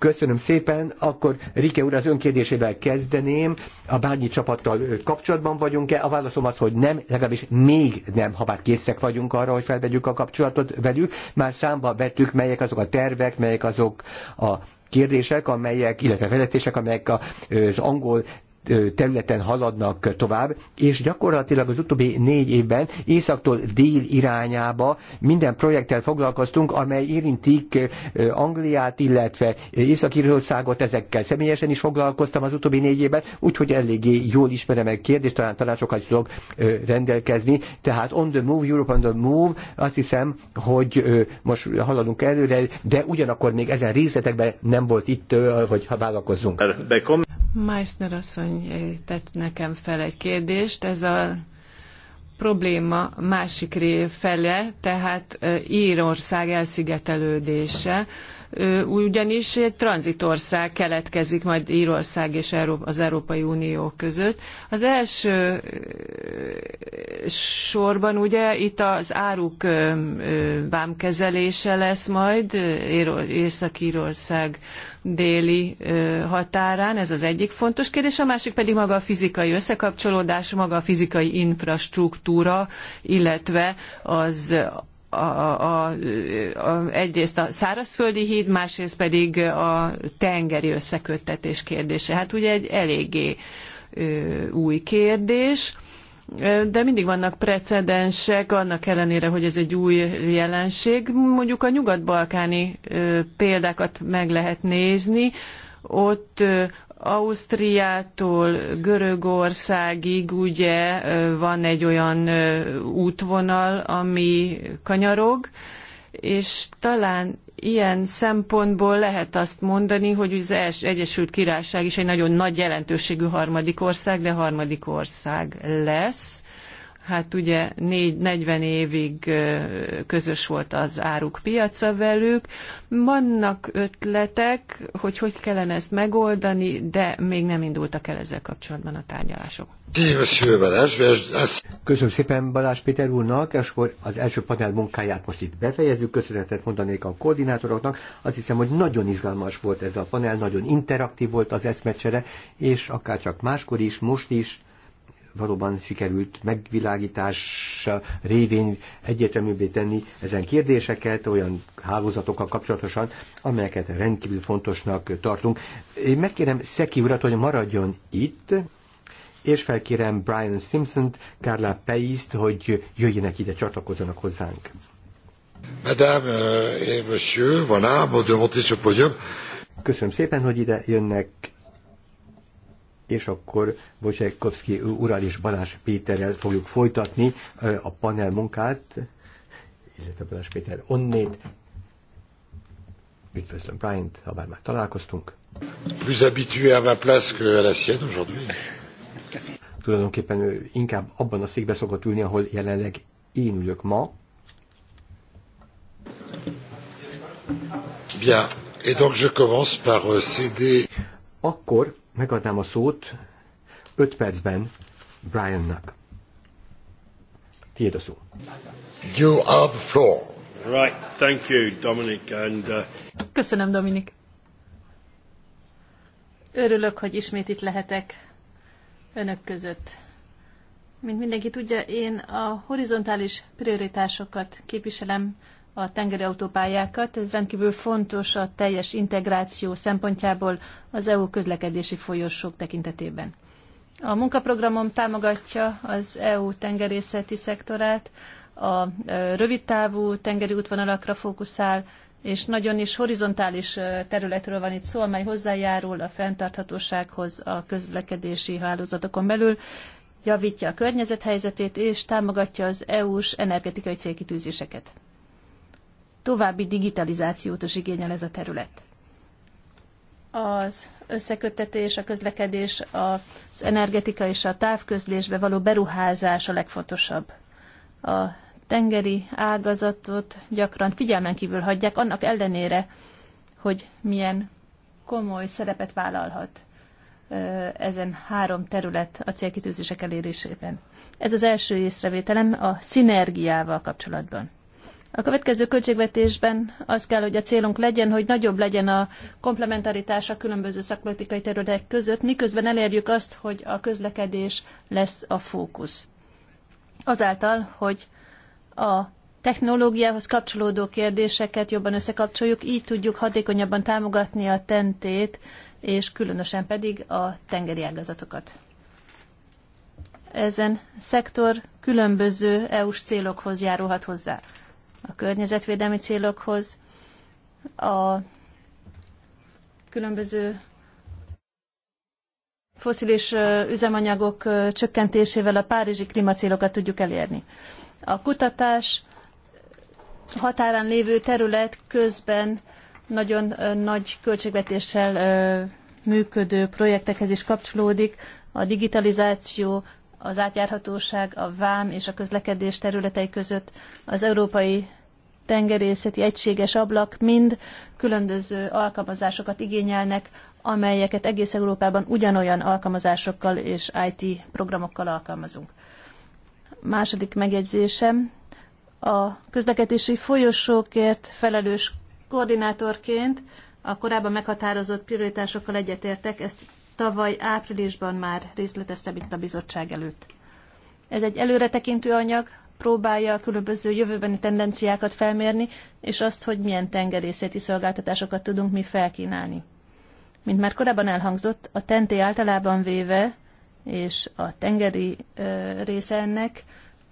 [SPEAKER 3] Köszönöm szépen, akkor Rike úr az önkérdésével kezdeném. A bányi csapattal kapcsolatban vagyunk-e? A válaszom az, hogy nem, legalábbis még nem, ha bár készek vagyunk arra, hogy felvegyük a kapcsolatot velük. Már számba vettük, melyek azok a tervek, melyek azok a kérdések, amelyek, illetve vezetések, amelyek az angol területen haladnak tovább, és gyakorlatilag az utóbbi négy évben északtól dél irányába minden projekttel foglalkoztunk, amely érintik Angliát, illetve Észak-Írországot, ezekkel személyesen is foglalkoztam az utóbbi négy évben, úgyhogy eléggé jól ismerem egy kérdést, talán tanácsokat tudok rendelkezni. Tehát on the move, Europe on the move, azt hiszem, hogy most haladunk előre, de ugyanakkor még ezen részletekben nem volt itt, hogy vállalkozzunk.
[SPEAKER 2] Meissner asszony asszony eh, tett nekem fel egy kérdést. Ez a probléma másik fele, tehát eh, Írország elszigetelődése ugyanis egy tranzitország keletkezik majd Írország és az Európai Unió között. Az első sorban ugye itt az áruk vámkezelése lesz majd Észak-Írország déli határán, ez az egyik fontos kérdés, a másik pedig maga a fizikai összekapcsolódás, maga a fizikai infrastruktúra, illetve az a, a, a, egyrészt a szárazföldi híd, másrészt pedig a tengeri összeköttetés kérdése. Hát ugye egy eléggé ö, új kérdés, de mindig vannak precedensek, annak ellenére, hogy ez egy új jelenség. Mondjuk a nyugat-balkáni példákat meg lehet nézni, ott Ausztriától Görögországig ugye van egy olyan útvonal, ami kanyarog, és talán ilyen szempontból lehet azt mondani, hogy az Egyesült Királyság is egy nagyon nagy jelentőségű harmadik ország, de harmadik ország lesz hát ugye 4, 40 évig közös volt az áruk piaca velük. Vannak ötletek, hogy hogy kellene ezt megoldani, de még nem indultak el ezzel kapcsolatban a tárgyalások.
[SPEAKER 3] Köszönöm szépen Balázs Péter úrnak, és akkor az első panel munkáját most itt befejezzük. Köszönetet mondanék a koordinátoroknak. Azt hiszem, hogy nagyon izgalmas volt ez a panel, nagyon interaktív volt az eszmecsere, és akár csak máskor is, most is valóban sikerült megvilágítás révén egyértelműbbé tenni ezen kérdéseket olyan hálózatokkal kapcsolatosan, amelyeket rendkívül fontosnak tartunk. Én megkérem Szeki urat, hogy maradjon itt, és felkérem Brian Simpson-t, Carla Peist, hogy jöjjenek ide, csatlakozzanak hozzánk.
[SPEAKER 4] Madame euh, et monsieur, voilà, bon de monter sur podium. Köszönöm szépen,
[SPEAKER 3] hogy ide jönnek és akkor Bocsekovszki ural és Balázs Péterrel fogjuk folytatni a panel munkát, illetve Balázs Péter onnét. Üdvözlöm Bryant, ha bár már találkoztunk.
[SPEAKER 4] Plus habitué à ma place que la sienne aujourd'hui.
[SPEAKER 3] Tulajdonképpen ő inkább abban a székbe szokott ülni, ahol jelenleg én ülök ma. Bien, et
[SPEAKER 4] donc je commence par euh, céder.
[SPEAKER 3] Akkor megadnám a szót 5 percben Briannak. Tiéd a szó. You are the floor.
[SPEAKER 2] Right, thank you, Dominic. And, uh...
[SPEAKER 1] Köszönöm, Dominik. Örülök, hogy ismét itt lehetek önök között. Mint mindenki tudja, én a horizontális prioritásokat képviselem a tengeri autópályákat. Ez rendkívül fontos a teljes integráció szempontjából az EU közlekedési folyosók tekintetében. A munkaprogramom támogatja az EU tengerészeti szektorát, a rövidtávú tengeri útvonalakra fókuszál, és nagyon is horizontális területről van itt szó, amely hozzájárul a fenntarthatósághoz a közlekedési hálózatokon belül, javítja a környezet helyzetét és támogatja az EU-s energetikai célkitűzéseket. További digitalizációt is igényel ez a terület. Az összeköttetés, a közlekedés, az energetika és a távközlésbe való beruházás a legfontosabb. A tengeri ágazatot gyakran figyelmen kívül hagyják, annak ellenére, hogy milyen komoly szerepet vállalhat ezen három terület a célkitűzések elérésében. Ez az első észrevételem a szinergiával kapcsolatban. A következő költségvetésben az kell, hogy a célunk legyen, hogy nagyobb legyen a komplementaritás a különböző szakpolitikai területek között, miközben elérjük azt, hogy a közlekedés lesz a fókusz. Azáltal, hogy a technológiához kapcsolódó kérdéseket jobban összekapcsoljuk, így tudjuk hatékonyabban támogatni a tentét, és különösen pedig a tengeri ágazatokat. Ezen szektor különböző EU-s célokhoz járulhat hozzá a környezetvédelmi célokhoz, a különböző foszilis üzemanyagok csökkentésével a párizsi klímacélokat tudjuk elérni. A kutatás határán lévő terület közben nagyon nagy költségvetéssel működő projektekhez is kapcsolódik, a digitalizáció, az átjárhatóság a vám és a közlekedés területei között az európai tengerészeti egységes ablak mind különböző alkalmazásokat igényelnek, amelyeket egész Európában ugyanolyan alkalmazásokkal és IT programokkal alkalmazunk. Második megjegyzésem, a közlekedési folyosókért felelős koordinátorként a korábban meghatározott prioritásokkal egyetértek, ezt tavaly áprilisban már részleteztem itt a bizottság előtt. Ez egy előretekintő anyag, próbálja a különböző jövőbeni tendenciákat felmérni, és azt, hogy milyen tengerészeti szolgáltatásokat tudunk mi felkínálni. Mint már korábban elhangzott, a tenté általában véve, és a tengeri ö, része ennek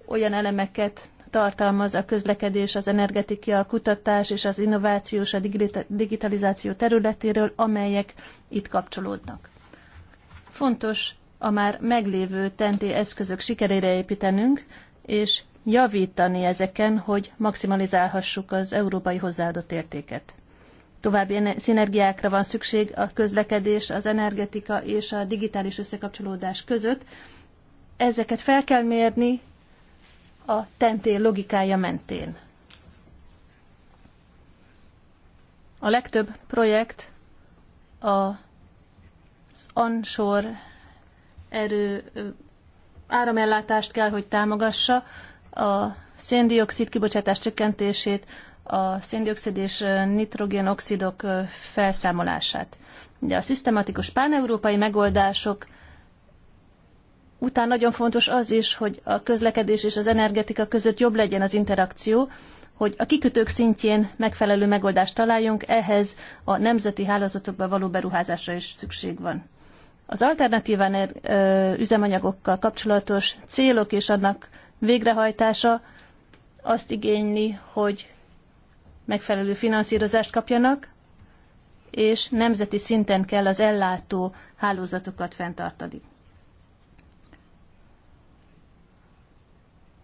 [SPEAKER 1] olyan elemeket tartalmaz a közlekedés, az energetika, a kutatás és az innovációs, a digitalizáció területéről, amelyek itt kapcsolódnak. Fontos a már meglévő tenti eszközök sikerére építenünk, és javítani ezeken, hogy maximalizálhassuk az európai hozzáadott értéket. További szinergiákra van szükség a közlekedés, az energetika és a digitális összekapcsolódás között. Ezeket fel kell mérni a tenté logikája mentén. A legtöbb projekt a az onshore erő áramellátást kell, hogy támogassa, a széndiokszid kibocsátás csökkentését, a széndiokszid és nitrogénoxidok felszámolását. De a szisztematikus páneurópai megoldások után nagyon fontos az is, hogy a közlekedés és az energetika között jobb legyen az interakció, hogy a kikötők szintjén megfelelő megoldást találjunk, ehhez a nemzeti hálózatokba való beruházásra is szükség van. Az alternatív üzemanyagokkal kapcsolatos célok és annak végrehajtása azt igényli, hogy megfelelő finanszírozást kapjanak, és nemzeti szinten kell az ellátó hálózatokat fenntartani.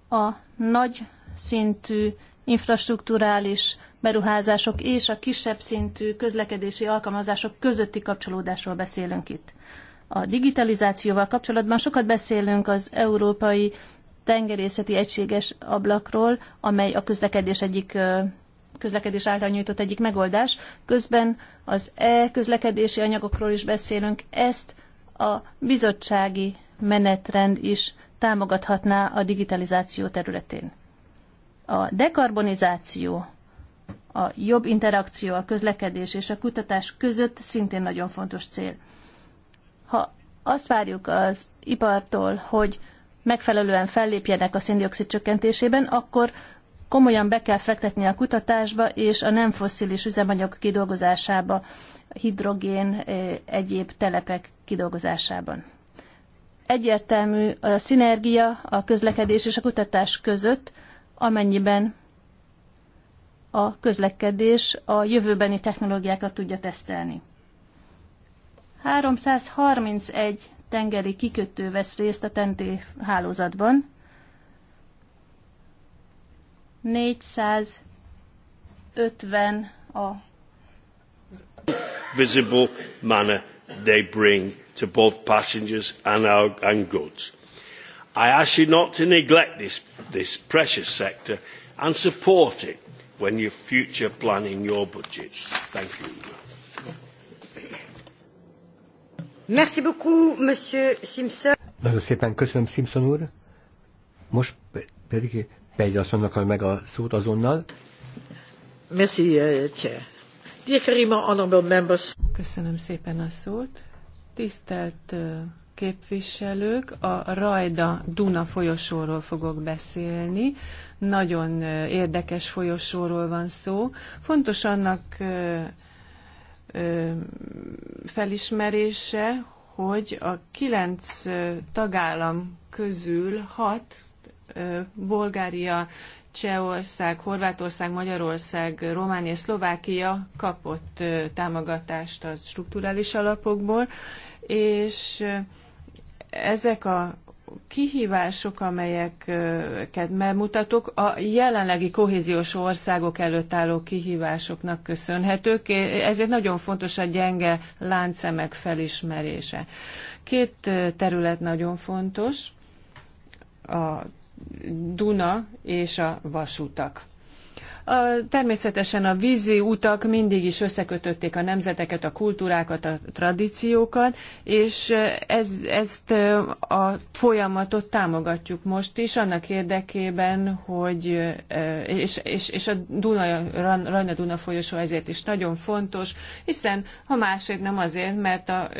[SPEAKER 1] A nagy szintű infrastruktúrális beruházások és a kisebb szintű közlekedési alkalmazások közötti kapcsolódásról beszélünk itt. A digitalizációval kapcsolatban sokat beszélünk az európai tengerészeti egységes ablakról, amely a közlekedés egyik közlekedés által nyújtott egyik megoldás. Közben az e-közlekedési anyagokról is beszélünk, ezt a bizottsági menetrend is támogathatná a digitalizáció területén. A dekarbonizáció, a jobb interakció a közlekedés és a kutatás között szintén nagyon fontos cél. Ha azt várjuk az ipartól, hogy megfelelően fellépjenek a széndiokszid csökkentésében, akkor komolyan be kell fektetni a kutatásba és a nem fosszilis üzemanyag kidolgozásába, hidrogén eh, egyéb telepek kidolgozásában. Egyértelmű a szinergia a közlekedés és a kutatás között, amennyiben a közlekedés a jövőbeni technológiákat tudja tesztelni. 331 tengeri kikötő vesz részt a TNT hálózatban, 450 a
[SPEAKER 2] visible manner they bring to both passengers and, our, and goods I ask you not to neglect this, this precious sector and support it when you're future planning your budgets. Thank you.
[SPEAKER 3] Merci beaucoup, Monsieur Simpson. Nagyon szépen köszönöm, Simpson úr. Most pedig Pegy asszonynak meg a szót azonnal.
[SPEAKER 2] Merci, uh, Dear honorable members. Köszönöm szépen a szót. Tisztelt uh, képviselők, a Rajda Duna folyosóról fogok beszélni. Nagyon érdekes folyosóról van szó. Fontos annak felismerése, hogy a kilenc tagállam közül hat, Bulgária, Csehország, Horvátország, Magyarország, Románia és Szlovákia kapott támogatást a strukturális alapokból, és ezek a kihívások, amelyeket megmutatok, a jelenlegi kohéziós országok előtt álló kihívásoknak köszönhetők, ezért nagyon fontos a gyenge láncemek felismerése. Két terület nagyon fontos, a Duna és a vasutak természetesen a vízi utak mindig is összekötötték a nemzeteket, a kultúrákat, a tradíciókat, és ez, ezt a folyamatot támogatjuk most is annak érdekében, hogy és, és, és a Duna, Rajna-Duna folyosó ezért is nagyon fontos, hiszen ha másért nem azért, mert a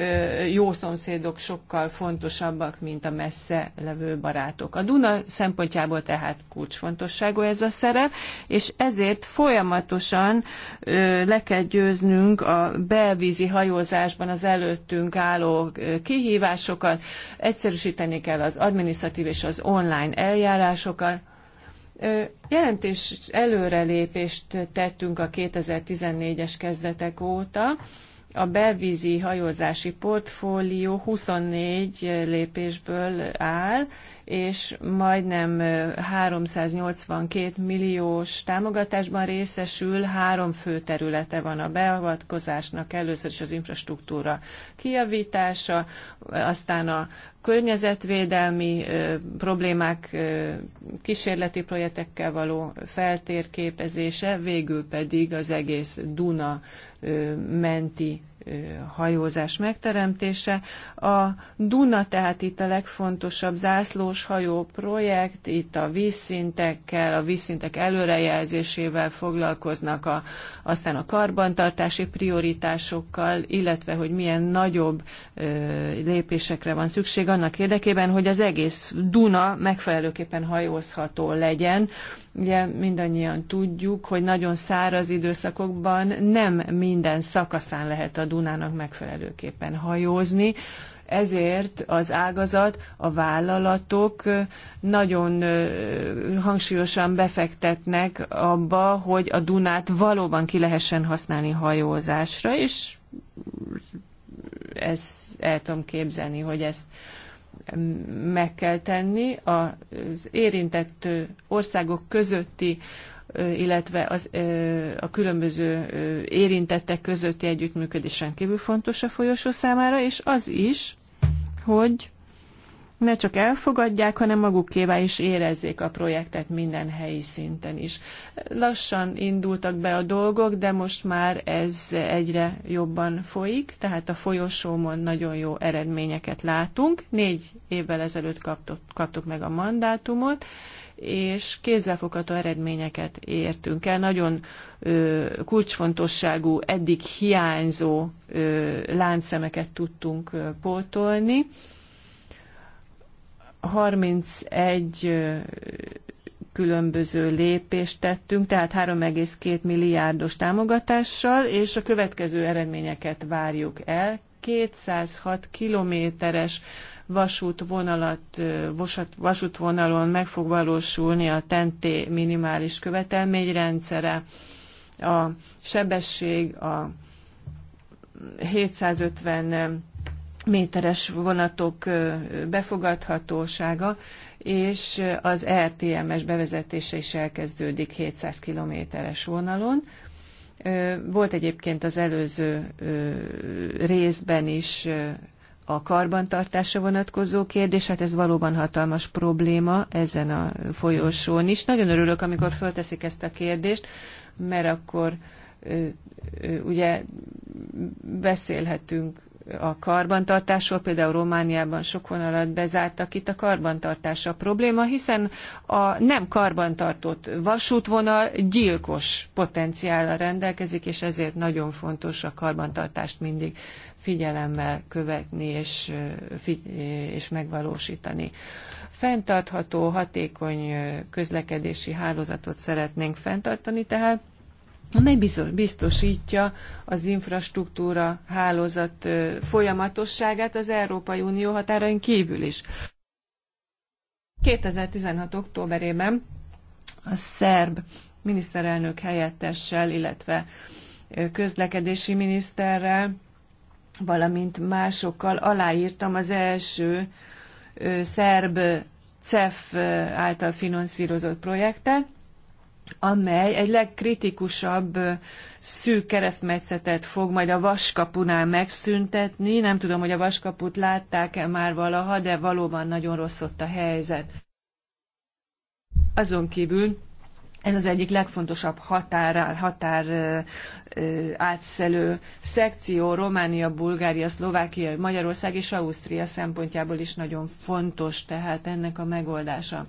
[SPEAKER 2] jó szomszédok sokkal fontosabbak, mint a messze levő barátok. A Duna szempontjából tehát kulcsfontosságú ez a szerep, és ez ezért folyamatosan le kell győznünk a belvízi hajózásban az előttünk álló kihívásokat, egyszerűsíteni kell az adminisztratív és az online eljárásokat, Jelentős előrelépést tettünk a 2014-es kezdetek óta. A belvízi hajózási portfólió 24 lépésből áll, és majdnem 382 milliós támogatásban részesül, három fő területe van a beavatkozásnak, először is az infrastruktúra kijavítása, aztán a környezetvédelmi problémák kísérleti projektekkel való feltérképezése, végül pedig az egész Duna menti hajózás megteremtése. A Duna tehát itt a legfontosabb zászlós hajó projekt, itt a vízszintekkel, a vízszintek előrejelzésével foglalkoznak, a, aztán a karbantartási prioritásokkal, illetve hogy milyen nagyobb ö, lépésekre van szükség annak érdekében, hogy az egész Duna megfelelőképpen hajózható legyen, Ugye mindannyian tudjuk, hogy nagyon száraz időszakokban nem minden szakaszán lehet a Dunának megfelelőképpen hajózni, ezért az ágazat, a vállalatok nagyon hangsúlyosan befektetnek abba, hogy a Dunát valóban ki lehessen használni hajózásra, és ez el tudom képzelni, hogy ezt meg kell tenni az érintett országok közötti illetve az, a különböző érintettek közötti együttműködésen kívül fontos a folyosó számára, és az is, hogy ne csak elfogadják, hanem magukévá is érezzék a projektet minden helyi szinten is. Lassan indultak be a dolgok, de most már ez egyre jobban folyik, tehát a folyosómon nagyon jó eredményeket látunk. Négy évvel ezelőtt kaptott, kaptuk meg a mandátumot, és kézzelfogható eredményeket értünk el. Nagyon ö, kulcsfontosságú, eddig hiányzó ö, láncszemeket tudtunk ö, pótolni 31 különböző lépést tettünk, tehát 3,2 milliárdos támogatással, és a következő eredményeket várjuk el. 206 kilométeres vasútvonalat, vasútvonalon meg fog valósulni a TENTÉ minimális követelményrendszere. A sebesség a 750 méteres vonatok befogadhatósága, és az RTMS bevezetése is elkezdődik 700 kilométeres vonalon. Volt egyébként az előző részben is a karbantartásra vonatkozó kérdés, hát ez valóban hatalmas probléma ezen a folyosón is. Nagyon örülök, amikor fölteszik ezt a kérdést, mert akkor ugye beszélhetünk a karbantartásról, például Romániában sok vonalat bezártak itt a karbantartása a probléma, hiszen a nem karbantartott vasútvonal gyilkos potenciálra rendelkezik, és ezért nagyon fontos a karbantartást mindig figyelemmel követni és, és megvalósítani. Fenntartható, hatékony közlekedési hálózatot szeretnénk fenntartani, tehát biztosítja az infrastruktúra hálózat folyamatosságát az Európai Unió határain kívül is. 2016. októberében a szerb miniszterelnök helyettessel, illetve közlekedési miniszterrel, valamint másokkal aláírtam az első szerb CEF által finanszírozott projektet, amely egy legkritikusabb szűk keresztmetszetet fog majd a vaskapunál megszüntetni. Nem tudom, hogy a vaskaput látták-e már valaha, de valóban nagyon rossz ott a helyzet. Azon kívül ez az egyik legfontosabb határ, határ ö, ö, átszelő szekció Románia, Bulgária, Szlovákia, Magyarország és Ausztria szempontjából is nagyon fontos tehát ennek a megoldása.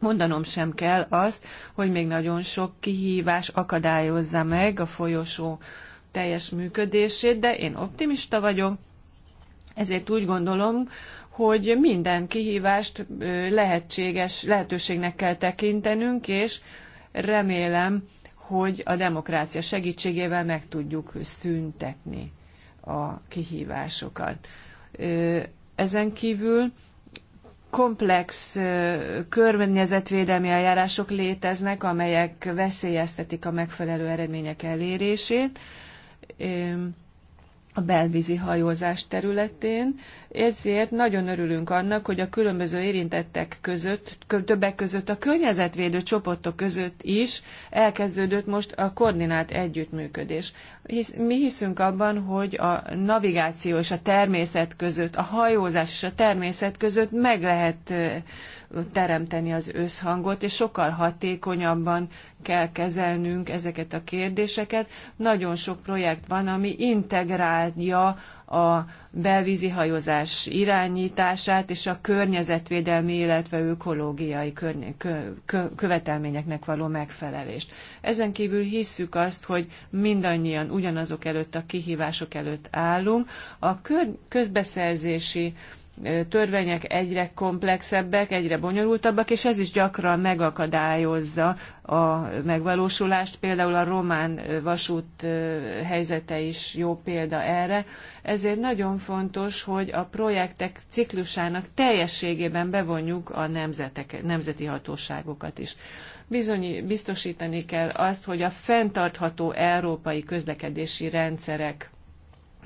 [SPEAKER 2] Mondanom sem kell azt, hogy még nagyon sok kihívás akadályozza meg a folyosó teljes működését, de én optimista vagyok, ezért úgy gondolom, hogy minden kihívást lehetséges, lehetőségnek kell tekintenünk, és remélem, hogy a demokrácia segítségével meg tudjuk szüntetni a kihívásokat. Ezen kívül komplex környezetvédelmi eljárások léteznek, amelyek veszélyeztetik a megfelelő eredmények elérését a belvízi hajózás területén. Ezért nagyon örülünk annak, hogy a különböző érintettek között, többek között a környezetvédő csoportok között is elkezdődött most a koordinált együttműködés. Hisz, mi hiszünk abban, hogy a navigáció és a természet között, a hajózás és a természet között meg lehet teremteni az összhangot, és sokkal hatékonyabban kell kezelnünk ezeket a kérdéseket. Nagyon sok projekt van, ami integrálja a belvízi hajózás irányítását és a környezetvédelmi, illetve ökológiai követelményeknek való megfelelést. Ezen kívül hisszük azt, hogy mindannyian ugyanazok előtt a kihívások előtt állunk. A közbeszerzési törvények egyre komplexebbek, egyre bonyolultabbak, és ez is gyakran megakadályozza a megvalósulást. Például a román vasút helyzete is jó példa erre. Ezért nagyon fontos, hogy a projektek ciklusának teljességében bevonjuk a nemzetek, nemzeti hatóságokat is. Bizony, biztosítani kell azt, hogy a fenntartható európai közlekedési rendszerek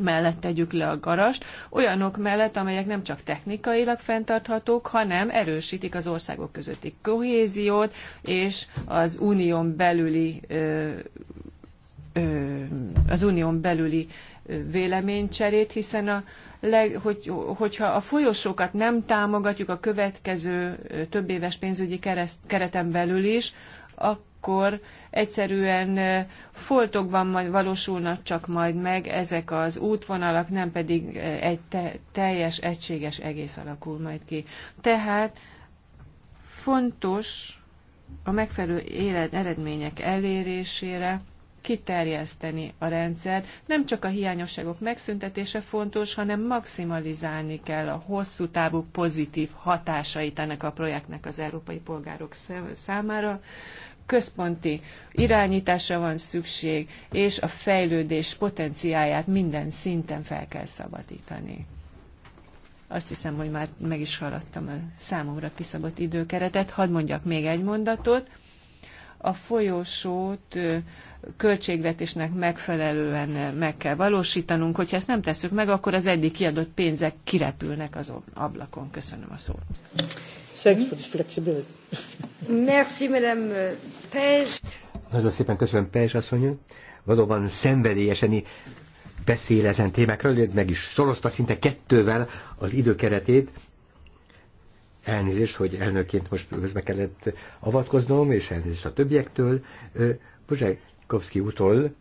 [SPEAKER 2] mellett tegyük le a garast, olyanok mellett, amelyek nem csak technikailag fenntarthatók, hanem erősítik az országok közötti kohéziót és az unión belüli az unión belüli véleménycserét, hiszen a leg, hogy, hogyha a folyosókat nem támogatjuk a következő többéves pénzügyi kereszt, kereten belül is, akkor akkor egyszerűen foltokban valósulnak csak majd meg ezek az útvonalak, nem pedig egy teljes, egységes egész alakul majd ki. Tehát fontos a megfelelő élet eredmények elérésére kiterjeszteni a rendszert. Nem csak a hiányosságok megszüntetése fontos, hanem maximalizálni kell a hosszú távú pozitív hatásait ennek a projektnek az európai polgárok számára, központi irányításra van szükség, és a fejlődés potenciáját minden szinten fel kell szabadítani. Azt hiszem, hogy már meg is haladtam a számomra kiszabott időkeretet. Hadd mondjak még egy mondatot. A folyósót költségvetésnek megfelelően meg kell valósítanunk. Hogyha ezt nem tesszük meg, akkor az eddig kiadott pénzek kirepülnek az ablakon. Köszönöm a szót. Thanks for this flexibility. Merci, Madame euh, Pezs.
[SPEAKER 3] Nagyon szépen köszönöm, Pezs asszony. Valóban szenvedélyesen beszél ezen témákról, meg is szorozta szinte kettővel az időkeretét. Elnézést, hogy elnökként most közbe kellett avatkoznom, és elnézést a többiektől. Bozsákovszki utol.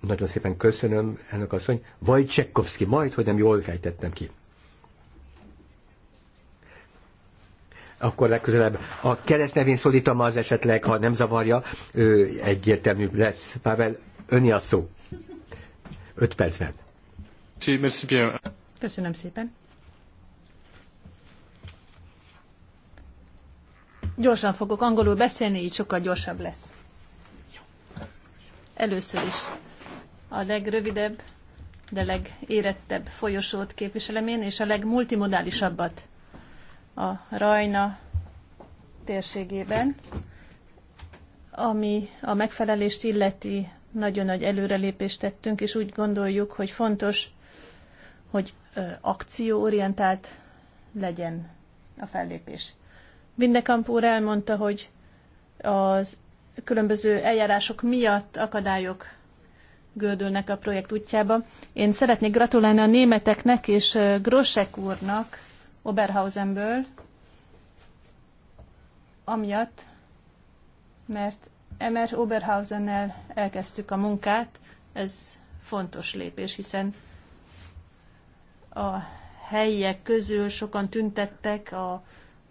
[SPEAKER 3] nagyon szépen köszönöm, elnök asszony. Vajcsekovszki, majd, hogy nem jól fejtettem ki. akkor legközelebb a nevén szólítom az esetleg, ha nem zavarja, ő egyértelmű lesz. Pável, öni a szó. Öt percben.
[SPEAKER 1] Köszönöm szépen. Gyorsan fogok angolul beszélni, így sokkal gyorsabb lesz. Először is a legrövidebb, de legérettebb folyosót képviselem én, és a legmultimodálisabbat a Rajna térségében, ami a megfelelést illeti, nagyon nagy előrelépést tettünk, és úgy gondoljuk, hogy fontos, hogy akcióorientált legyen a fellépés. Vindekamp úr elmondta, hogy az különböző eljárások miatt akadályok gördülnek a projekt útjába. Én szeretnék gratulálni a németeknek és Grosek úrnak Oberhausenből, amiatt, mert Emer Oberhausennel elkezdtük a munkát, ez fontos lépés, hiszen a helyiek közül sokan tüntettek a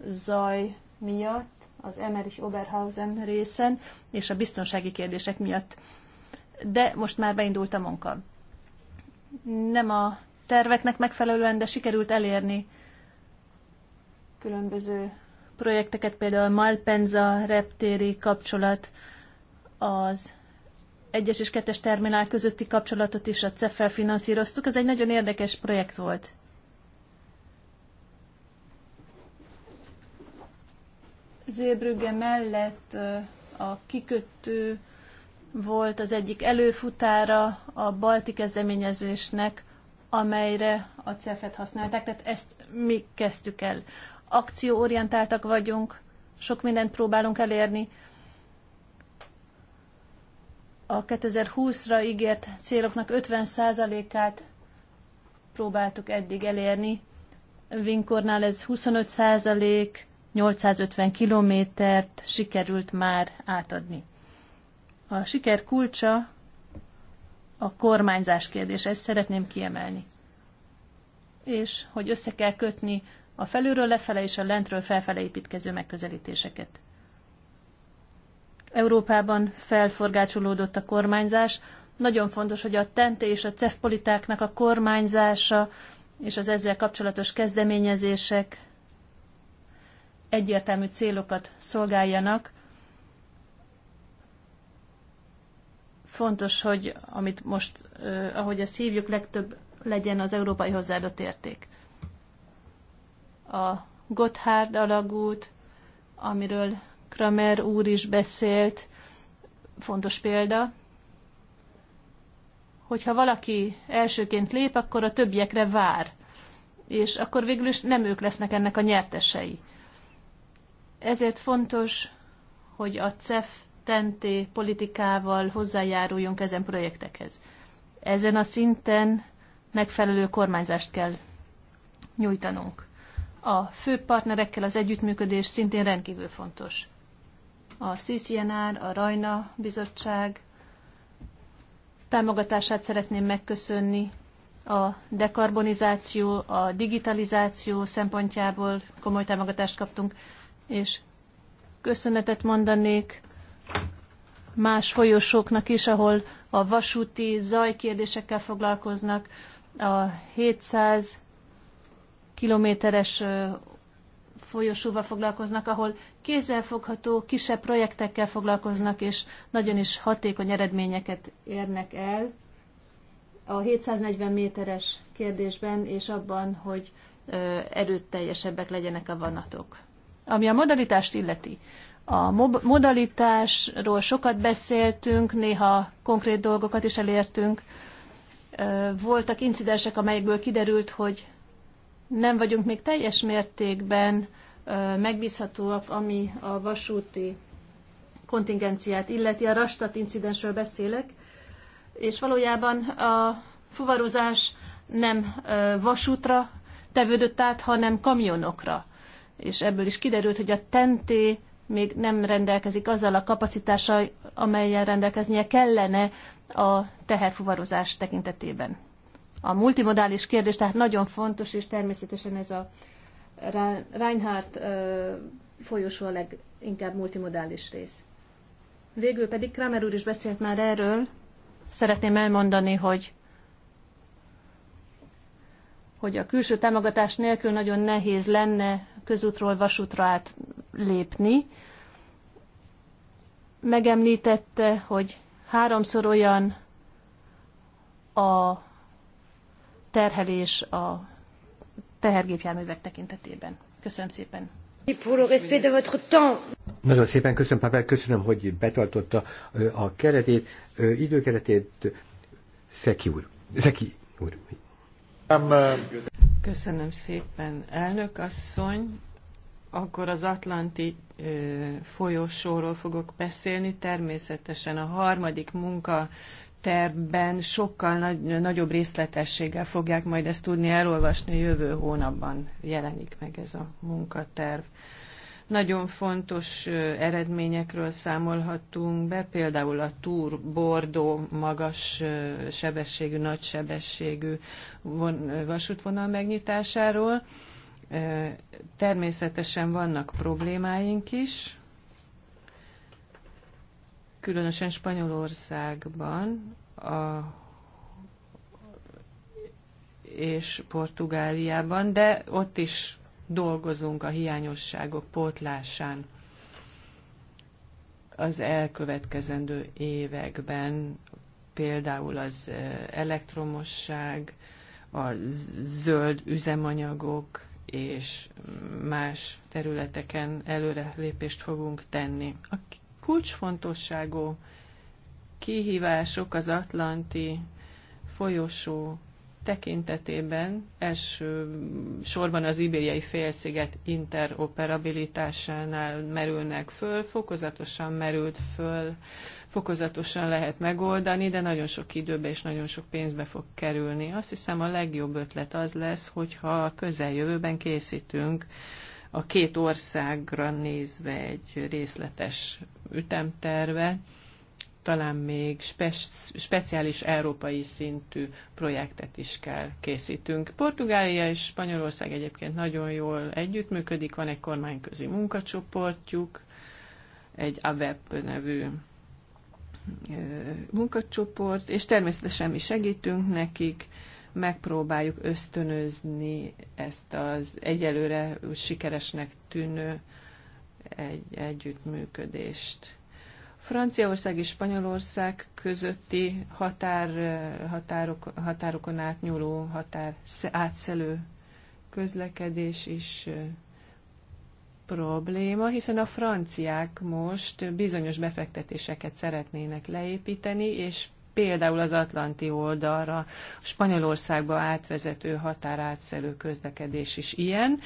[SPEAKER 1] zaj miatt, az Emerich Oberhausen részen, és a biztonsági kérdések miatt. De most már beindult a munka. Nem a terveknek megfelelően, de sikerült elérni különböző projekteket, például Malpenza reptéri kapcsolat, az egyes és kettes terminál közötti kapcsolatot is a CEF-fel finanszíroztuk. Ez egy nagyon érdekes projekt volt. Zébrügge mellett a kikötő volt az egyik előfutára a balti kezdeményezésnek, amelyre a CEF-et használták, tehát ezt mi kezdtük el akcióorientáltak vagyunk, sok mindent próbálunk elérni. A 2020-ra ígért céloknak 50%-át próbáltuk eddig elérni. Vinkornál ez 25%, 850 kilométert sikerült már átadni. A siker kulcsa a kormányzás kérdése, ezt szeretném kiemelni. És hogy össze kell kötni a felülről lefele és a lentről felfele építkező megközelítéseket. Európában felforgácsolódott a kormányzás. Nagyon fontos, hogy a TENTE és a cefpolitáknak a kormányzása és az ezzel kapcsolatos kezdeményezések egyértelmű célokat szolgáljanak. Fontos, hogy amit most, ahogy ezt hívjuk, legtöbb legyen az európai hozzáadott érték a Gotthard alagút, amiről Kramer úr is beszélt, fontos példa, hogyha valaki elsőként lép, akkor a többiekre vár, és akkor végül is nem ők lesznek ennek a nyertesei. Ezért fontos, hogy a CEF tenté politikával hozzájáruljunk ezen projektekhez. Ezen a szinten megfelelő kormányzást kell nyújtanunk. A fő partnerekkel az együttműködés szintén rendkívül fontos. A CCNR, a Rajna Bizottság támogatását szeretném megköszönni a dekarbonizáció, a digitalizáció szempontjából komoly támogatást kaptunk, és köszönetet mondanék más folyosóknak is, ahol a vasúti zajkérdésekkel foglalkoznak. A 700 kilométeres folyosóval foglalkoznak, ahol kézzelfogható kisebb projektekkel foglalkoznak, és nagyon is hatékony eredményeket érnek el a 740 méteres kérdésben, és abban, hogy erőteljesebbek legyenek a vanatok. Ami a modalitást illeti, a modalitásról sokat beszéltünk, néha konkrét dolgokat is elértünk. Voltak incidensek, amelyekből kiderült, hogy nem vagyunk még teljes mértékben megbízhatóak, ami a vasúti kontingenciát illeti. A Rastat incidensről beszélek, és valójában a fuvarozás nem vasútra tevődött át, hanem kamionokra. És ebből is kiderült, hogy a tenté még nem rendelkezik azzal a kapacitással, amelyen rendelkeznie kellene a teherfuvarozás tekintetében a multimodális kérdés, tehát nagyon fontos, és természetesen ez a Reinhardt folyosó a leginkább multimodális rész. Végül pedig Kramer úr is beszélt már erről. Szeretném elmondani, hogy hogy a külső támogatás nélkül nagyon nehéz lenne közútról vasútra át lépni. Megemlítette, hogy háromszor olyan a terhelés a tehergépjárművek tekintetében. Köszönöm szépen.
[SPEAKER 3] Nagyon szépen köszönöm, Pavel, köszönöm, hogy betartotta a keretét, időkeretét. Szeki úr. Szeki úr.
[SPEAKER 2] Köszönöm szépen, elnök asszony. Akkor az Atlanti folyosóról fogok beszélni. Természetesen a harmadik munka terben sokkal nagy, nagyobb részletességgel fogják majd ezt tudni elolvasni, jövő hónapban jelenik meg ez a munkaterv. Nagyon fontos eredményekről számolhatunk be, például a Tour Bordó magas sebességű, nagy sebességű vasútvonal megnyitásáról. Természetesen vannak problémáink is, különösen Spanyolországban a, és Portugáliában, de ott is dolgozunk a hiányosságok pótlásán az elkövetkezendő években, például az elektromosság, a zöld üzemanyagok és más területeken előrelépést fogunk tenni. A kulcsfontosságú kihívások az Atlanti folyosó tekintetében, első sorban az ibériai félsziget interoperabilitásánál merülnek föl, fokozatosan merült föl, fokozatosan lehet megoldani, de nagyon sok időbe és nagyon sok pénzbe fog kerülni. Azt hiszem a legjobb ötlet az lesz, hogyha a közeljövőben készítünk a két országra nézve egy részletes ütemterve, talán még spe- speciális európai szintű projektet is kell készítünk. Portugália és Spanyolország egyébként nagyon jól együttműködik, van egy kormányközi munkacsoportjuk, egy AVEP nevű munkacsoport, és természetesen mi segítünk nekik, megpróbáljuk ösztönözni ezt az egyelőre sikeresnek tűnő egy, együttműködést. Franciaország és Spanyolország közötti határ, határok, határokon átnyúló határ átszelő közlekedés is probléma, hiszen a franciák most bizonyos befektetéseket szeretnének leépíteni, és például az Atlanti oldalra, Spanyolországba átvezető határátszelő közlekedés is ilyen.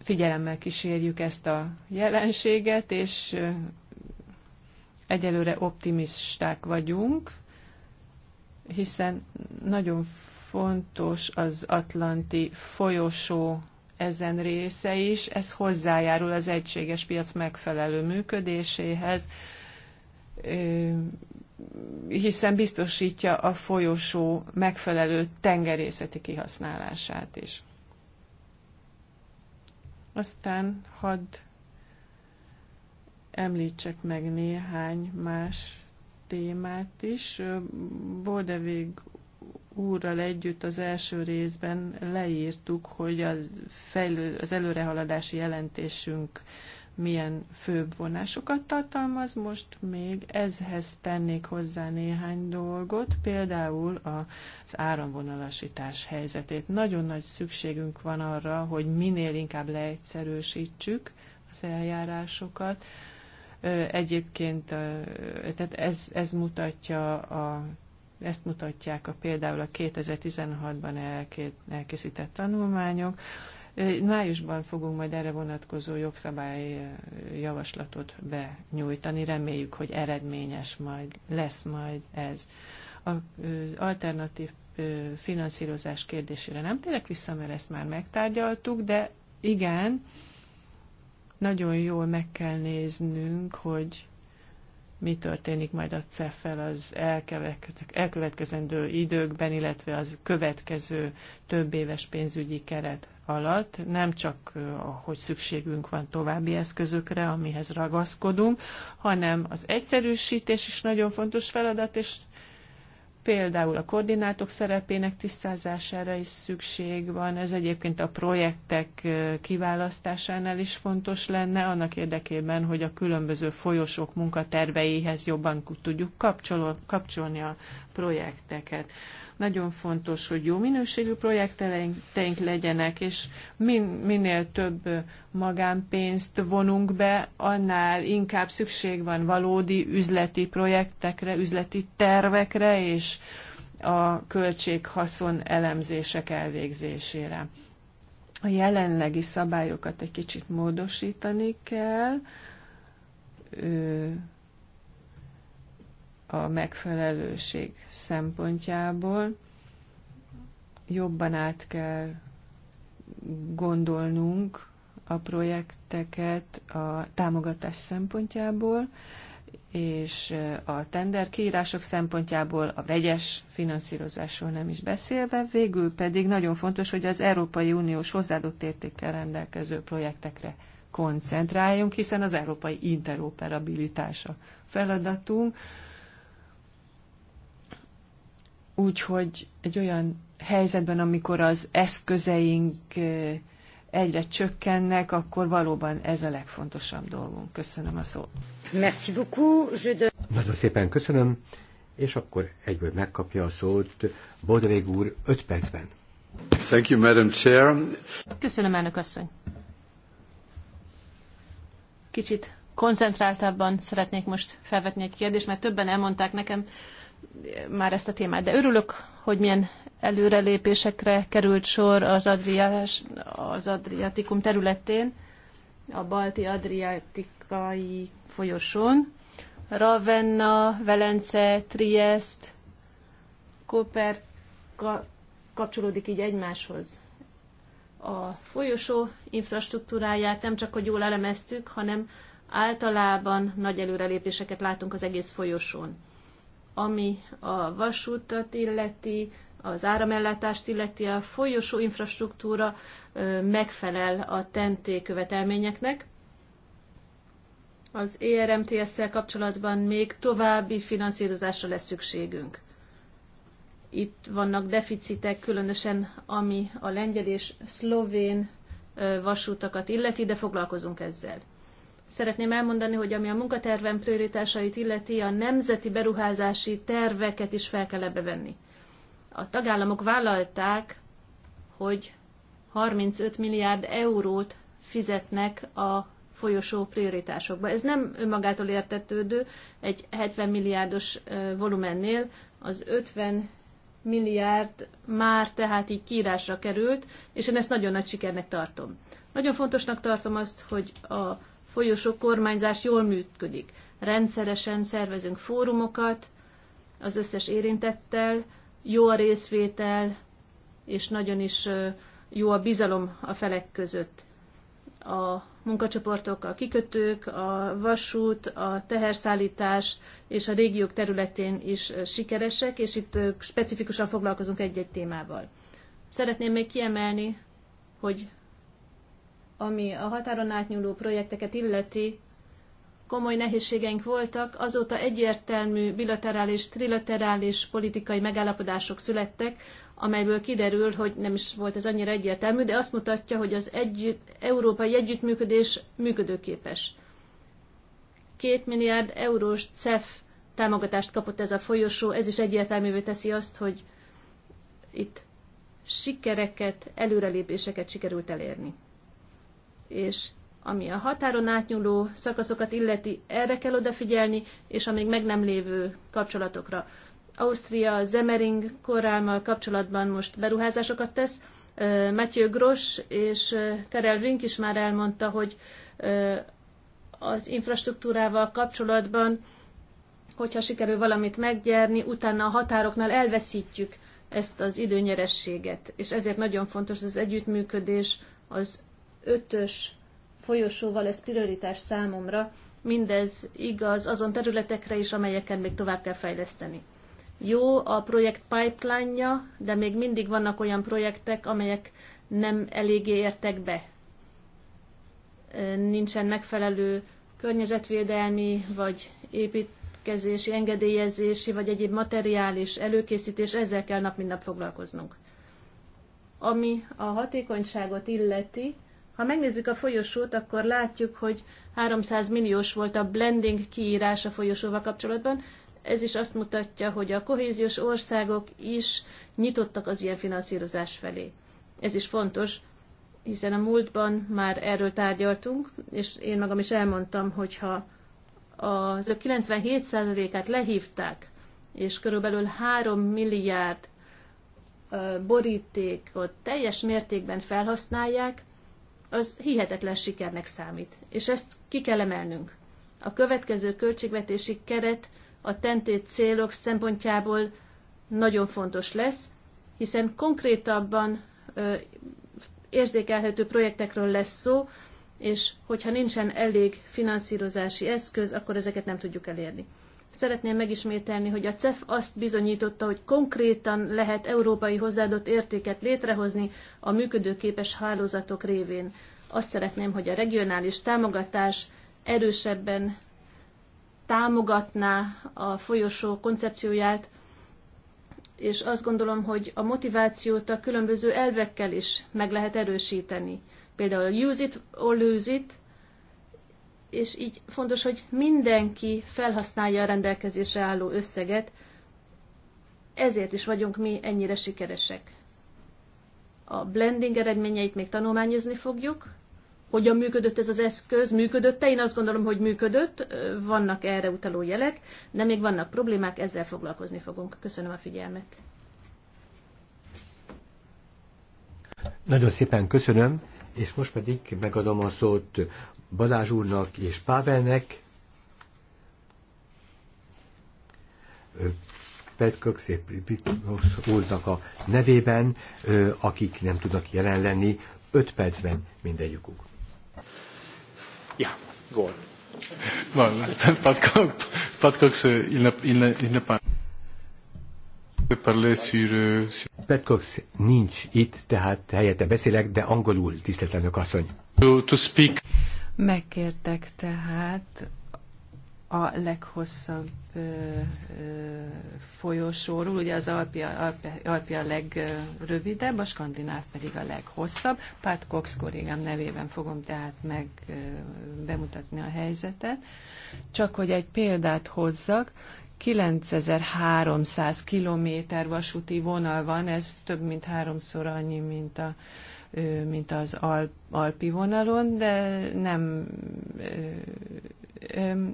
[SPEAKER 2] Figyelemmel kísérjük ezt a jelenséget, és egyelőre optimisták vagyunk, hiszen nagyon fontos az Atlanti folyosó ezen része is, ez hozzájárul az egységes piac megfelelő működéséhez hiszen biztosítja a folyosó megfelelő tengerészeti kihasználását is. Aztán hadd említsek meg néhány más témát is. Boldevég úrral együtt az első részben leírtuk, hogy az, fejlő, az előrehaladási jelentésünk milyen főbb vonásokat tartalmaz, most még ezhez tennék hozzá néhány dolgot, például az áramvonalasítás helyzetét. Nagyon nagy szükségünk van arra, hogy minél inkább leegyszerűsítsük az eljárásokat. Egyébként tehát ez, ez mutatja a ezt mutatják a például a 2016-ban elkészített tanulmányok, Májusban fogunk majd erre vonatkozó jogszabály javaslatot benyújtani. Reméljük, hogy eredményes majd lesz majd ez. A alternatív finanszírozás kérdésére nem térek vissza, mert ezt már megtárgyaltuk, de igen, nagyon jól meg kell néznünk, hogy mi történik majd a CEF-fel az elkövetkezendő időkben, illetve az következő több éves pénzügyi keret alatt, nem csak, hogy szükségünk van további eszközökre, amihez ragaszkodunk, hanem az egyszerűsítés is nagyon fontos feladat, és például a koordinátok szerepének tisztázására is szükség van, ez egyébként a projektek kiválasztásánál is fontos lenne, annak érdekében, hogy a különböző folyosók munkaterveihez jobban tudjuk kapcsolni a projekteket. Nagyon fontos, hogy jó minőségű projekteink legyenek, és min, minél több magánpénzt vonunk be, annál inkább szükség van valódi üzleti projektekre, üzleti tervekre és a költséghaszon elemzések elvégzésére. A jelenlegi szabályokat egy kicsit módosítani kell a megfelelőség szempontjából jobban át kell gondolnunk a projekteket a támogatás szempontjából, és a tender kiírások szempontjából a vegyes finanszírozásról nem is beszélve, végül pedig nagyon fontos, hogy az Európai Uniós hozzáadott értékkel rendelkező projektekre koncentráljunk, hiszen az európai interoperabilitása feladatunk, Úgyhogy egy olyan helyzetben, amikor az eszközeink egyre csökkennek, akkor valóban ez a legfontosabb dolgunk. Köszönöm a szót. Merci beaucoup. Je de...
[SPEAKER 3] Nagyon szépen köszönöm, és akkor egyből megkapja a szót Bodrég úr 5
[SPEAKER 4] percben. Thank you, Madam Chair.
[SPEAKER 1] Köszönöm, elnök asszony. Kicsit koncentráltabban szeretnék most felvetni egy kérdést, mert többen elmondták nekem, már ezt a témát, de örülök, hogy milyen előrelépésekre került sor az, Adriás, az Adriatikum területén, a balti adriatikai folyosón. Ravenna, Velence, Triest, Koper ka- kapcsolódik így egymáshoz. A folyosó infrastruktúráját nem csak, hogy jól elemeztük, hanem általában nagy előrelépéseket látunk az egész folyosón ami a vasútat illeti, az áramellátást illeti, a folyosó infrastruktúra megfelel a TNT követelményeknek. Az ERMTS-szel kapcsolatban még további finanszírozásra lesz szükségünk. Itt vannak deficitek, különösen ami a lengyel és szlovén vasútakat illeti, de foglalkozunk ezzel. Szeretném elmondani, hogy ami a munkatervem prioritásait illeti, a nemzeti beruházási terveket is fel kell ebbe venni. A tagállamok vállalták, hogy 35 milliárd eurót fizetnek a folyosó prioritásokba. Ez nem önmagától értetődő, egy 70 milliárdos volumennél az 50 milliárd már tehát így kiírásra került, és én ezt nagyon nagy sikernek tartom. Nagyon fontosnak tartom azt, hogy a folyosok kormányzás jól működik. Rendszeresen szervezünk fórumokat az összes érintettel, jó a részvétel, és nagyon is jó a bizalom a felek között. A munkacsoportok, a kikötők, a vasút, a teherszállítás és a régiók területén is sikeresek, és itt specifikusan foglalkozunk egy-egy témával. Szeretném még kiemelni, hogy ami a határon átnyúló projekteket illeti, komoly nehézségeink voltak, azóta egyértelmű bilaterális, trilaterális politikai megállapodások születtek, amelyből kiderül, hogy nem is volt ez annyira egyértelmű, de azt mutatja, hogy az együtt, európai együttműködés működőképes. Két milliárd eurós CEF támogatást kapott ez a folyosó, ez is egyértelművé teszi azt, hogy itt sikereket, előrelépéseket sikerült elérni és ami a határon átnyúló szakaszokat illeti, erre kell odafigyelni, és a még meg nem lévő kapcsolatokra. Ausztria Zemering korrámmal kapcsolatban most beruházásokat tesz. Matthew Gross és Karel Wink is már elmondta, hogy az infrastruktúrával kapcsolatban, hogyha sikerül valamit meggyerni, utána a határoknál elveszítjük ezt az időnyerességet. És ezért nagyon fontos az együttműködés az ötös folyosóval ez prioritás számomra. Mindez igaz azon területekre is, amelyeken még tovább kell fejleszteni. Jó a projekt pipeline-ja, de még mindig vannak olyan projektek, amelyek nem eléggé értek be. Nincsen megfelelő környezetvédelmi vagy építkezési, engedélyezési vagy egyéb materiális előkészítés, ezzel kell nap mint nap foglalkoznunk. Ami a hatékonyságot illeti, ha megnézzük a folyosót, akkor látjuk, hogy 300 milliós volt a blending kiírás a folyosóval kapcsolatban. Ez is azt mutatja, hogy a kohéziós országok is nyitottak az ilyen finanszírozás felé. Ez is fontos, hiszen a múltban már erről tárgyaltunk, és én magam is elmondtam, hogyha az 97%-át lehívták, és körülbelül 3 milliárd borítékot teljes mértékben felhasználják, az hihetetlen sikernek számít, és ezt ki kell emelnünk. A következő költségvetési keret a tentét célok szempontjából nagyon fontos lesz, hiszen konkrétabban ö, érzékelhető projektekről lesz szó, és hogyha nincsen elég finanszírozási eszköz, akkor ezeket nem tudjuk elérni. Szeretném megismételni, hogy a CEF azt bizonyította, hogy konkrétan lehet európai hozzáadott értéket létrehozni a működőképes hálózatok révén. Azt szeretném, hogy a regionális támogatás erősebben támogatná a folyosó koncepcióját, és azt gondolom, hogy a motivációt a különböző elvekkel is meg lehet erősíteni. Például use it or lose it, és így fontos, hogy mindenki felhasználja a rendelkezésre álló összeget, ezért is vagyunk mi ennyire sikeresek. A blending eredményeit még tanulmányozni fogjuk, hogyan működött ez az eszköz, működött-e? Én azt gondolom, hogy működött, vannak erre utaló jelek, de még vannak problémák, ezzel foglalkozni fogunk. Köszönöm a figyelmet.
[SPEAKER 3] Nagyon szépen köszönöm, és most pedig megadom a szót Balázs úrnak és Pávelnek. Petkök úrnak a nevében, akik nem tudnak jelen lenni, öt percben mindegyikük.
[SPEAKER 4] Ja, gól. Bon, Patcox, il n'a pas... Petcox
[SPEAKER 3] nincs itt, tehát helyette beszélek, de angolul, tisztelt asszony. To, to speak.
[SPEAKER 2] Megkértek tehát a leghosszabb ö, ö, folyosóról, ugye az Alpia, Alpia, Alpia a legrövidebb, a skandináv pedig a leghosszabb. Pát Cox kollégám nevében fogom tehát meg ö, bemutatni a helyzetet. Csak hogy egy példát hozzak, 9300 kilométer vasúti vonal van, ez több mint háromszor annyi, mint a mint az Al- alpi vonalon, de nem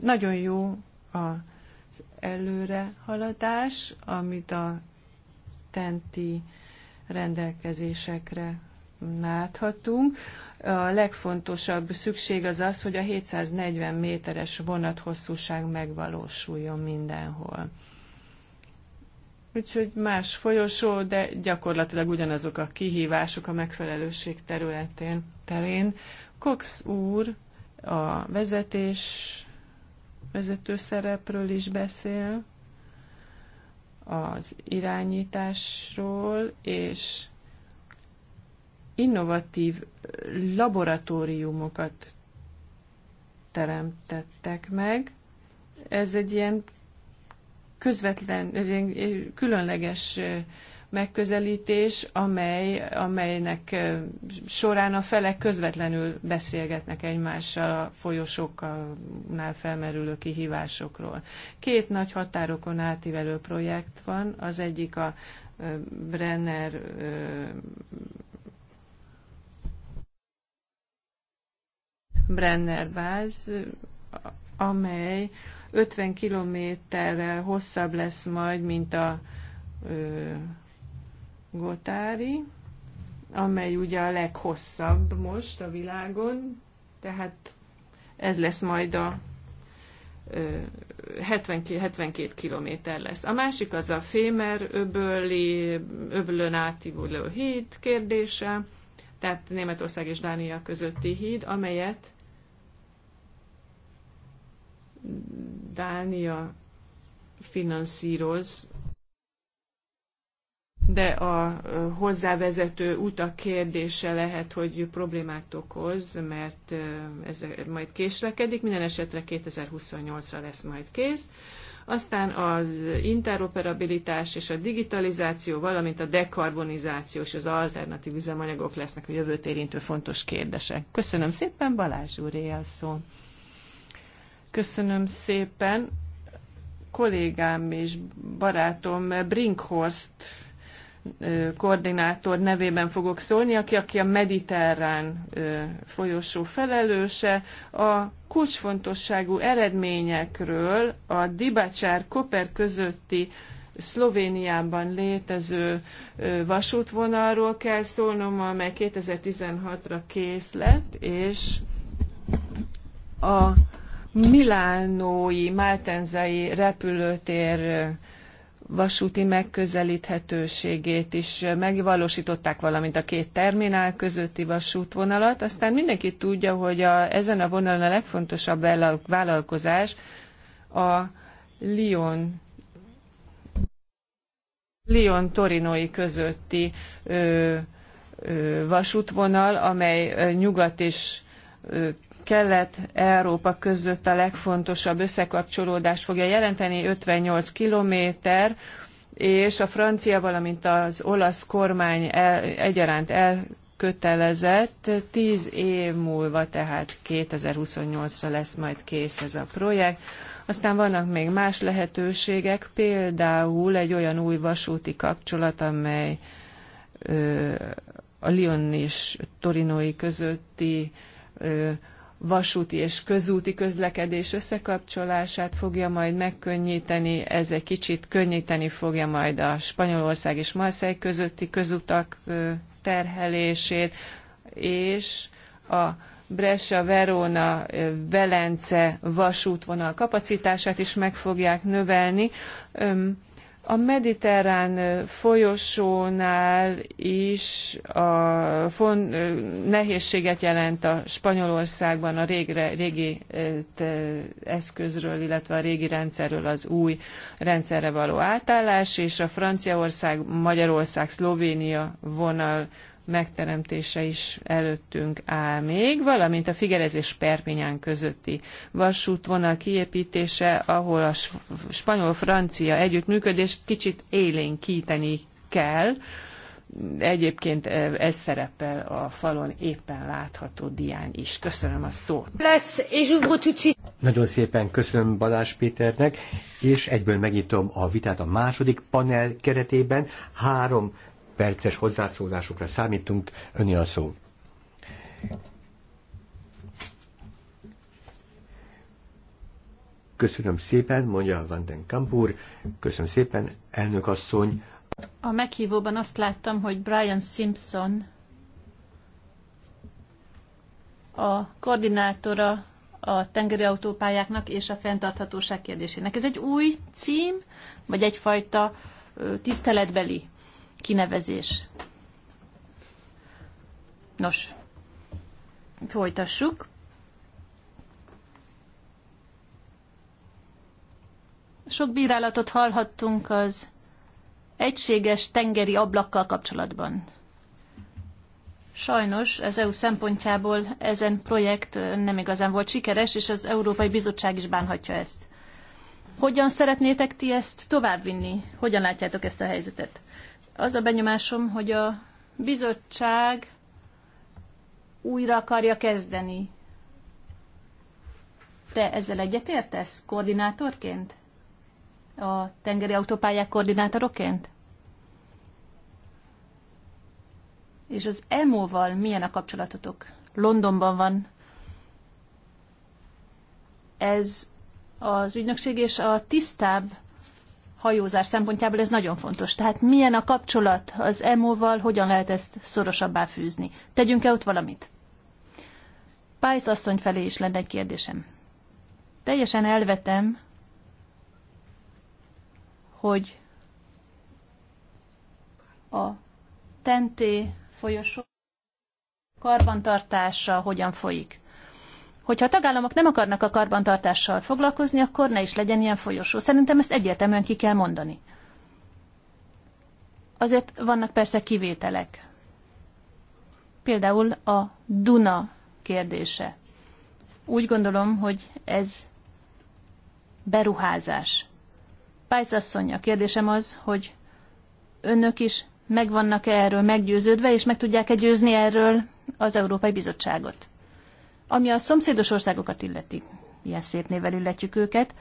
[SPEAKER 2] nagyon jó az előrehaladás, amit a tenti rendelkezésekre láthatunk. A legfontosabb szükség az az, hogy a 740 méteres vonathosszúság megvalósuljon mindenhol. Úgyhogy más folyosó, de gyakorlatilag ugyanazok a kihívások a megfelelőség területén terén. Cox úr a vezetés vezető szerepről is beszél, az irányításról, és innovatív laboratóriumokat teremtettek meg. Ez egy ilyen közvetlen, ez egy különleges megközelítés, amely, amelynek során a felek közvetlenül beszélgetnek egymással a folyosóknál felmerülő kihívásokról. Két nagy határokon átívelő projekt van, az egyik a Brenner Brenner báz, amely 50 kilométerrel hosszabb lesz majd, mint a ö, Gotári, amely ugye a leghosszabb most a világon, tehát ez lesz majd a 72, 72 kilométer lesz. A másik az a Fémer öböli, öbölön átívelő híd kérdése, tehát Németország és Dánia közötti híd, amelyet Dánia finanszíroz, de a hozzávezető utak kérdése lehet, hogy problémát okoz, mert ez majd késlekedik, minden esetre 2028-ra lesz majd kész. Aztán az interoperabilitás és a digitalizáció, valamint a dekarbonizáció és az alternatív üzemanyagok lesznek a jövőt érintő fontos kérdések. Köszönöm szépen, Balázs úr, szó. Köszönöm szépen. Kollégám és barátom Brinkhorst koordinátor nevében fogok szólni, aki, aki a mediterrán folyosó felelőse. A kulcsfontosságú eredményekről a Dibacsár-Koper közötti Szlovéniában létező vasútvonalról kell szólnom, amely 2016-ra kész lett, és a Milánói, Máltenzai repülőtér vasúti megközelíthetőségét is megvalósították, valamint a két terminál közötti vasútvonalat. Aztán mindenki tudja, hogy a, ezen a vonalon a legfontosabb vállalkozás a Lyon Lyon torinoi közötti ö, ö, vasútvonal, amely nyugat és Kelet-Európa között a legfontosabb összekapcsolódást fogja jelenteni, 58 kilométer, és a francia, valamint az olasz kormány el, egyaránt elkötelezett. Tíz év múlva, tehát 2028-ra lesz majd kész ez a projekt. Aztán vannak még más lehetőségek, például egy olyan új vasúti kapcsolat, amely ö, a Lyon és Torinoi közötti ö, vasúti és közúti közlekedés összekapcsolását fogja majd megkönnyíteni, ez egy kicsit könnyíteni fogja majd a Spanyolország és Marseille közötti közutak terhelését, és a Brescia, Verona, Velence vasútvonal kapacitását is meg fogják növelni. A mediterrán folyosónál is a nehézséget jelent a Spanyolországban a régre, régi eszközről, illetve a régi rendszerről az új rendszerre való átállás, és a Franciaország, Magyarország, Szlovénia vonal megteremtése is előttünk áll még, valamint a Figueres és Perpinyán közötti vasútvonal kiépítése, ahol a spanyol-francia együttműködést kicsit élénkíteni kell. Egyébként e, ez szerepel a falon éppen látható dián is. Köszönöm a szót.
[SPEAKER 3] Nagyon szépen köszönöm Balázs Péternek, és egyből megnyitom a vitát a második panel keretében. Három perces hozzászólásokra számítunk. Öni a szó. Köszönöm szépen, mondja a Vanden Kampur. Köszönöm szépen, elnök asszony.
[SPEAKER 1] A meghívóban azt láttam, hogy Brian Simpson a koordinátora a tengeri autópályáknak és a fenntarthatóság kérdésének. Ez egy új cím, vagy egyfajta tiszteletbeli kinevezés. Nos, folytassuk. Sok bírálatot hallhattunk az egységes tengeri ablakkal kapcsolatban. Sajnos az EU szempontjából ezen projekt nem igazán volt sikeres, és az Európai Bizottság is bánhatja ezt. Hogyan szeretnétek ti ezt továbbvinni? Hogyan látjátok ezt a helyzetet? Az a benyomásom, hogy a bizottság újra akarja kezdeni. Te ezzel egyetértesz koordinátorként? A tengeri autópályák koordinátoroként? És az EMO-val milyen a kapcsolatotok? Londonban van. Ez az ügynökség és a tisztább hajózás szempontjából ez nagyon fontos. Tehát milyen a kapcsolat az EMO-val, hogyan lehet ezt szorosabbá fűzni? Tegyünk-e ott valamit? Pájsz asszony felé is lenne egy kérdésem. Teljesen elvetem, hogy a tenté folyosó karbantartása hogyan folyik hogyha a tagállamok nem akarnak a karbantartással foglalkozni, akkor ne is legyen ilyen folyosó. Szerintem ezt egyértelműen ki kell mondani. Azért vannak persze kivételek. Például a Duna kérdése. Úgy gondolom, hogy ez beruházás. Pájzasszony, a kérdésem az, hogy önök is megvannak -e erről meggyőződve, és meg tudják-e győzni erről az Európai Bizottságot? Ami a szomszédos országokat illeti, ilyen szép nével illetjük őket,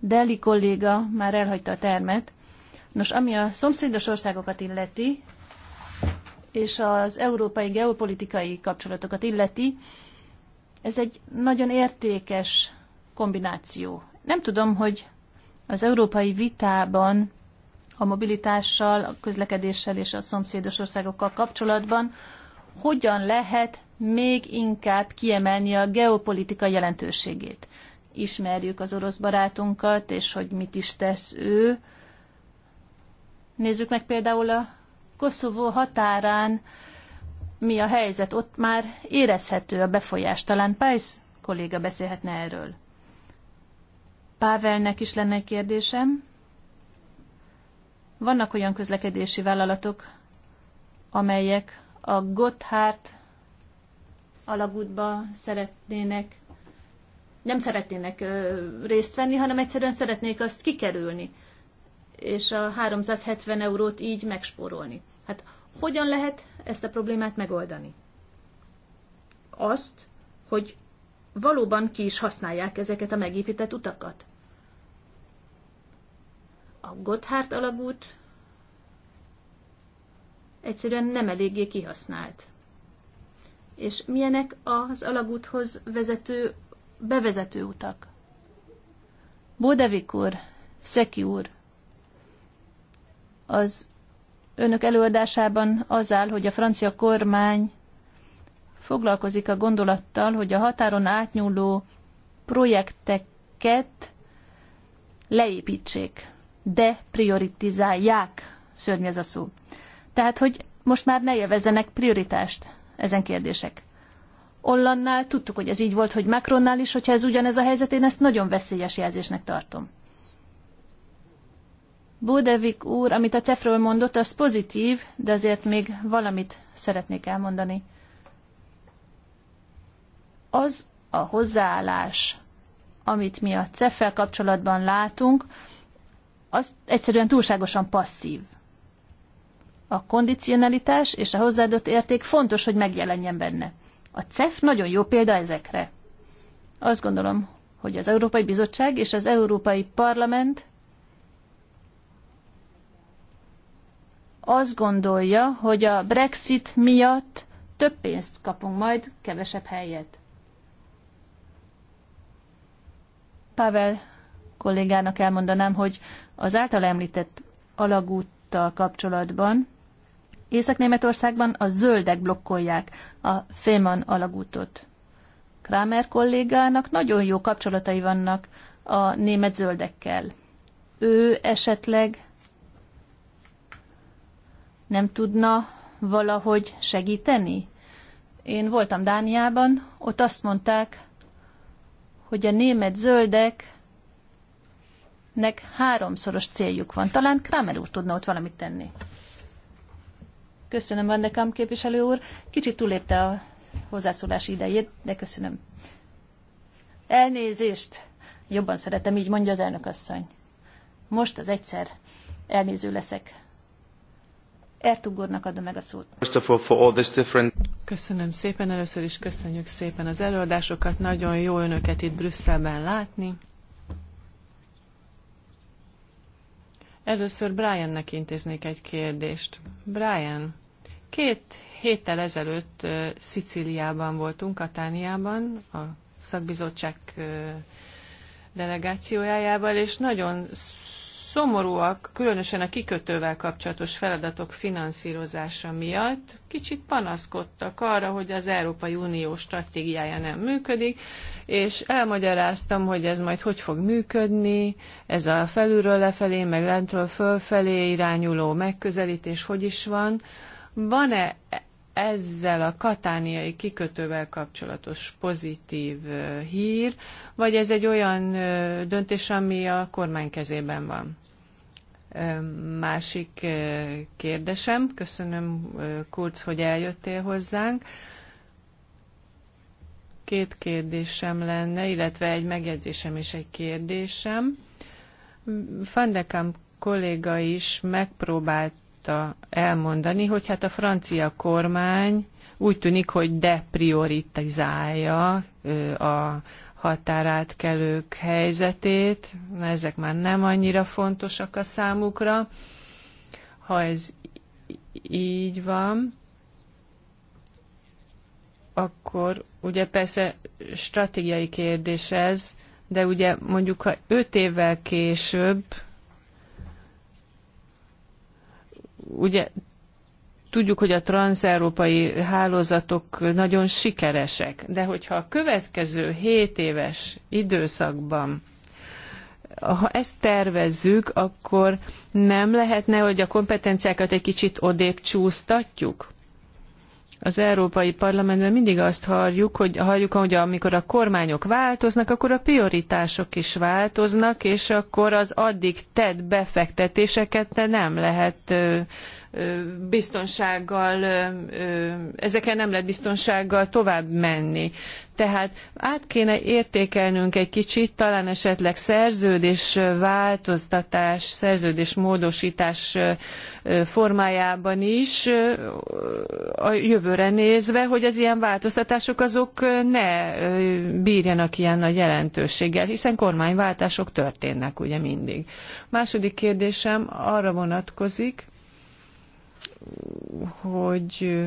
[SPEAKER 1] Deli kolléga már elhagyta a termet. Nos, ami a szomszédos országokat illeti, és az európai geopolitikai kapcsolatokat illeti, ez egy nagyon értékes kombináció. Nem tudom, hogy az európai vitában a mobilitással, a közlekedéssel és a szomszédos országokkal kapcsolatban hogyan lehet még inkább kiemelni a geopolitika jelentőségét. Ismerjük az orosz barátunkat, és hogy mit is tesz ő. Nézzük meg például a Koszovó határán, mi a helyzet. Ott már érezhető a befolyás. Talán Pajsz kolléga beszélhetne erről. Pávelnek is lenne egy kérdésem. Vannak olyan közlekedési vállalatok, amelyek a Gotthard alagútba szeretnének, nem szeretnének ö, részt venni, hanem egyszerűen szeretnék azt kikerülni, és a 370 eurót így megspórolni. Hát hogyan lehet ezt a problémát megoldani? Azt, hogy valóban ki is használják ezeket a megépített utakat. A Gotthard alagút egyszerűen nem eléggé kihasznált. És milyenek az alagúthoz vezető, bevezető utak? Bódevik úr, Szeki úr, az önök előadásában az áll, hogy a francia kormány foglalkozik a gondolattal, hogy a határon átnyúló projekteket leépítsék, de prioritizálják, ez a szó. Tehát, hogy most már ne élvezzenek prioritást ezen kérdések. Ollannál tudtuk, hogy ez így volt, hogy Macronnál is, hogyha ez ugyanez a helyzet, én ezt nagyon veszélyes jelzésnek tartom. Budevik úr, amit a Cefről mondott, az pozitív, de azért még valamit szeretnék elmondani. Az a hozzáállás, amit mi a cef kapcsolatban látunk, az egyszerűen túlságosan passzív a kondicionalitás és a hozzáadott érték fontos, hogy megjelenjen benne. A CEF nagyon jó példa ezekre. Azt gondolom, hogy az Európai Bizottság és az Európai Parlament azt gondolja, hogy a Brexit miatt több pénzt kapunk majd, kevesebb helyet. Pavel kollégának elmondanám, hogy az által említett alagúttal kapcsolatban Észak-Németországban a zöldek blokkolják a Féman alagútot. Kramer kollégának nagyon jó kapcsolatai vannak a német zöldekkel. Ő esetleg nem tudna valahogy segíteni? Én voltam Dániában, ott azt mondták, hogy a német nek háromszoros céljuk van. Talán Kramer úr tudna ott valamit tenni. Köszönöm, Van Dekam képviselő úr. Kicsit túlépte a hozzászólás idejét, de köszönöm. Elnézést! Jobban szeretem, így mondja az asszony. Most az egyszer elnéző leszek.
[SPEAKER 2] Ertugornak adom meg a szót. Köszönöm szépen, először is köszönjük szépen az előadásokat, nagyon jó önöket itt Brüsszelben látni. Először Briannek intéznék egy kérdést. Brian, Két héttel ezelőtt Szicíliában voltunk, Katániában, a szakbizottság delegációjájával, és nagyon szomorúak, különösen a kikötővel kapcsolatos feladatok finanszírozása miatt kicsit panaszkodtak arra, hogy az Európai Unió stratégiája nem működik, és elmagyaráztam, hogy ez majd hogy fog működni, ez a felülről lefelé, meg lentről fölfelé irányuló megközelítés hogy is van, van-e ezzel a katániai kikötővel kapcsolatos pozitív hír, vagy ez egy olyan döntés, ami a kormány kezében van? Másik kérdésem, köszönöm Kurz, hogy eljöttél hozzánk. Két kérdésem lenne, illetve egy megjegyzésem és egy kérdésem. Fandekam kolléga is megpróbált tudta elmondani, hogy hát a francia kormány úgy tűnik, hogy deprioritizálja a határátkelők helyzetét, ezek már nem annyira fontosak a számukra. Ha ez így van, akkor ugye persze stratégiai kérdés ez, de ugye mondjuk ha öt évvel később ugye tudjuk, hogy a transzeurópai hálózatok nagyon sikeresek, de hogyha a következő 7 éves időszakban ha ezt tervezzük, akkor nem lehetne, hogy a kompetenciákat egy kicsit odébb csúsztatjuk? az Európai Parlamentben mindig azt halljuk, hogy, halljuk, hogy amikor a kormányok változnak, akkor a prioritások is változnak, és akkor az addig tett befektetéseket nem lehet biztonsággal, ezeken nem lehet biztonsággal tovább menni. Tehát át kéne értékelnünk egy kicsit, talán esetleg szerződés változtatás, szerződés módosítás formájában is a jövőre nézve, hogy az ilyen változtatások azok ne bírjanak ilyen nagy jelentőséggel, hiszen kormányváltások történnek ugye mindig. Második kérdésem arra vonatkozik, hogy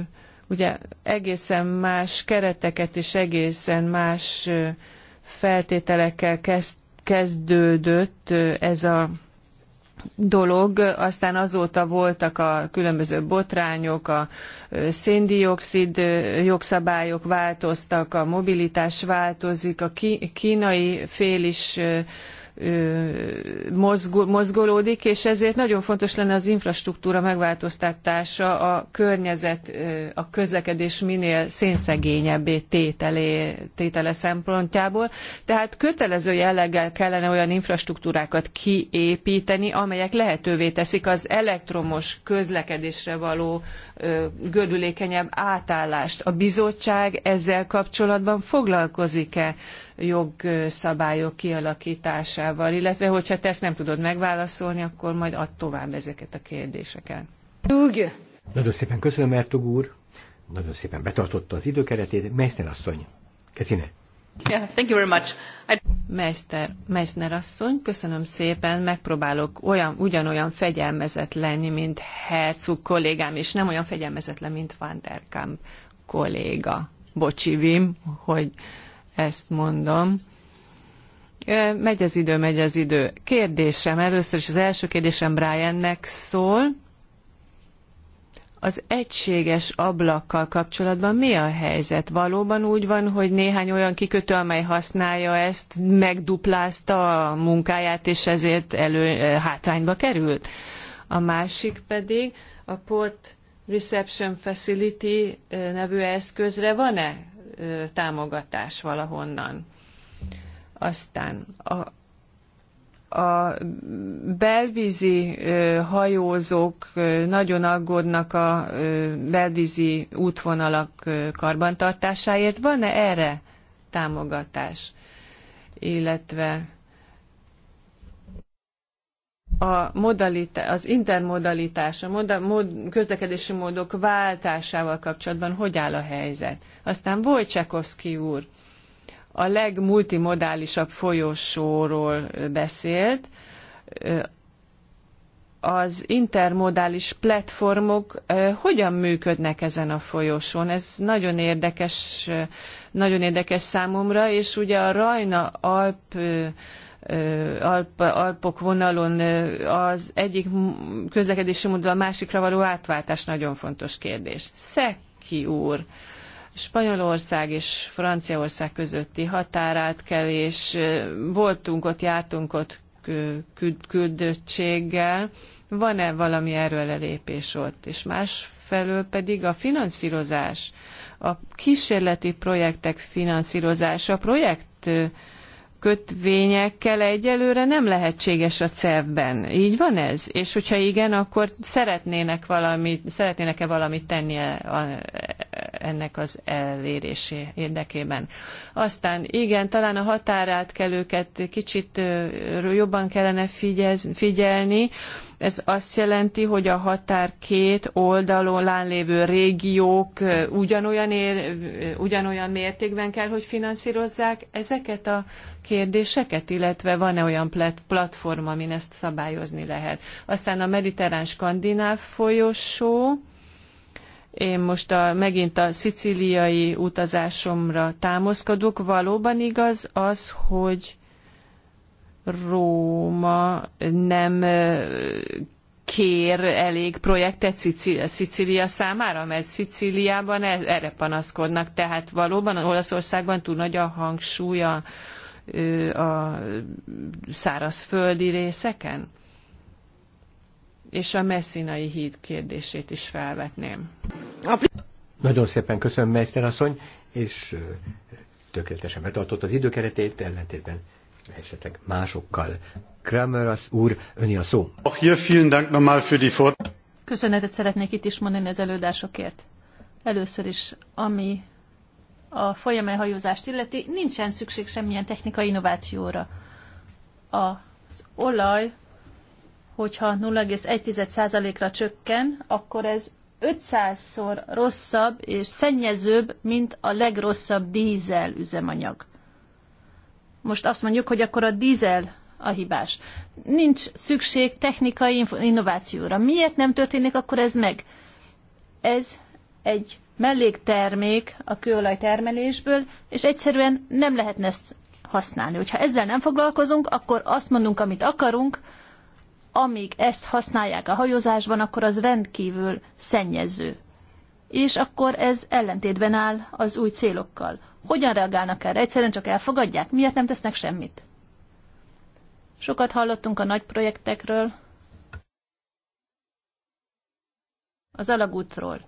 [SPEAKER 2] ugye egészen más kereteket és egészen más feltételekkel kezdődött ez a dolog, aztán azóta voltak a különböző botrányok, a széndiokszid jogszabályok változtak, a mobilitás változik, a kínai fél is mozgul, mozgolódik, és ezért nagyon fontos lenne az infrastruktúra megváltoztatása a környezet, a közlekedés minél szénszegényebbé tétele szempontjából. Tehát kötelező jelleggel kellene olyan infrastruktúrákat kiépíteni, amelyek lehetővé teszik az elektromos közlekedésre való gördülékenyebb átállást. A bizottság ezzel kapcsolatban foglalkozik-e jogszabályok kialakításával, illetve hogyha te ezt nem tudod megválaszolni, akkor majd add tovább ezeket a kérdéseket. Tudj!
[SPEAKER 3] Nagyon szépen köszönöm, Ertug úr! Nagyon szépen betartotta az időkeretét. Meissner asszony, Kezine!
[SPEAKER 2] Yeah, thank you very much. I... Meissner asszony, köszönöm szépen, megpróbálok olyan, ugyanolyan fegyelmezett lenni, mint Herzog kollégám, és nem olyan fegyelmezetlen, mint Van der Kamp kolléga. Bocsi, Vim, hogy ezt mondom. Megy az idő, megy az idő. Kérdésem, először is az első kérdésem Briannek szól az egységes ablakkal kapcsolatban mi a helyzet? Valóban úgy van, hogy néhány olyan kikötő, amely használja ezt, megduplázta a munkáját, és ezért elő, hátrányba került? A másik pedig a Port Reception Facility nevű eszközre van-e támogatás valahonnan? Aztán a a belvízi hajózók nagyon aggódnak a belvízi útvonalak karbantartásáért. Van-e erre támogatás? Illetve a modalitá- az intermodalitás, a moda- mod- közlekedési módok váltásával kapcsolatban hogy áll a helyzet? Aztán Wojciechowski úr a legmultimodálisabb folyosóról beszélt, az intermodális platformok eh, hogyan működnek ezen a folyosón. Ez nagyon érdekes, eh, nagyon érdekes számomra, és ugye a Rajna Alp eh, Alp, Alpok vonalon az egyik közlekedési módon a másikra való átváltás nagyon fontos kérdés. Szeki úr, Spanyolország és Franciaország közötti határátkelés, voltunk ott, jártunk ott küldöttséggel, van-e valami erőlelépés ott, és másfelől pedig a finanszírozás, a kísérleti projektek finanszírozása, a projekt kötvényekkel egyelőre nem lehetséges a CEV-ben. Így van ez? És hogyha igen, akkor szeretnének valamit, szeretnének-e valamit tenni e, ennek az elérésé érdekében. Aztán igen, talán a határátkelőket kicsit jobban kellene figyelz, figyelni. Ez azt jelenti, hogy a határ két oldalon lévő régiók ugyanolyan, ér, ugyanolyan mértékben kell, hogy finanszírozzák ezeket a kérdéseket, illetve van-e olyan platform, amin ezt szabályozni lehet. Aztán a mediterrán skandináv folyosó, én most a, megint a szicíliai utazásomra támaszkodok. Valóban igaz az, hogy Róma nem kér elég projektet Szicília számára, mert Szicíliában e, erre panaszkodnak. Tehát valóban Olaszországban túl nagy a hangsúly a, a szárazföldi részeken? és a messzinai híd kérdését is felvetném.
[SPEAKER 3] Nagyon szépen köszönöm, Meister asszony, és tökéletesen betartott az időkeretét, ellentétben esetleg másokkal. Kramer az úr, öni a szó.
[SPEAKER 1] Köszönetet szeretnék itt is mondani az előadásokért. Először is, ami a folyamelhajózást illeti, nincsen szükség semmilyen technikai innovációra. Az olaj hogyha 0,1%-ra csökken, akkor ez 500-szor rosszabb és szennyezőbb, mint a legrosszabb dízel üzemanyag. Most azt mondjuk, hogy akkor a dízel a hibás. Nincs szükség technikai innovációra. Miért nem történik akkor ez meg? Ez egy melléktermék a kőolaj termelésből, és egyszerűen nem lehetne ezt használni. Hogyha ezzel nem foglalkozunk, akkor azt mondunk, amit akarunk, amíg ezt használják a hajózásban, akkor az rendkívül szennyező. És akkor ez ellentétben áll az új célokkal. Hogyan reagálnak erre? Egyszerűen csak elfogadják? Miért nem tesznek semmit? Sokat hallottunk a nagy projektekről, az alagútról.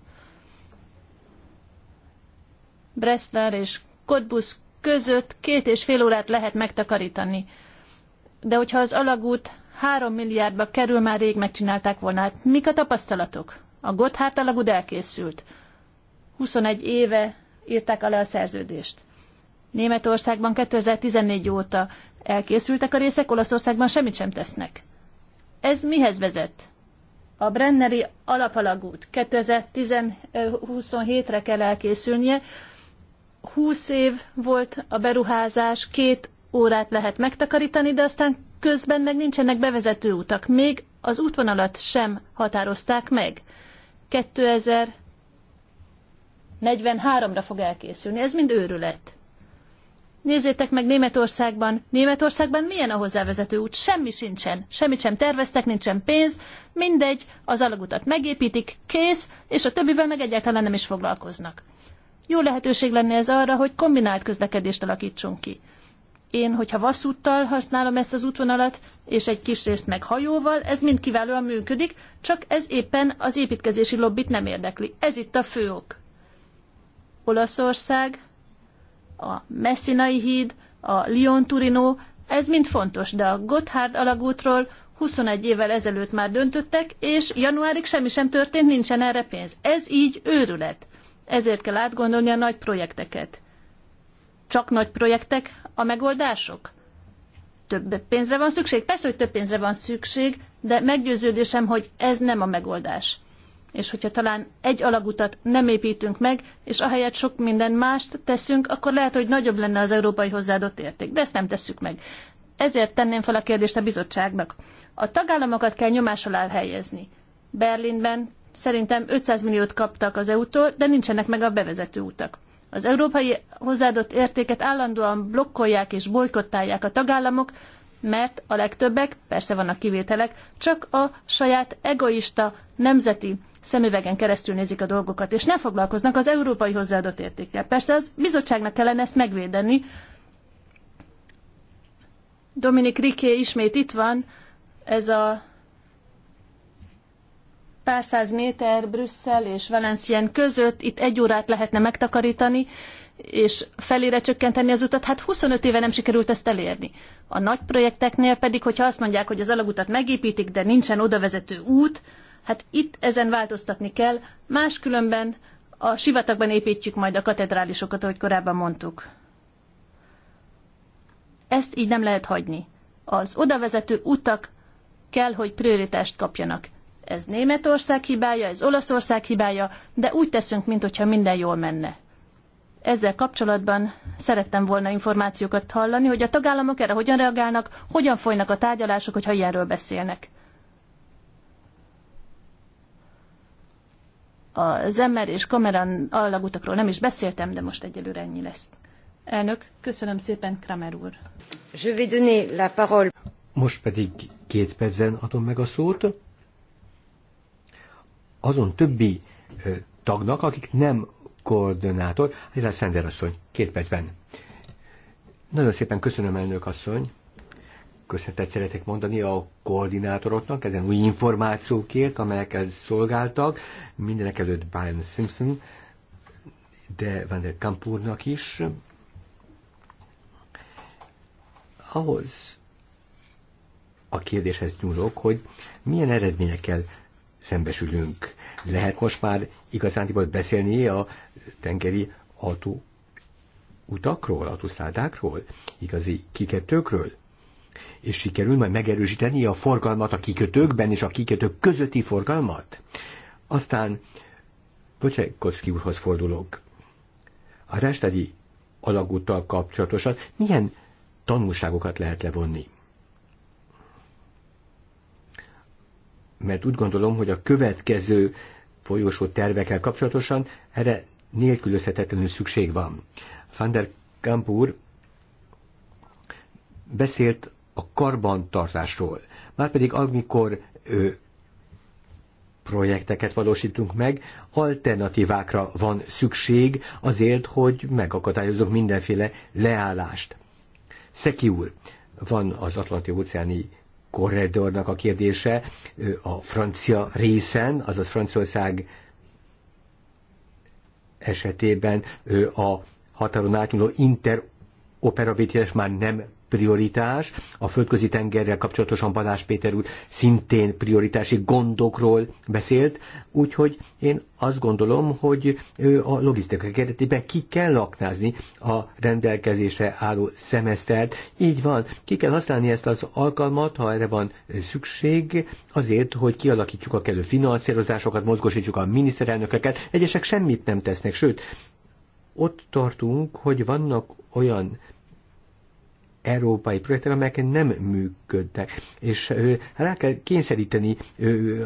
[SPEAKER 1] Bresler és Kodbusz között két és fél órát lehet megtakarítani. De hogyha az alagút Három milliárdba kerül, már rég megcsinálták volna. Hát mik a tapasztalatok? A Gotthard alagúd elkészült. 21 éve írták alá a szerződést. Németországban 2014 óta elkészültek a részek, Olaszországban semmit sem tesznek. Ez mihez vezet? A Brenneri alapalagút 2027-re kell elkészülnie. 20 év volt a beruházás, két órát lehet megtakarítani, de aztán közben meg nincsenek bevezető utak. Még az útvonalat sem határozták meg. 2043-ra fog elkészülni. Ez mind őrület. Nézzétek meg Németországban. Németországban milyen a hozzávezető út? Semmi sincsen. Semmit sem terveztek, nincsen pénz. Mindegy, az alagutat megépítik, kész, és a többivel meg egyáltalán nem is foglalkoznak. Jó lehetőség lenne ez arra, hogy kombinált közlekedést alakítsunk ki én, hogyha vasúttal használom ezt az útvonalat, és egy kis részt meg hajóval, ez mind kiválóan működik, csak ez éppen az építkezési lobbit nem érdekli. Ez itt a fő ok. Olaszország, a Messinai híd, a Lyon-Turino, ez mind fontos, de a Gotthard alagútról 21 évvel ezelőtt már döntöttek, és januárig semmi sem történt, nincsen erre pénz. Ez így őrület. Ezért kell átgondolni a nagy projekteket. Csak nagy projektek, a megoldások? Több pénzre van szükség? Persze, hogy több pénzre van szükség, de meggyőződésem, hogy ez nem a megoldás. És hogyha talán egy alagutat nem építünk meg, és ahelyett sok minden mást teszünk, akkor lehet, hogy nagyobb lenne az európai hozzáadott érték. De ezt nem tesszük meg. Ezért tenném fel a kérdést a bizottságnak. A tagállamokat kell nyomás alá helyezni. Berlinben szerintem 500 milliót kaptak az EU-tól, de nincsenek meg a bevezető utak. Az európai hozzáadott értéket állandóan blokkolják és bolykottálják a tagállamok, mert a legtöbbek, persze vannak kivételek, csak a saját egoista nemzeti szemüvegen keresztül nézik a dolgokat, és nem foglalkoznak az európai hozzáadott értékkel. Persze az bizottságnak kellene ezt megvédeni. Dominik Riké ismét itt van, ez a pár száz méter Brüsszel és Valencien között, itt egy órát lehetne megtakarítani, és felére csökkenteni az utat, hát 25 éve nem sikerült ezt elérni. A nagy projekteknél pedig, hogyha azt mondják, hogy az alagutat megépítik, de nincsen odavezető út, hát itt ezen változtatni kell, máskülönben a sivatagban építjük majd a katedrálisokat, ahogy korábban mondtuk. Ezt így nem lehet hagyni. Az odavezető utak kell, hogy prioritást kapjanak ez Németország hibája, ez Olaszország hibája, de úgy teszünk, mintha minden jól menne. Ezzel kapcsolatban szerettem volna információkat hallani, hogy a tagállamok erre hogyan reagálnak, hogyan folynak a tárgyalások, hogyha ilyenről beszélnek. A Zemmer és Kameran allagutakról nem is beszéltem, de most egyelőre ennyi lesz. Elnök, köszönöm szépen, Kramer úr.
[SPEAKER 2] Je vais donner la parole.
[SPEAKER 3] Most pedig két percen adom meg a szót azon többi tagnak, akik nem koordinátor. Hajrá, Szender asszony, két percben. Nagyon szépen köszönöm, elnök asszony. Köszönetet szeretek mondani a koordinátoroknak ezen új információkért, amelyeket szolgáltak. Mindenek előtt Brian Simpson, de Van der Kamp úrnak is. Ahhoz a kérdéshez nyúlok, hogy milyen eredményekkel szembesülünk. Lehet most már igazándiból beszélni a tengeri autó utakról, autószládákról, igazi kikötőkről, és sikerül majd megerősíteni a forgalmat a kikötőkben és a kikötők közötti forgalmat. Aztán Pocsekoszki úrhoz fordulok. A restedi alagúttal kapcsolatosan milyen tanulságokat lehet levonni? mert úgy gondolom, hogy a következő folyosó tervekkel kapcsolatosan erre nélkülözhetetlenül szükség van. Van der Kamp úr beszélt a karbantartásról. Márpedig amikor ő, projekteket valósítunk meg, alternatívákra van szükség azért, hogy megakadályozunk mindenféle leállást. Szeki úr, van az Atlanti óceáni korridornak a kérdése a francia részen, azaz Franciaország esetében a határon átnyúló interoperabilitás már nem prioritás, a földközi tengerrel kapcsolatosan Balázs Péter úr szintén prioritási gondokról beszélt, úgyhogy én azt gondolom, hogy a logisztikai keretében ki kell laknázni a rendelkezésre álló szemesztert. Így van, ki kell használni ezt az alkalmat, ha erre van szükség, azért, hogy kialakítsuk a kellő finanszírozásokat, mozgosítsuk a miniszterelnököket. Egyesek semmit nem tesznek, sőt, ott tartunk, hogy vannak olyan európai projektek, amelyek nem működtek. És rá kell kényszeríteni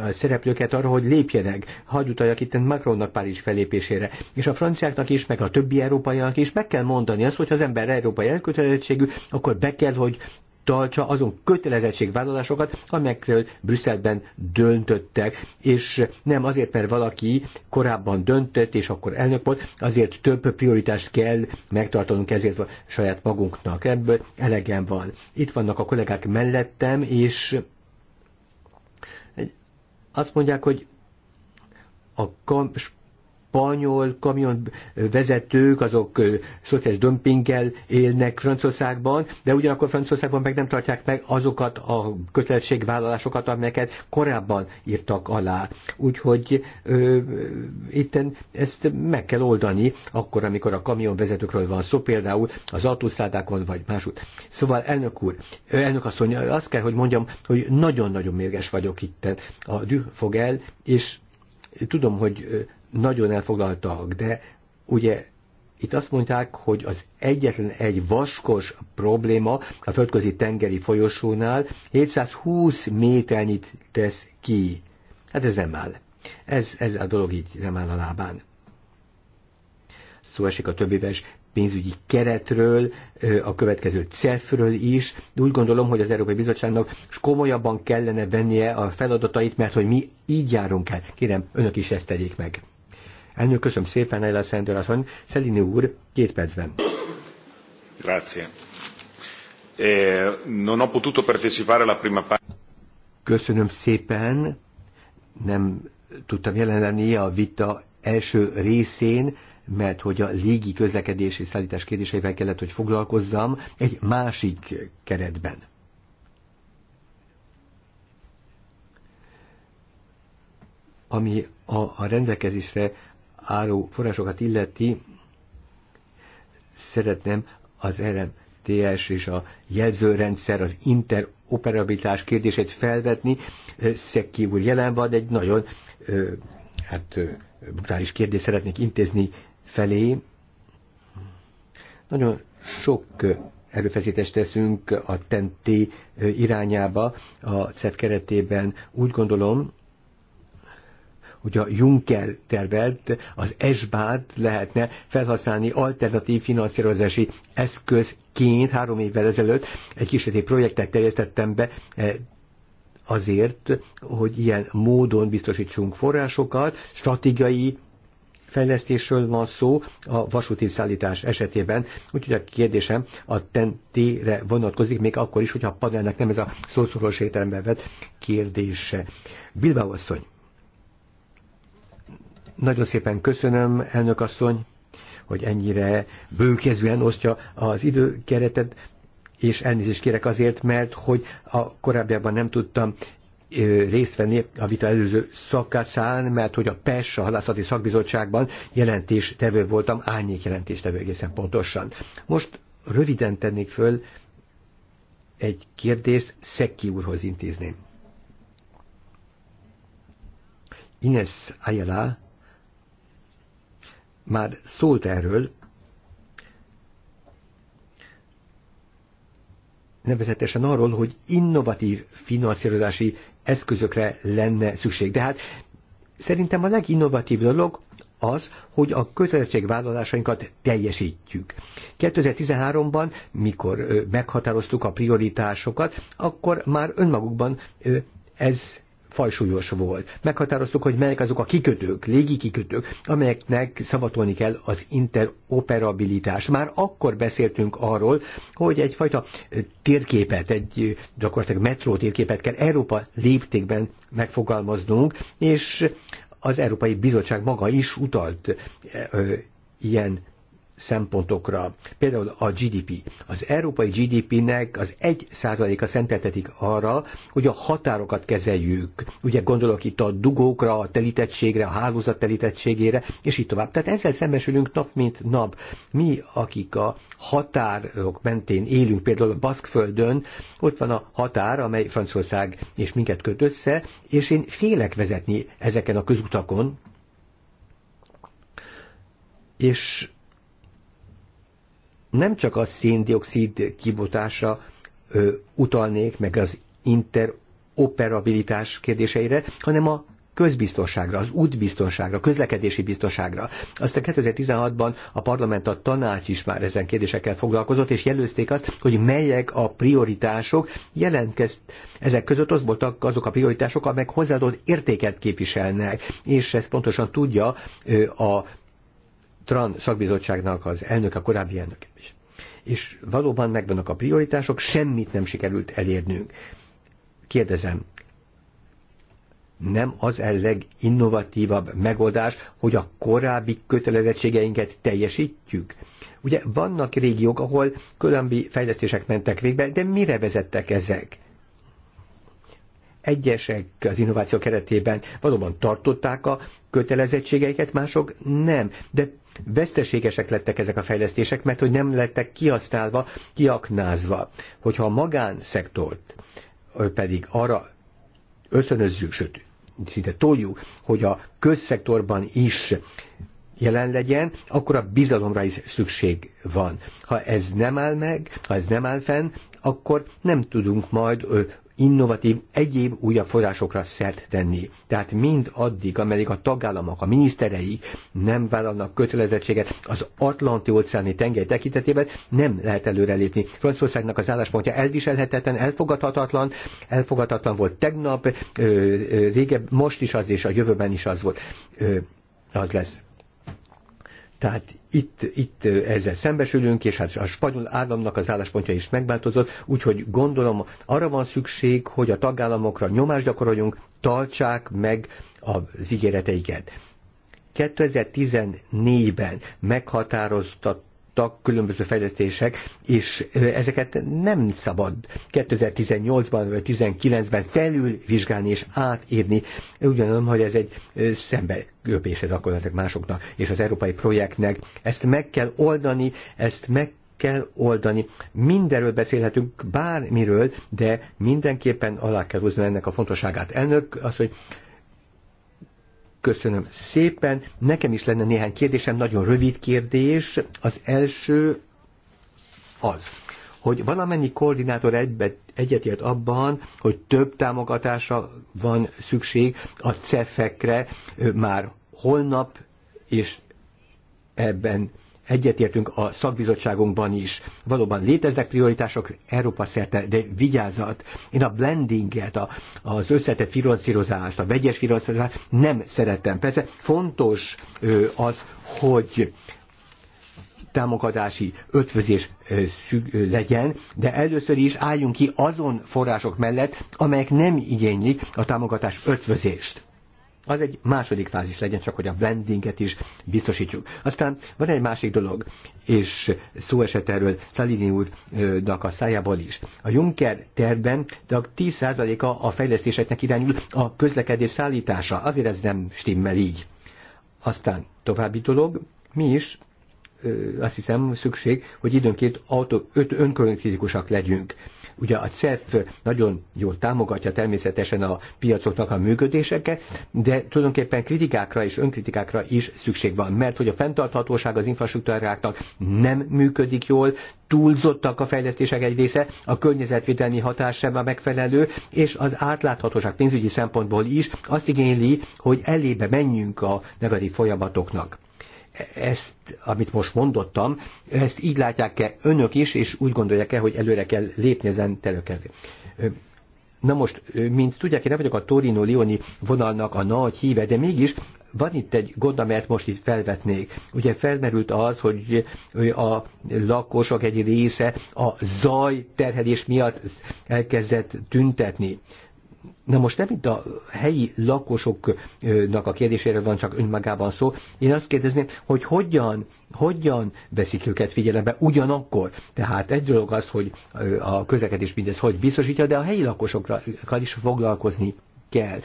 [SPEAKER 3] a szereplőket arra, hogy lépjenek. Hagy utaljak itt Macronnak Párizs felépésére. És a franciáknak is, meg a többi európaiaknak is meg kell mondani azt, hogy ha az ember európai elkötelezettségű, akkor be kell, hogy tartsa azon kötelezettségvállalásokat, amelyekről Brüsszelben döntöttek, és nem azért, mert valaki korábban döntött, és akkor elnök volt, azért több prioritást kell megtartanunk ezért a saját magunknak. Ebből elegem van. Itt vannak a kollégák mellettem, és azt mondják, hogy a spanyol kamionvezetők, azok szociális dömpinggel élnek Franciaországban, de ugyanakkor Franciaországban meg nem tartják meg azokat a kötelességvállalásokat, amelyeket korábban írtak alá. Úgyhogy ö, itten ezt meg kell oldani, akkor, amikor a kamionvezetőkről van szó, például az autószládákon vagy másút. Szóval elnök úr, elnök asszony, azt kell, hogy mondjam, hogy nagyon-nagyon mérges vagyok itten. A düh fog el, és tudom, hogy nagyon elfoglaltak, de ugye itt azt mondták, hogy az egyetlen egy vaskos probléma a földközi tengeri folyosónál 720 méternyit tesz ki. Hát ez nem áll. Ez, ez a dolog így nem áll a lábán. Szó esik a többéves pénzügyi keretről, a következő CEF-ről is. Úgy gondolom, hogy az Európai Bizottságnak komolyabban kellene vennie a feladatait, mert hogy mi így járunk el. Kérem, önök is ezt tegyék meg. Elnök, köszönöm szépen, Ejla Szentőr asszony. Szelini úr, két percben.
[SPEAKER 4] Grazie. Eh, non ho potuto partecipare alla prima parte.
[SPEAKER 3] Köszönöm szépen. Nem tudtam jelen lenni a vita első részén, mert hogy a légi közlekedés és szállítás kérdéseivel kellett, hogy foglalkozzam egy másik keretben. Ami a, a rendelkezésre áró forrásokat illeti, szeretném az RMTS és a jelzőrendszer, az interoperabilitás kérdését felvetni. Szeki úr jelen van, egy nagyon hát, brutális kérdést szeretnék intézni felé. Nagyon sok erőfeszítést teszünk a TENTI irányába a CEF keretében. Úgy gondolom, hogy a Juncker tervet, az ESBÁT lehetne felhasználni alternatív finanszírozási eszközként három évvel ezelőtt egy kísérleti projektet terjesztettem be eh, azért, hogy ilyen módon biztosítsunk forrásokat, stratégiai fejlesztésről van szó a vasúti szállítás esetében, úgyhogy a kérdésem a tentére vonatkozik, még akkor is, hogyha a panelnek nem ez a szószoros értelemben vett kérdése. Bilbao asszony. Nagyon szépen köszönöm, elnök asszony, hogy ennyire bőkezően osztja az időkeretet, és elnézést kérek azért, mert hogy a korábbiakban nem tudtam részt venni a vita előző szakaszán, mert hogy a PES, a Halászati Szakbizottságban jelentéstevő voltam, árnyék jelentéstevő egészen pontosan. Most röviden tennék föl egy kérdést Szekki úrhoz intézném. Ines Ayala már szólt erről, nevezetesen arról, hogy innovatív finanszírozási eszközökre lenne szükség. De hát szerintem a leginnovatív dolog az, hogy a kötelezettségvállalásainkat teljesítjük. 2013-ban, mikor meghatároztuk a prioritásokat, akkor már önmagukban ez fajsúlyos volt. Meghatároztuk, hogy melyek azok a kikötők, légi kikötők, amelyeknek szavatolni kell az interoperabilitás. Már akkor beszéltünk arról, hogy egyfajta eh, térképet, egy eh, gyakorlatilag metró térképet kell Európa léptékben megfogalmaznunk, és az Európai Bizottság maga is utalt eh, ilyen szempontokra. Például a GDP. Az európai GDP-nek az 1 százaléka szenteltetik arra, hogy a határokat kezeljük. Ugye gondolok itt a dugókra, a telítettségre, a hálózat telítettségére, és így tovább. Tehát ezzel szembesülünk nap mint nap. Mi, akik a határok mentén élünk, például a Baszkföldön, ott van a határ, amely Franciaország és minket köt össze, és én félek vezetni ezeken a közutakon, és nem csak a széndiokszid kibotása utalnék, meg az interoperabilitás kérdéseire, hanem a közbiztonságra, az útbiztonságra, közlekedési biztonságra. Aztán 2016-ban a parlament, a tanács is már ezen kérdésekkel foglalkozott, és jelözték azt, hogy melyek a prioritások jelentkezt. Ezek között az voltak azok a prioritások, amelyek hozzáadott értéket képviselnek, és ezt pontosan tudja a TRAN szakbizottságnak az elnök, a korábbi elnök is. És valóban megvannak a prioritások, semmit nem sikerült elérnünk. Kérdezem, nem az a leginnovatívabb megoldás, hogy a korábbi kötelezettségeinket teljesítjük? Ugye vannak régiók, ahol különböző fejlesztések mentek végbe, de mire vezettek ezek? Egyesek az innováció keretében valóban tartották a kötelezettségeiket, mások nem. De veszteségesek lettek ezek a fejlesztések, mert hogy nem lettek kihasználva, kiaknázva. Hogyha a magánszektort pedig arra ösztönözzük, sőt, szinte toljuk, hogy a közszektorban is jelen legyen, akkor a bizalomra is szükség van. Ha ez nem áll meg, ha ez nem áll fenn, akkor nem tudunk majd innovatív egyéb újabb forrásokra szert tenni. Tehát mind addig, ameddig a tagállamok, a minisztereik nem vállalnak kötelezettséget az Atlanti óceáni tenger tekintetében, nem lehet előrelépni. Franciaországnak az álláspontja elviselhetetlen, elfogadhatatlan, elfogadhatatlan volt tegnap, ö, ö, régebb, most is az és a jövőben is az volt. Ö, az lesz. Tehát itt, itt ezzel szembesülünk, és hát a spanyol államnak az álláspontja is megváltozott, úgyhogy gondolom arra van szükség, hogy a tagállamokra nyomást gyakoroljunk, tartsák meg az ígéreteiket. 2014-ben meghatározott voltak különböző fejlesztések, és ezeket nem szabad 2018-ban vagy 2019-ben vizsgálni és átírni. Ugyanolyan, hogy ez egy szembe göpése gyakorlatilag másoknak és az európai projektnek. Ezt meg kell oldani, ezt meg kell oldani. Mindenről beszélhetünk, bármiről, de mindenképpen alá kell húzni ennek a fontosságát. Elnök az, hogy Köszönöm szépen. Nekem is lenne néhány kérdésem, nagyon rövid kérdés. Az első az, hogy valamennyi koordinátor egybe, egyetért abban, hogy több támogatásra van szükség a cefekre már holnap és ebben egyetértünk a szakbizottságunkban is. Valóban léteznek prioritások Európa szerte, de vigyázat! Én a blendinget, a, az összetett finanszírozást, a vegyes finanszírozást nem szerettem. Persze fontos az, hogy támogatási ötvözés legyen, de először is álljunk ki azon források mellett, amelyek nem igénylik a támogatás ötvözést az egy második fázis legyen, csak hogy a blendinget is biztosítsuk. Aztán van egy másik dolog, és szó esett erről Szalini úrnak a szájából is. A Juncker tervben de a 10%-a a fejlesztéseknek irányul a közlekedés szállítása. Azért ez nem stimmel így. Aztán további dolog, mi is azt hiszem szükség, hogy időnként autó, öt önkörönkritikusak legyünk Ugye a CEF nagyon jól támogatja természetesen a piacoknak a működéseket, de tulajdonképpen kritikákra és önkritikákra is szükség van, mert hogy a fenntarthatóság az infrastruktúráknak nem működik jól, túlzottak a fejlesztések egy része, a környezetvédelmi hatás sem a megfelelő, és az átláthatóság pénzügyi szempontból is azt igényli, hogy elébe menjünk a negatív folyamatoknak ezt, amit most mondottam, ezt így látják-e önök is, és úgy gondolják-e, hogy előre kell lépni ezen területen? Na most, mint tudják, én nem vagyok a Torino-Lioni vonalnak a nagy híve, de mégis van itt egy gond, amelyet most itt felvetnék. Ugye felmerült az, hogy a lakosok egy része a zaj terhelés miatt elkezdett tüntetni. Na most nem itt a helyi lakosoknak a kérdésére van csak önmagában szó. Én azt kérdezném, hogy hogyan, hogyan veszik őket figyelembe ugyanakkor. Tehát egy dolog az, hogy a közlekedés mindez hogy biztosítja, de a helyi lakosokkal is foglalkozni kell.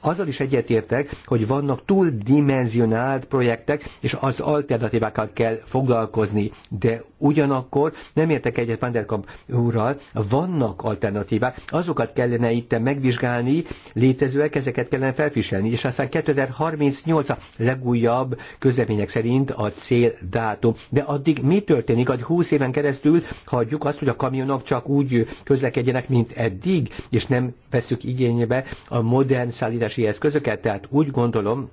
[SPEAKER 3] Azzal is egyetértek, hogy vannak túldimenzionált projektek, és az alternatívákkal kell foglalkozni, de Ugyanakkor nem értek egyet Panderkamp úrral, vannak alternatívák, azokat kellene itt megvizsgálni, létezőek, ezeket kellene felfiselni, és aztán 2038 a legújabb közlemények szerint a céldátum. De addig mi történik, hogy 20 éven keresztül hagyjuk azt, hogy a kamionok csak úgy közlekedjenek, mint eddig, és nem veszük igénybe a modern szállítási eszközöket, tehát úgy gondolom,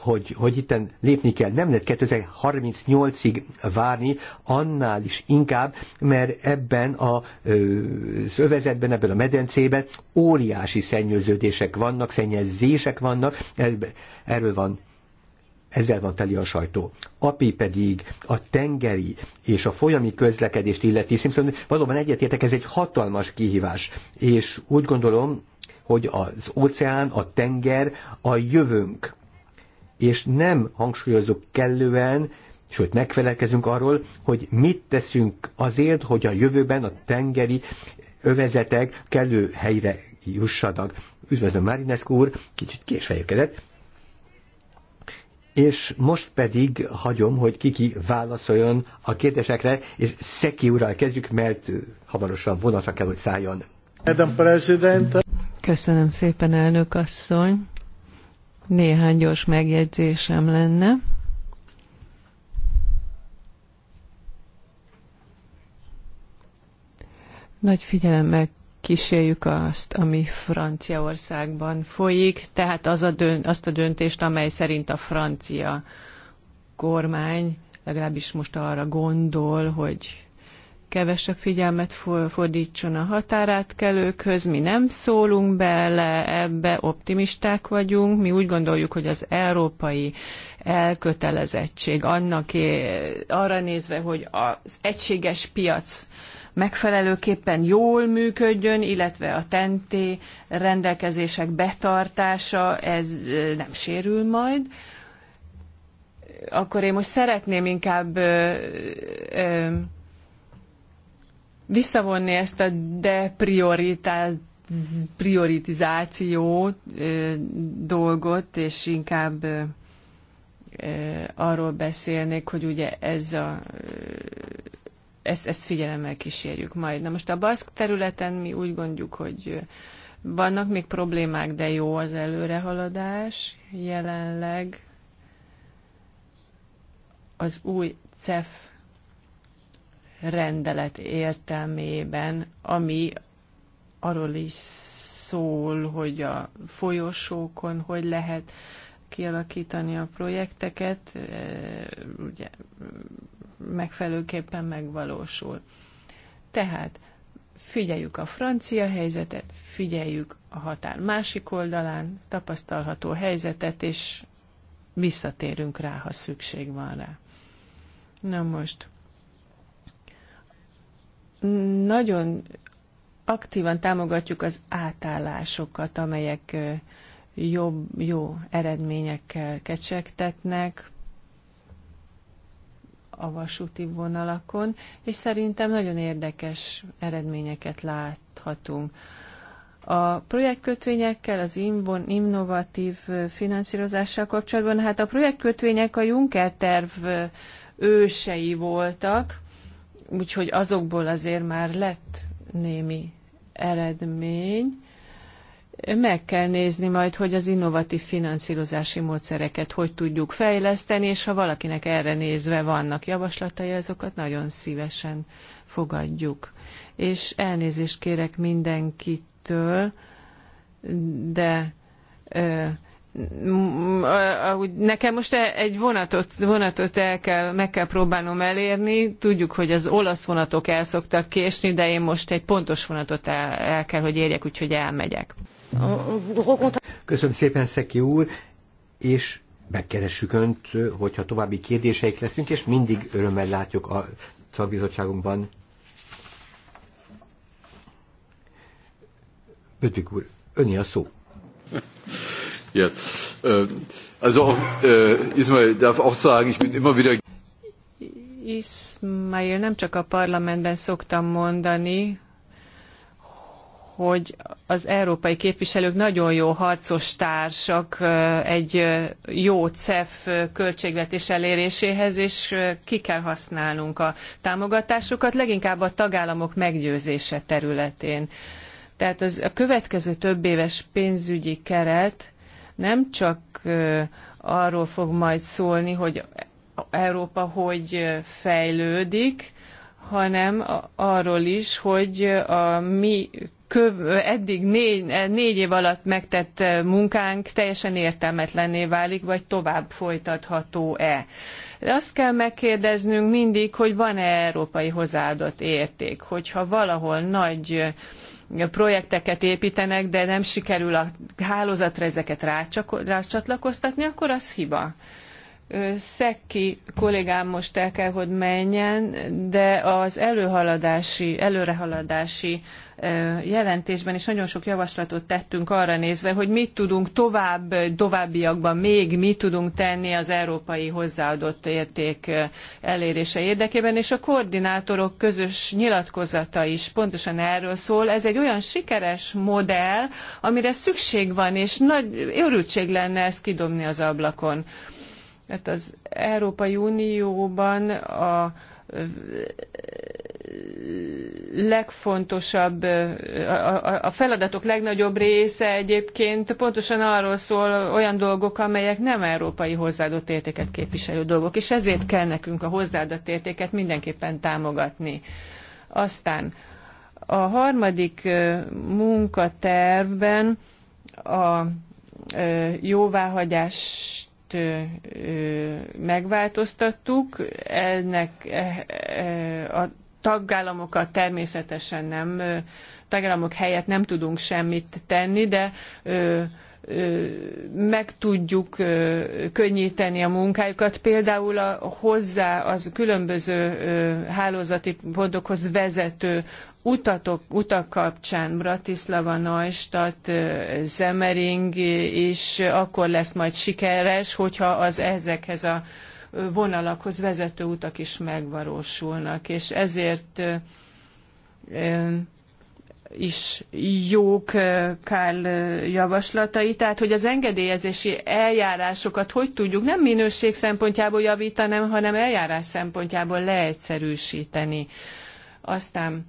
[SPEAKER 3] hogy, hogy itten lépni kell. Nem lehet 2038-ig várni, annál is inkább, mert ebben a övezetben, ebben a medencében óriási szennyeződések vannak, szennyezések vannak, erről van ezzel van teli a sajtó. API pedig a tengeri és a folyami közlekedést illeti, Szóval valóban egyetértek, ez egy hatalmas kihívás, és úgy gondolom, hogy az óceán, a tenger a jövőnk és nem hangsúlyozunk kellően, sőt megfelelkezünk arról, hogy mit teszünk azért, hogy a jövőben a tengeri övezetek kellő helyre jussanak. Üdvözlöm Márineszkó úr, kicsit késve És most pedig hagyom, hogy Kiki válaszoljon a kérdésekre, és Szeki úrral kezdjük, mert hamarosan vonatra kell, hogy szálljon.
[SPEAKER 2] Köszönöm szépen, elnök asszony. Néhány gyors megjegyzésem lenne. Nagy figyelemmel kísérjük azt, ami Franciaországban folyik, tehát az a dönt, azt a döntést, amely szerint a francia kormány legalábbis most arra gondol, hogy kevesebb figyelmet fordítson a határátkelőkhöz, mi nem szólunk bele ebbe, optimisták vagyunk, mi úgy gondoljuk, hogy az európai elkötelezettség annak arra nézve, hogy az egységes piac megfelelőképpen jól működjön, illetve a tenté rendelkezések betartása, ez nem sérül majd akkor én most szeretném inkább ö, ö, visszavonni ezt a deprioritizáció dolgot, és inkább arról beszélnék, hogy ugye ez a, ezt, ezt figyelemmel kísérjük majd. Na most a baszk területen mi úgy gondoljuk, hogy vannak még problémák, de jó az előrehaladás jelenleg. Az új CEF rendelet értelmében, ami arról is szól, hogy a folyosókon hogy lehet kialakítani a projekteket, e, ugye megfelelőképpen megvalósul. Tehát figyeljük a francia helyzetet, figyeljük a határ másik oldalán tapasztalható helyzetet, és visszatérünk rá, ha szükség van rá. Na most, nagyon aktívan támogatjuk az átállásokat, amelyek jobb, jó eredményekkel kecsegtetnek a vasúti vonalakon, és szerintem nagyon érdekes eredményeket láthatunk. A projektkötvényekkel, az innovatív finanszírozással kapcsolatban, hát a projektkötvények a Juncker terv ősei voltak, úgyhogy azokból azért már lett némi eredmény. Meg kell nézni majd, hogy az innovatív finanszírozási módszereket hogy tudjuk fejleszteni, és ha valakinek erre nézve vannak javaslatai, azokat nagyon szívesen fogadjuk. És elnézést kérek mindenkitől, de ö, nekem most e- egy vonatot, vonatot el kell, meg kell próbálnom elérni. Tudjuk, hogy az olasz vonatok el szoktak késni, de én most egy pontos vonatot el, el kell, hogy érjek, úgyhogy elmegyek.
[SPEAKER 3] Köszönöm szépen, Szeki úr, és megkeressük Önt, hogyha további kérdéseik leszünk, és mindig örömmel látjuk a szakbizottságunkban. Ötvik úr, Öné a szó.
[SPEAKER 4] Ja. Ähm, also auch, äh, Ismail darf auch sagen, ich bin immer wieder.
[SPEAKER 2] Ismail, nem csak a parlamentben szoktam mondani, hogy az európai képviselők nagyon jó harcos társak egy jó CEF költségvetés eléréséhez, és ki kell használnunk a támogatásokat, leginkább a tagállamok meggyőzése területén. Tehát az, a következő több éves pénzügyi keret nem csak arról fog majd szólni, hogy Európa hogy fejlődik, hanem arról is, hogy a mi köv, eddig négy, e, négy év alatt megtett munkánk teljesen értelmetlenné válik, vagy tovább folytatható-e. De azt kell megkérdeznünk mindig, hogy van-e európai hozzáadott érték. Hogyha valahol nagy projekteket építenek, de nem sikerül a hálózatra ezeket rácsatlakoztatni, akkor az hiba. Szekki kollégám most el kell, hogy menjen, de az előhaladási, előrehaladási jelentésben is nagyon sok javaslatot tettünk arra nézve, hogy mit tudunk tovább, továbbiakban még mit tudunk tenni az európai hozzáadott érték elérése érdekében, és a koordinátorok közös nyilatkozata is pontosan erről szól. Ez egy olyan sikeres modell, amire szükség van, és nagy örültség lenne ezt kidobni az ablakon mert hát az Európai Unióban a legfontosabb, a feladatok legnagyobb része egyébként pontosan arról szól olyan dolgok, amelyek nem európai hozzáadott értéket képviselő dolgok, és ezért kell nekünk a hozzáadott értéket mindenképpen támogatni. Aztán a harmadik munkatervben a jóváhagyás megváltoztattuk. Ennek e, e, a tagállamokat természetesen nem, tagállamok helyett nem tudunk semmit tenni, de meg tudjuk könnyíteni a munkájukat. Például a, hozzá az különböző hálózati pontokhoz vezető utatok, utak kapcsán Bratislava, Neustadt, Zemering is akkor lesz majd sikeres, hogyha az ezekhez a vonalakhoz vezető utak is megvalósulnak, és ezért is jók Kárl javaslatai, tehát hogy az engedélyezési eljárásokat hogy tudjuk nem minőség szempontjából javítani, hanem eljárás szempontjából leegyszerűsíteni. Aztán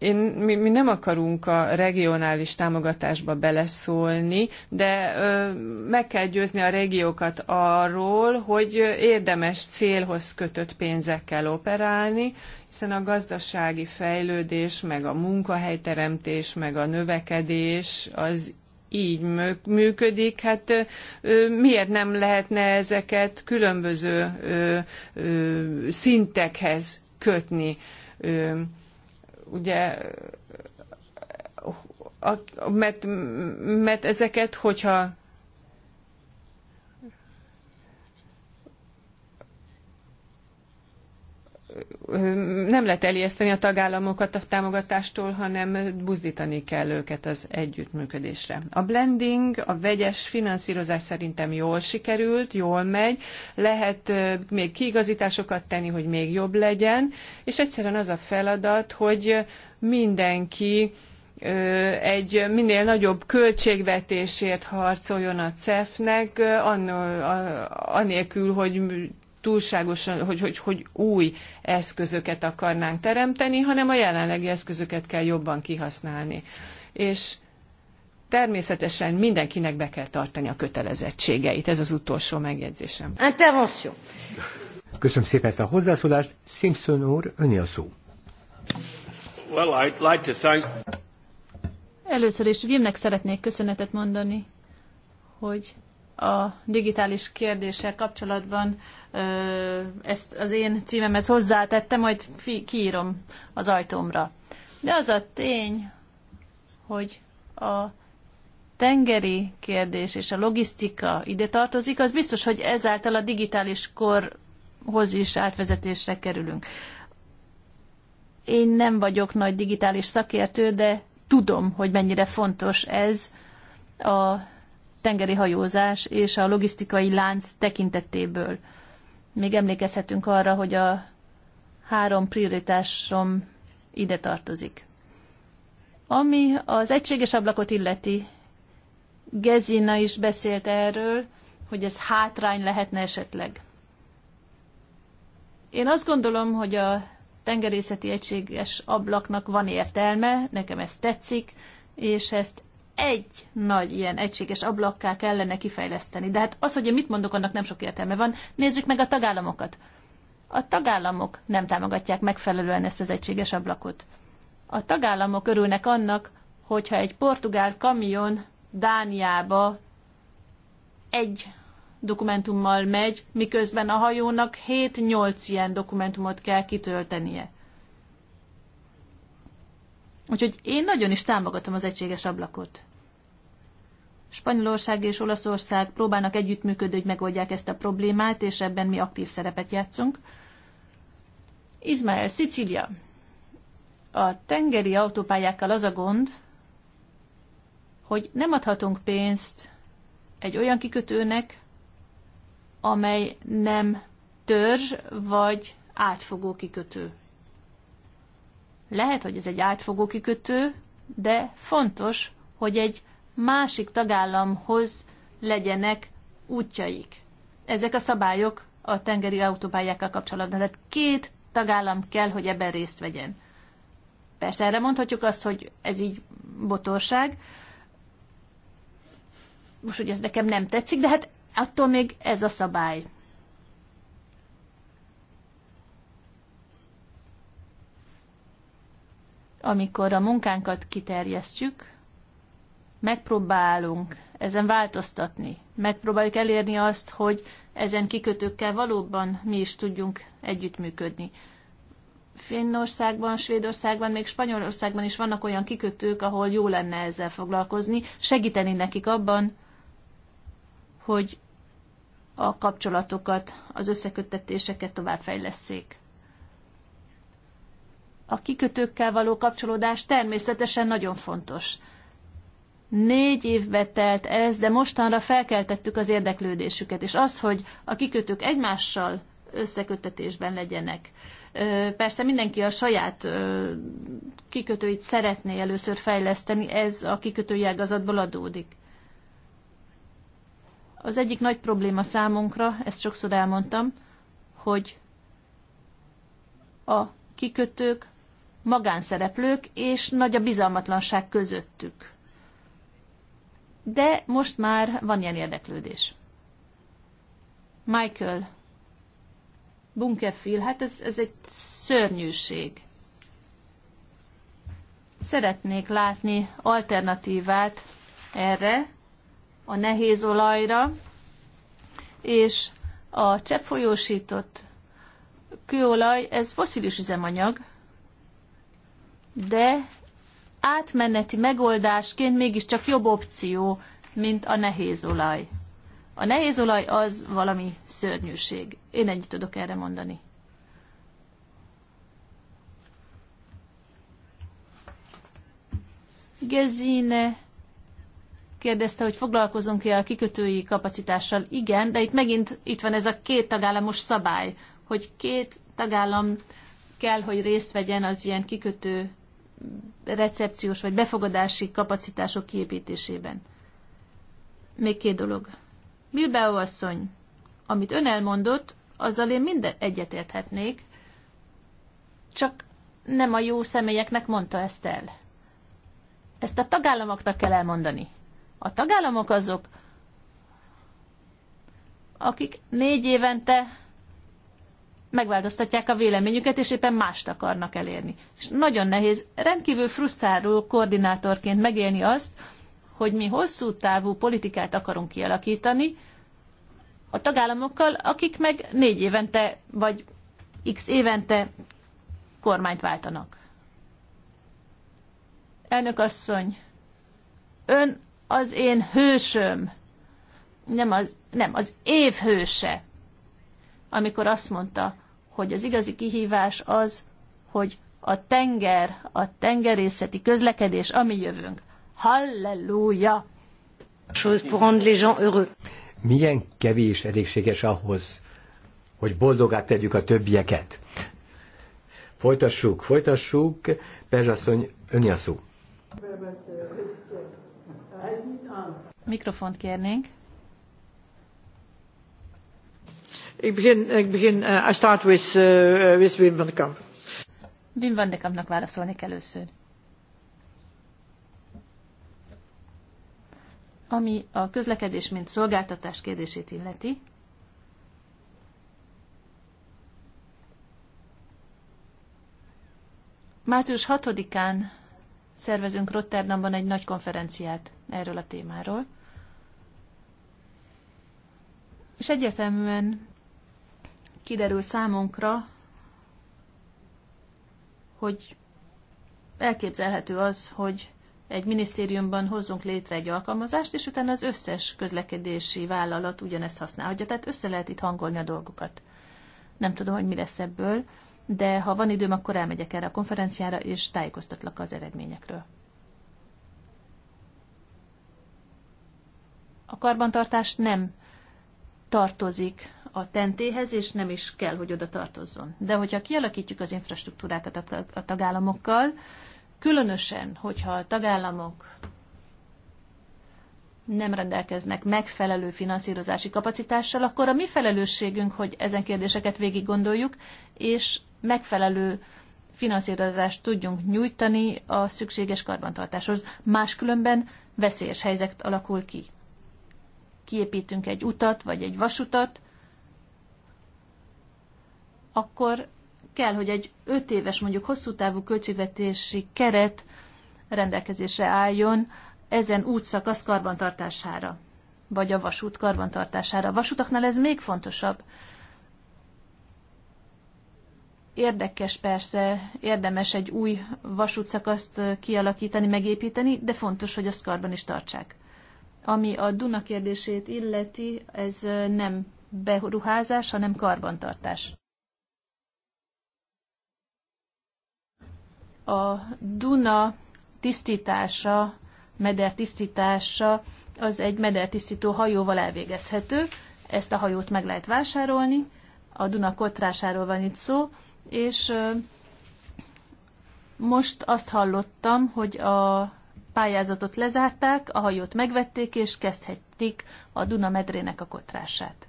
[SPEAKER 2] én, mi, mi nem akarunk a regionális támogatásba beleszólni, de ö, meg kell győzni a régiókat arról, hogy érdemes célhoz kötött pénzekkel operálni, hiszen a gazdasági fejlődés, meg a munkahelyteremtés, meg a növekedés az így működik, hát ö, miért nem lehetne ezeket különböző ö, szintekhez kötni? ugye mert, mert ezeket, hogyha nem lehet elijeszteni a tagállamokat a támogatástól, hanem buzdítani kell őket az együttműködésre. A blending, a vegyes finanszírozás szerintem jól sikerült, jól megy, lehet még kiigazításokat tenni, hogy még jobb legyen, és egyszerűen az a feladat, hogy mindenki egy minél nagyobb költségvetésért harcoljon a CEF-nek, anélkül, hogy túlságosan, hogy, hogy, hogy új eszközöket akarnánk teremteni, hanem a jelenlegi eszközöket kell jobban kihasználni. És természetesen mindenkinek be kell tartani a kötelezettségeit. Ez az utolsó megjegyzésem.
[SPEAKER 3] Intervenció. Köszönöm szépen ezt a hozzászólást. Simpson úr, öné a szó.
[SPEAKER 4] Well, I'd like to thank...
[SPEAKER 1] Először is Vimnek szeretnék köszönetet mondani, hogy a digitális kérdéssel kapcsolatban ezt az én címemhez hozzátettem, majd kiírom az ajtómra. De az a tény, hogy a tengeri kérdés és a logisztika ide tartozik, az biztos, hogy ezáltal a digitális korhoz is átvezetésre kerülünk. Én nem vagyok nagy digitális szakértő, de tudom, hogy mennyire fontos ez a tengeri hajózás és a logisztikai lánc tekintetéből. Még emlékezhetünk arra, hogy a három prioritásom ide tartozik. Ami az egységes ablakot illeti, Gezina is beszélt erről, hogy ez hátrány lehetne esetleg. Én azt gondolom, hogy a tengerészeti egységes ablaknak van értelme, nekem ez tetszik, és ezt egy nagy ilyen egységes ablakká kellene kifejleszteni. De hát az, hogy én mit mondok, annak nem sok értelme van. Nézzük meg a tagállamokat. A tagállamok nem támogatják megfelelően ezt az egységes ablakot. A tagállamok örülnek annak, hogyha egy portugál kamion Dániába egy dokumentummal megy, miközben a hajónak 7-8 ilyen dokumentumot kell kitöltenie. Úgyhogy én nagyon is támogatom az egységes ablakot. Spanyolország és Olaszország próbálnak együttműködni, hogy megoldják ezt a problémát, és ebben mi aktív szerepet játszunk. Izmael, Szicília. A tengeri autópályákkal az a gond, hogy nem adhatunk pénzt egy olyan kikötőnek, amely nem törzs vagy átfogó kikötő. Lehet, hogy ez egy átfogó kikötő, de fontos, hogy egy másik tagállamhoz legyenek útjaik. Ezek a szabályok a tengeri autópályákkal kapcsolatban. Tehát két tagállam kell, hogy ebben részt vegyen. Persze erre mondhatjuk azt, hogy ez így botorság. Most, hogy ez nekem nem tetszik, de hát attól még ez a szabály. Amikor a munkánkat kiterjesztjük, megpróbálunk ezen változtatni, megpróbáljuk elérni azt, hogy ezen kikötőkkel valóban mi is tudjunk együttműködni. Finnországban, Svédországban, még Spanyolországban is vannak olyan kikötők, ahol jó lenne ezzel foglalkozni, segíteni nekik abban, hogy a kapcsolatokat, az összeköttetéseket továbbfejleszék. A kikötőkkel való kapcsolódás természetesen nagyon fontos. Négy évbe telt ez, de mostanra felkeltettük az érdeklődésüket, és az, hogy a kikötők egymással összekötetésben legyenek. Persze mindenki a saját kikötőit szeretné először fejleszteni, ez a kikötői ágazatból adódik. Az egyik nagy probléma számunkra, ezt sokszor elmondtam, hogy a kikötők magánszereplők, és nagy a bizalmatlanság közöttük de most már van ilyen érdeklődés. Michael, Bunkerfield, hát ez, ez egy szörnyűség. Szeretnék látni alternatívát erre, a nehéz olajra, és a cseppfolyósított kőolaj, ez foszilis üzemanyag, de átmeneti megoldásként mégiscsak jobb opció, mint a nehézolaj. A nehézolaj az valami szörnyűség. Én ennyit tudok erre mondani. Gezine kérdezte, hogy foglalkozunk-e a kikötői kapacitással. Igen, de itt megint itt van ez a két tagállamos szabály, hogy két tagállam kell, hogy részt vegyen az ilyen kikötő recepciós vagy befogadási kapacitások kiépítésében. Még két dolog. Bilbao asszony, amit ön elmondott, azzal én minden egyetérthetnék, csak nem a jó személyeknek mondta ezt el. Ezt a tagállamoknak kell elmondani. A tagállamok azok, akik négy évente megváltoztatják a véleményüket, és éppen mást akarnak elérni. És nagyon nehéz, rendkívül frusztráló koordinátorként megélni azt, hogy mi hosszú távú politikát akarunk kialakítani a tagállamokkal, akik meg négy évente vagy x évente kormányt váltanak. Elnök asszony, ön az én hősöm, nem az, nem, az év hőse amikor azt mondta, hogy az igazi kihívás az, hogy a tenger, a tengerészeti közlekedés, ami jövünk. Halleluja!
[SPEAKER 3] Milyen kevés elégséges ahhoz, hogy boldogát tegyük a többieket. Folytassuk, folytassuk. Perzsasszony, önni a szó.
[SPEAKER 1] Mikrofont kérnénk.
[SPEAKER 2] Ik begin, ik begin uh, I start with, uh, with Wim van de Kamp.
[SPEAKER 1] Wim van de Kampnak válaszolnék először. Ami a közlekedés mint szolgáltatás kérdését illeti, Március 6-án szervezünk Rotterdamban egy nagy konferenciát erről a témáról. És egyértelműen kiderül számunkra, hogy elképzelhető az, hogy egy minisztériumban hozzunk létre egy alkalmazást, és utána az összes közlekedési vállalat ugyanezt használhatja. Tehát össze lehet itt hangolni a dolgokat. Nem tudom, hogy mi lesz ebből, de ha van időm, akkor elmegyek erre a konferenciára, és tájékoztatlak az eredményekről. A karbantartás nem tartozik a tentéhez, és nem is kell, hogy oda tartozzon. De hogyha kialakítjuk az infrastruktúrákat a tagállamokkal, különösen, hogyha a tagállamok nem rendelkeznek megfelelő finanszírozási kapacitással, akkor a mi felelősségünk, hogy ezen kérdéseket végig gondoljuk, és megfelelő finanszírozást tudjunk nyújtani a szükséges karbantartáshoz. Máskülönben veszélyes helyzet alakul ki. Kiépítünk egy utat vagy egy vasutat, akkor kell, hogy egy öt éves, mondjuk hosszú távú költségvetési keret rendelkezésre álljon ezen útszakasz karbantartására, vagy a vasút karbantartására. A vasutaknál ez még fontosabb. Érdekes persze, érdemes egy új vasútszakaszt kialakítani, megépíteni, de fontos, hogy azt karban is tartsák. Ami a Duna kérdését illeti, ez nem beruházás, hanem karbantartás. A Duna tisztítása, meder tisztítása az egy meder tisztító hajóval elvégezhető. Ezt a hajót meg lehet vásárolni. A Duna kotrásáról van itt szó, és most azt hallottam, hogy a pályázatot lezárták, a hajót megvették, és kezdhetik a Duna medrének a kotrását.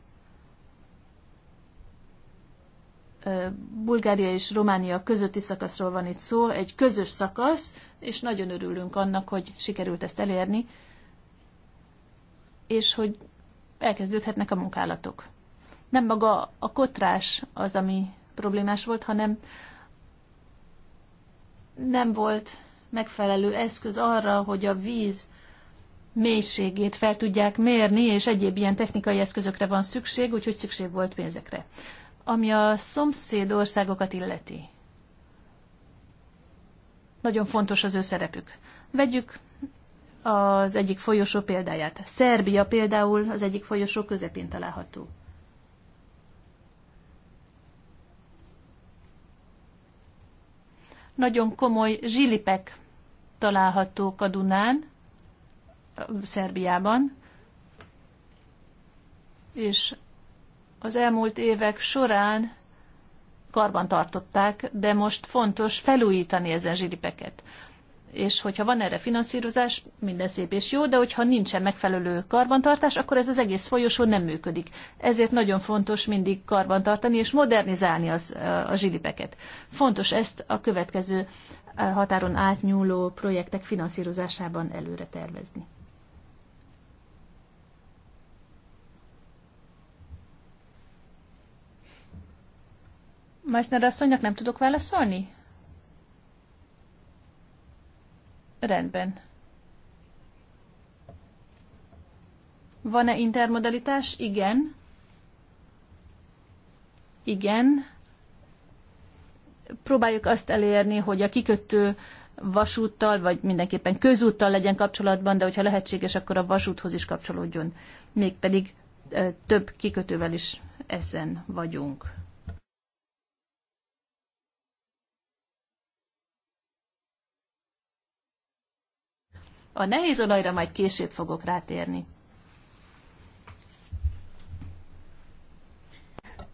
[SPEAKER 1] Bulgária és Románia közötti szakaszról van itt szó, egy közös szakasz, és nagyon örülünk annak, hogy sikerült ezt elérni, és hogy elkezdődhetnek a munkálatok. Nem maga a kotrás az, ami problémás volt, hanem nem volt megfelelő eszköz arra, hogy a víz mélységét fel tudják mérni, és egyéb ilyen technikai eszközökre van szükség, úgyhogy szükség volt pénzekre ami a szomszéd országokat illeti. Nagyon fontos az ő szerepük. Vegyük az egyik folyosó példáját. Szerbia például az egyik folyosó közepén található. Nagyon komoly zsilipek találhatók a Dunán, Szerbiában, és az elmúlt évek során karban tartották, de most fontos felújítani ezen zsilipeket. És hogyha van erre finanszírozás, minden szép és jó, de hogyha nincsen megfelelő karbantartás, akkor ez az egész folyosó nem működik. Ezért nagyon fontos mindig karbantartani és modernizálni az, a zsilipeket. Fontos ezt a következő határon átnyúló projektek finanszírozásában előre tervezni. Meissner asszonynak nem tudok válaszolni? Rendben. Van-e intermodalitás? Igen. Igen. Próbáljuk azt elérni, hogy a kikötő vasúttal, vagy mindenképpen közúttal legyen kapcsolatban, de hogyha lehetséges, akkor a vasúthoz is kapcsolódjon. Mégpedig ö, több kikötővel is ezen vagyunk. A nehéz olajra majd később fogok rátérni.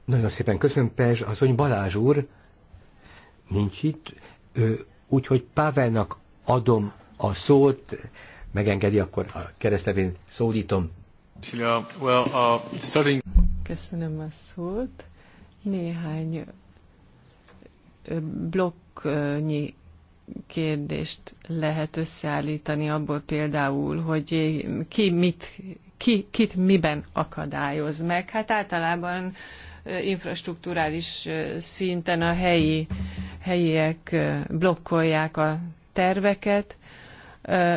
[SPEAKER 3] Nagyon szépen köszönöm, Pezs, hogy Balázs úr nincs itt, úgyhogy Pávelnak adom a szót, megengedi, akkor a keresztlevén szólítom.
[SPEAKER 2] Köszönöm a szót. Néhány blokknyi kérdést lehet összeállítani abból például, hogy ki mit, ki, kit miben akadályoz meg. Hát általában infrastruktúrális szinten a helyi, helyiek blokkolják a terveket,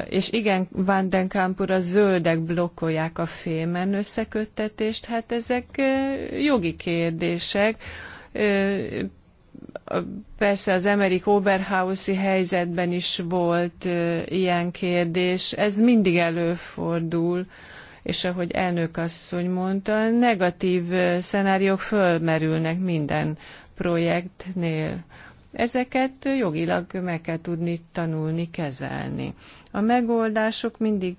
[SPEAKER 2] és igen, Van den Kampur, a zöldek blokkolják a fémen összeköttetést, hát ezek jogi kérdések persze az Amerik Oberhausi helyzetben is volt ilyen kérdés, ez mindig előfordul, és ahogy elnök asszony mondta, negatív szenáriók fölmerülnek minden projektnél. Ezeket jogilag meg kell tudni tanulni, kezelni. A megoldások mindig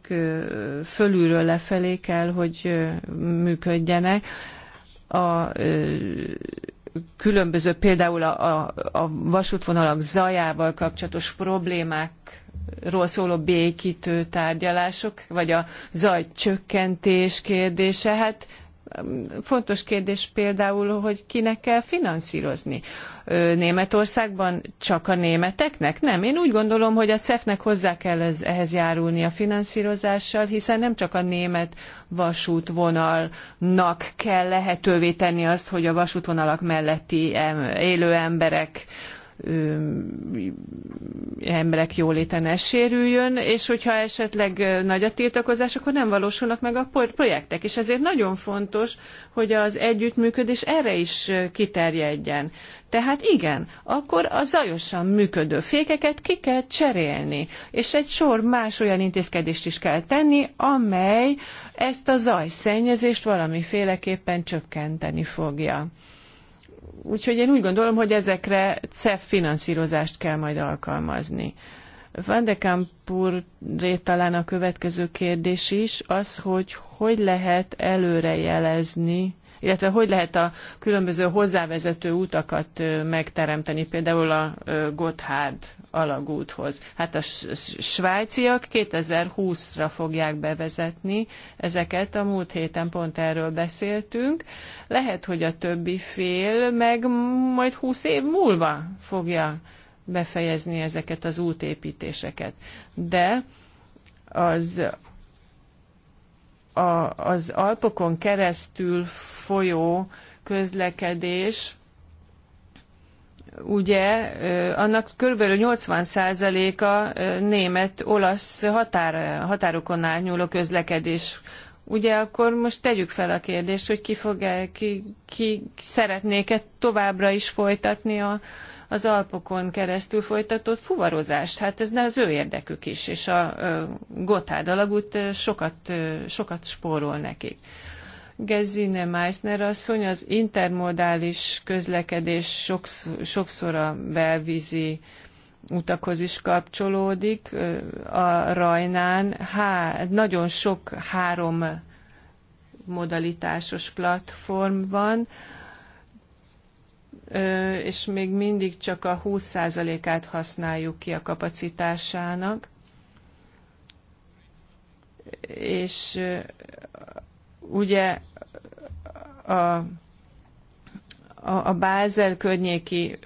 [SPEAKER 2] fölülről lefelé kell, hogy működjenek. A különböző például a, a, a vasútvonalak zajával kapcsolatos problémákról szóló békítő tárgyalások, vagy a zaj csökkentés kérdése, hát fontos kérdés például, hogy kinek kell finanszírozni. Németországban csak a németeknek? Nem. Én úgy gondolom, hogy a CEF-nek hozzá kell ez, ehhez járulni a finanszírozással, hiszen nem csak a német vasútvonalnak kell lehetővé tenni azt, hogy a vasútvonalak melletti élő emberek emberek jóléte ne sérüljön, és hogyha esetleg nagy a tiltakozás, akkor nem valósulnak meg a projektek. És ezért nagyon fontos, hogy az együttműködés erre is kiterjedjen. Tehát igen, akkor a zajosan működő fékeket ki kell cserélni, és egy sor más olyan intézkedést is kell tenni, amely ezt a zajszennyezést valamiféleképpen csökkenteni fogja. Úgyhogy én úgy gondolom, hogy ezekre CEF finanszírozást kell majd alkalmazni. Van de Kampurré talán a következő kérdés is, az, hogy hogy lehet előrejelezni illetve hogy lehet a különböző hozzávezető utakat megteremteni, például a Gotthard alagúthoz. Hát a svájciak 2020-ra fogják bevezetni ezeket, a múlt héten pont erről beszéltünk. Lehet, hogy a többi fél meg majd 20 év múlva fogja befejezni ezeket az útépítéseket. De az a, az Alpokon keresztül folyó közlekedés, ugye annak kb. 80%-a német-olasz határ, határokon átnyúló közlekedés. Ugye akkor most tegyük fel a kérdést, hogy ki, fog -e, ki, ki szeretnék -e továbbra is folytatni a, az Alpokon keresztül folytatott fuvarozást. Hát ez ne az ő érdekük is, és a Gotthard alagút sokat, sokat spórol nekik. Gezine Meissner asszony, az intermodális közlekedés sokszor, sokszor a belvízi utakhoz is kapcsolódik. A Rajnán há, nagyon sok három modalitásos platform van, és még mindig csak a 20%-át használjuk ki a kapacitásának. És ugye a, a, a Bázel környéki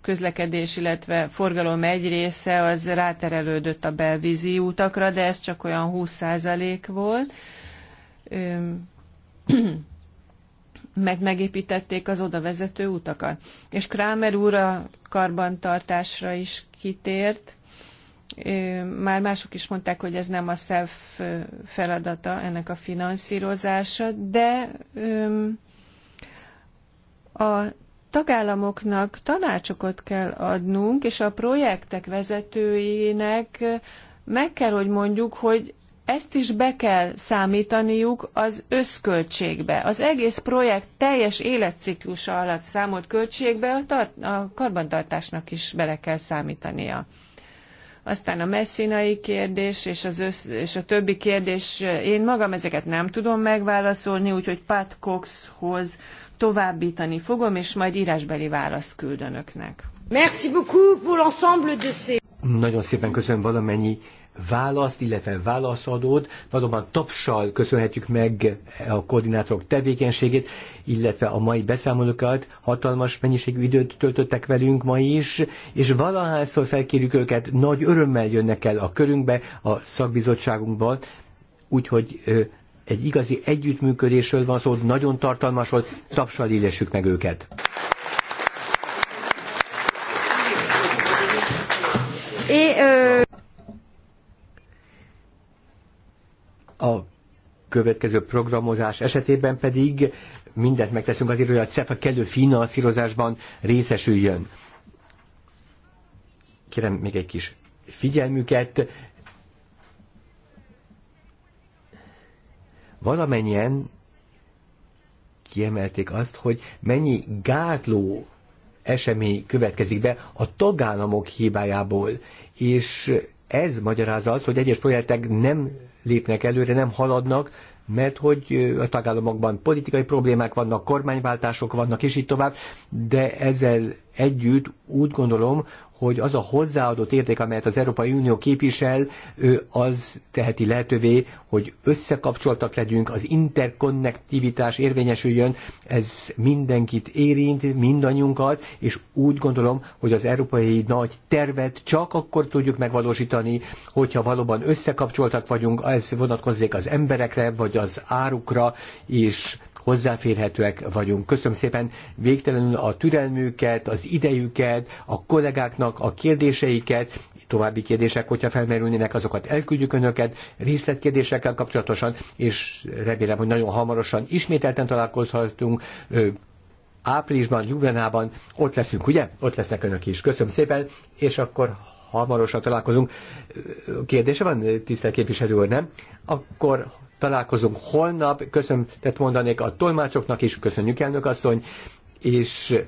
[SPEAKER 2] közlekedés, illetve forgalom egy része az ráterelődött a belvízi utakra, de ez csak olyan 20% volt meg megépítették az oda vezető utakat. És Kramer úr a karbantartásra is kitért. Már mások is mondták, hogy ez nem a szelf feladata, ennek a finanszírozása, de a tagállamoknak tanácsokat kell adnunk, és a projektek vezetőinek meg kell, hogy mondjuk, hogy ezt is be kell számítaniuk az összköltségbe. Az egész projekt teljes életciklusa alatt számolt költségbe a, a karbantartásnak is bele kell számítania. Aztán a messzinai kérdés és, az össz, és a többi kérdés, én magam ezeket nem tudom megválaszolni, úgyhogy Pat Coxhoz továbbítani fogom, és majd írásbeli választ küldönöknek. Merci beaucoup pour l'ensemble de ces...
[SPEAKER 3] Nagyon szépen köszönöm valamennyi választ, illetve válaszadót. Valóban tapsal köszönhetjük meg a koordinátorok tevékenységét, illetve a mai beszámolókat. Hatalmas mennyiségű időt töltöttek velünk ma is, és valahányszor felkérjük őket, nagy örömmel jönnek el a körünkbe, a szakbizottságunkban, úgyhogy egy igazi együttműködésről van szó, nagyon tartalmas volt, tapsal illessük meg őket.
[SPEAKER 2] É, euh...
[SPEAKER 3] A következő programozás esetében pedig mindent megteszünk azért, hogy a CEF a kellő finanszírozásban részesüljön. Kérem még egy kis figyelmüket. Valamennyien kiemelték azt, hogy mennyi gátló esemény következik be a tagállamok hibájából, és ez magyarázza azt, hogy egyes projektek nem lépnek előre, nem haladnak, mert hogy a tagállamokban politikai problémák vannak, kormányváltások vannak, és így tovább, de ezzel együtt úgy gondolom, hogy az a hozzáadott érték, amelyet az Európai Unió képvisel, az teheti lehetővé, hogy összekapcsoltak legyünk, az interkonnektivitás érvényesüljön, ez mindenkit érint, mindannyiunkat, és úgy gondolom, hogy az európai nagy tervet csak akkor tudjuk megvalósítani, hogyha valóban összekapcsoltak vagyunk, ez vonatkozzék az emberekre, vagy az árukra, és hozzáférhetőek vagyunk. Köszönöm szépen végtelenül a türelmüket, az idejüket, a kollégáknak a kérdéseiket, további kérdések, hogyha felmerülnének, azokat elküldjük önöket részletkérdésekkel kapcsolatosan, és remélem, hogy nagyon hamarosan ismételten találkozhatunk áprilisban, Ljubljanában, ott leszünk, ugye? Ott lesznek önök is. Köszönöm szépen, és akkor hamarosan találkozunk. Kérdése van, tisztelt képviselő úr, nem? Akkor találkozunk holnap. Köszönetet mondanék a tolmácsoknak is, köszönjük elnök asszony, és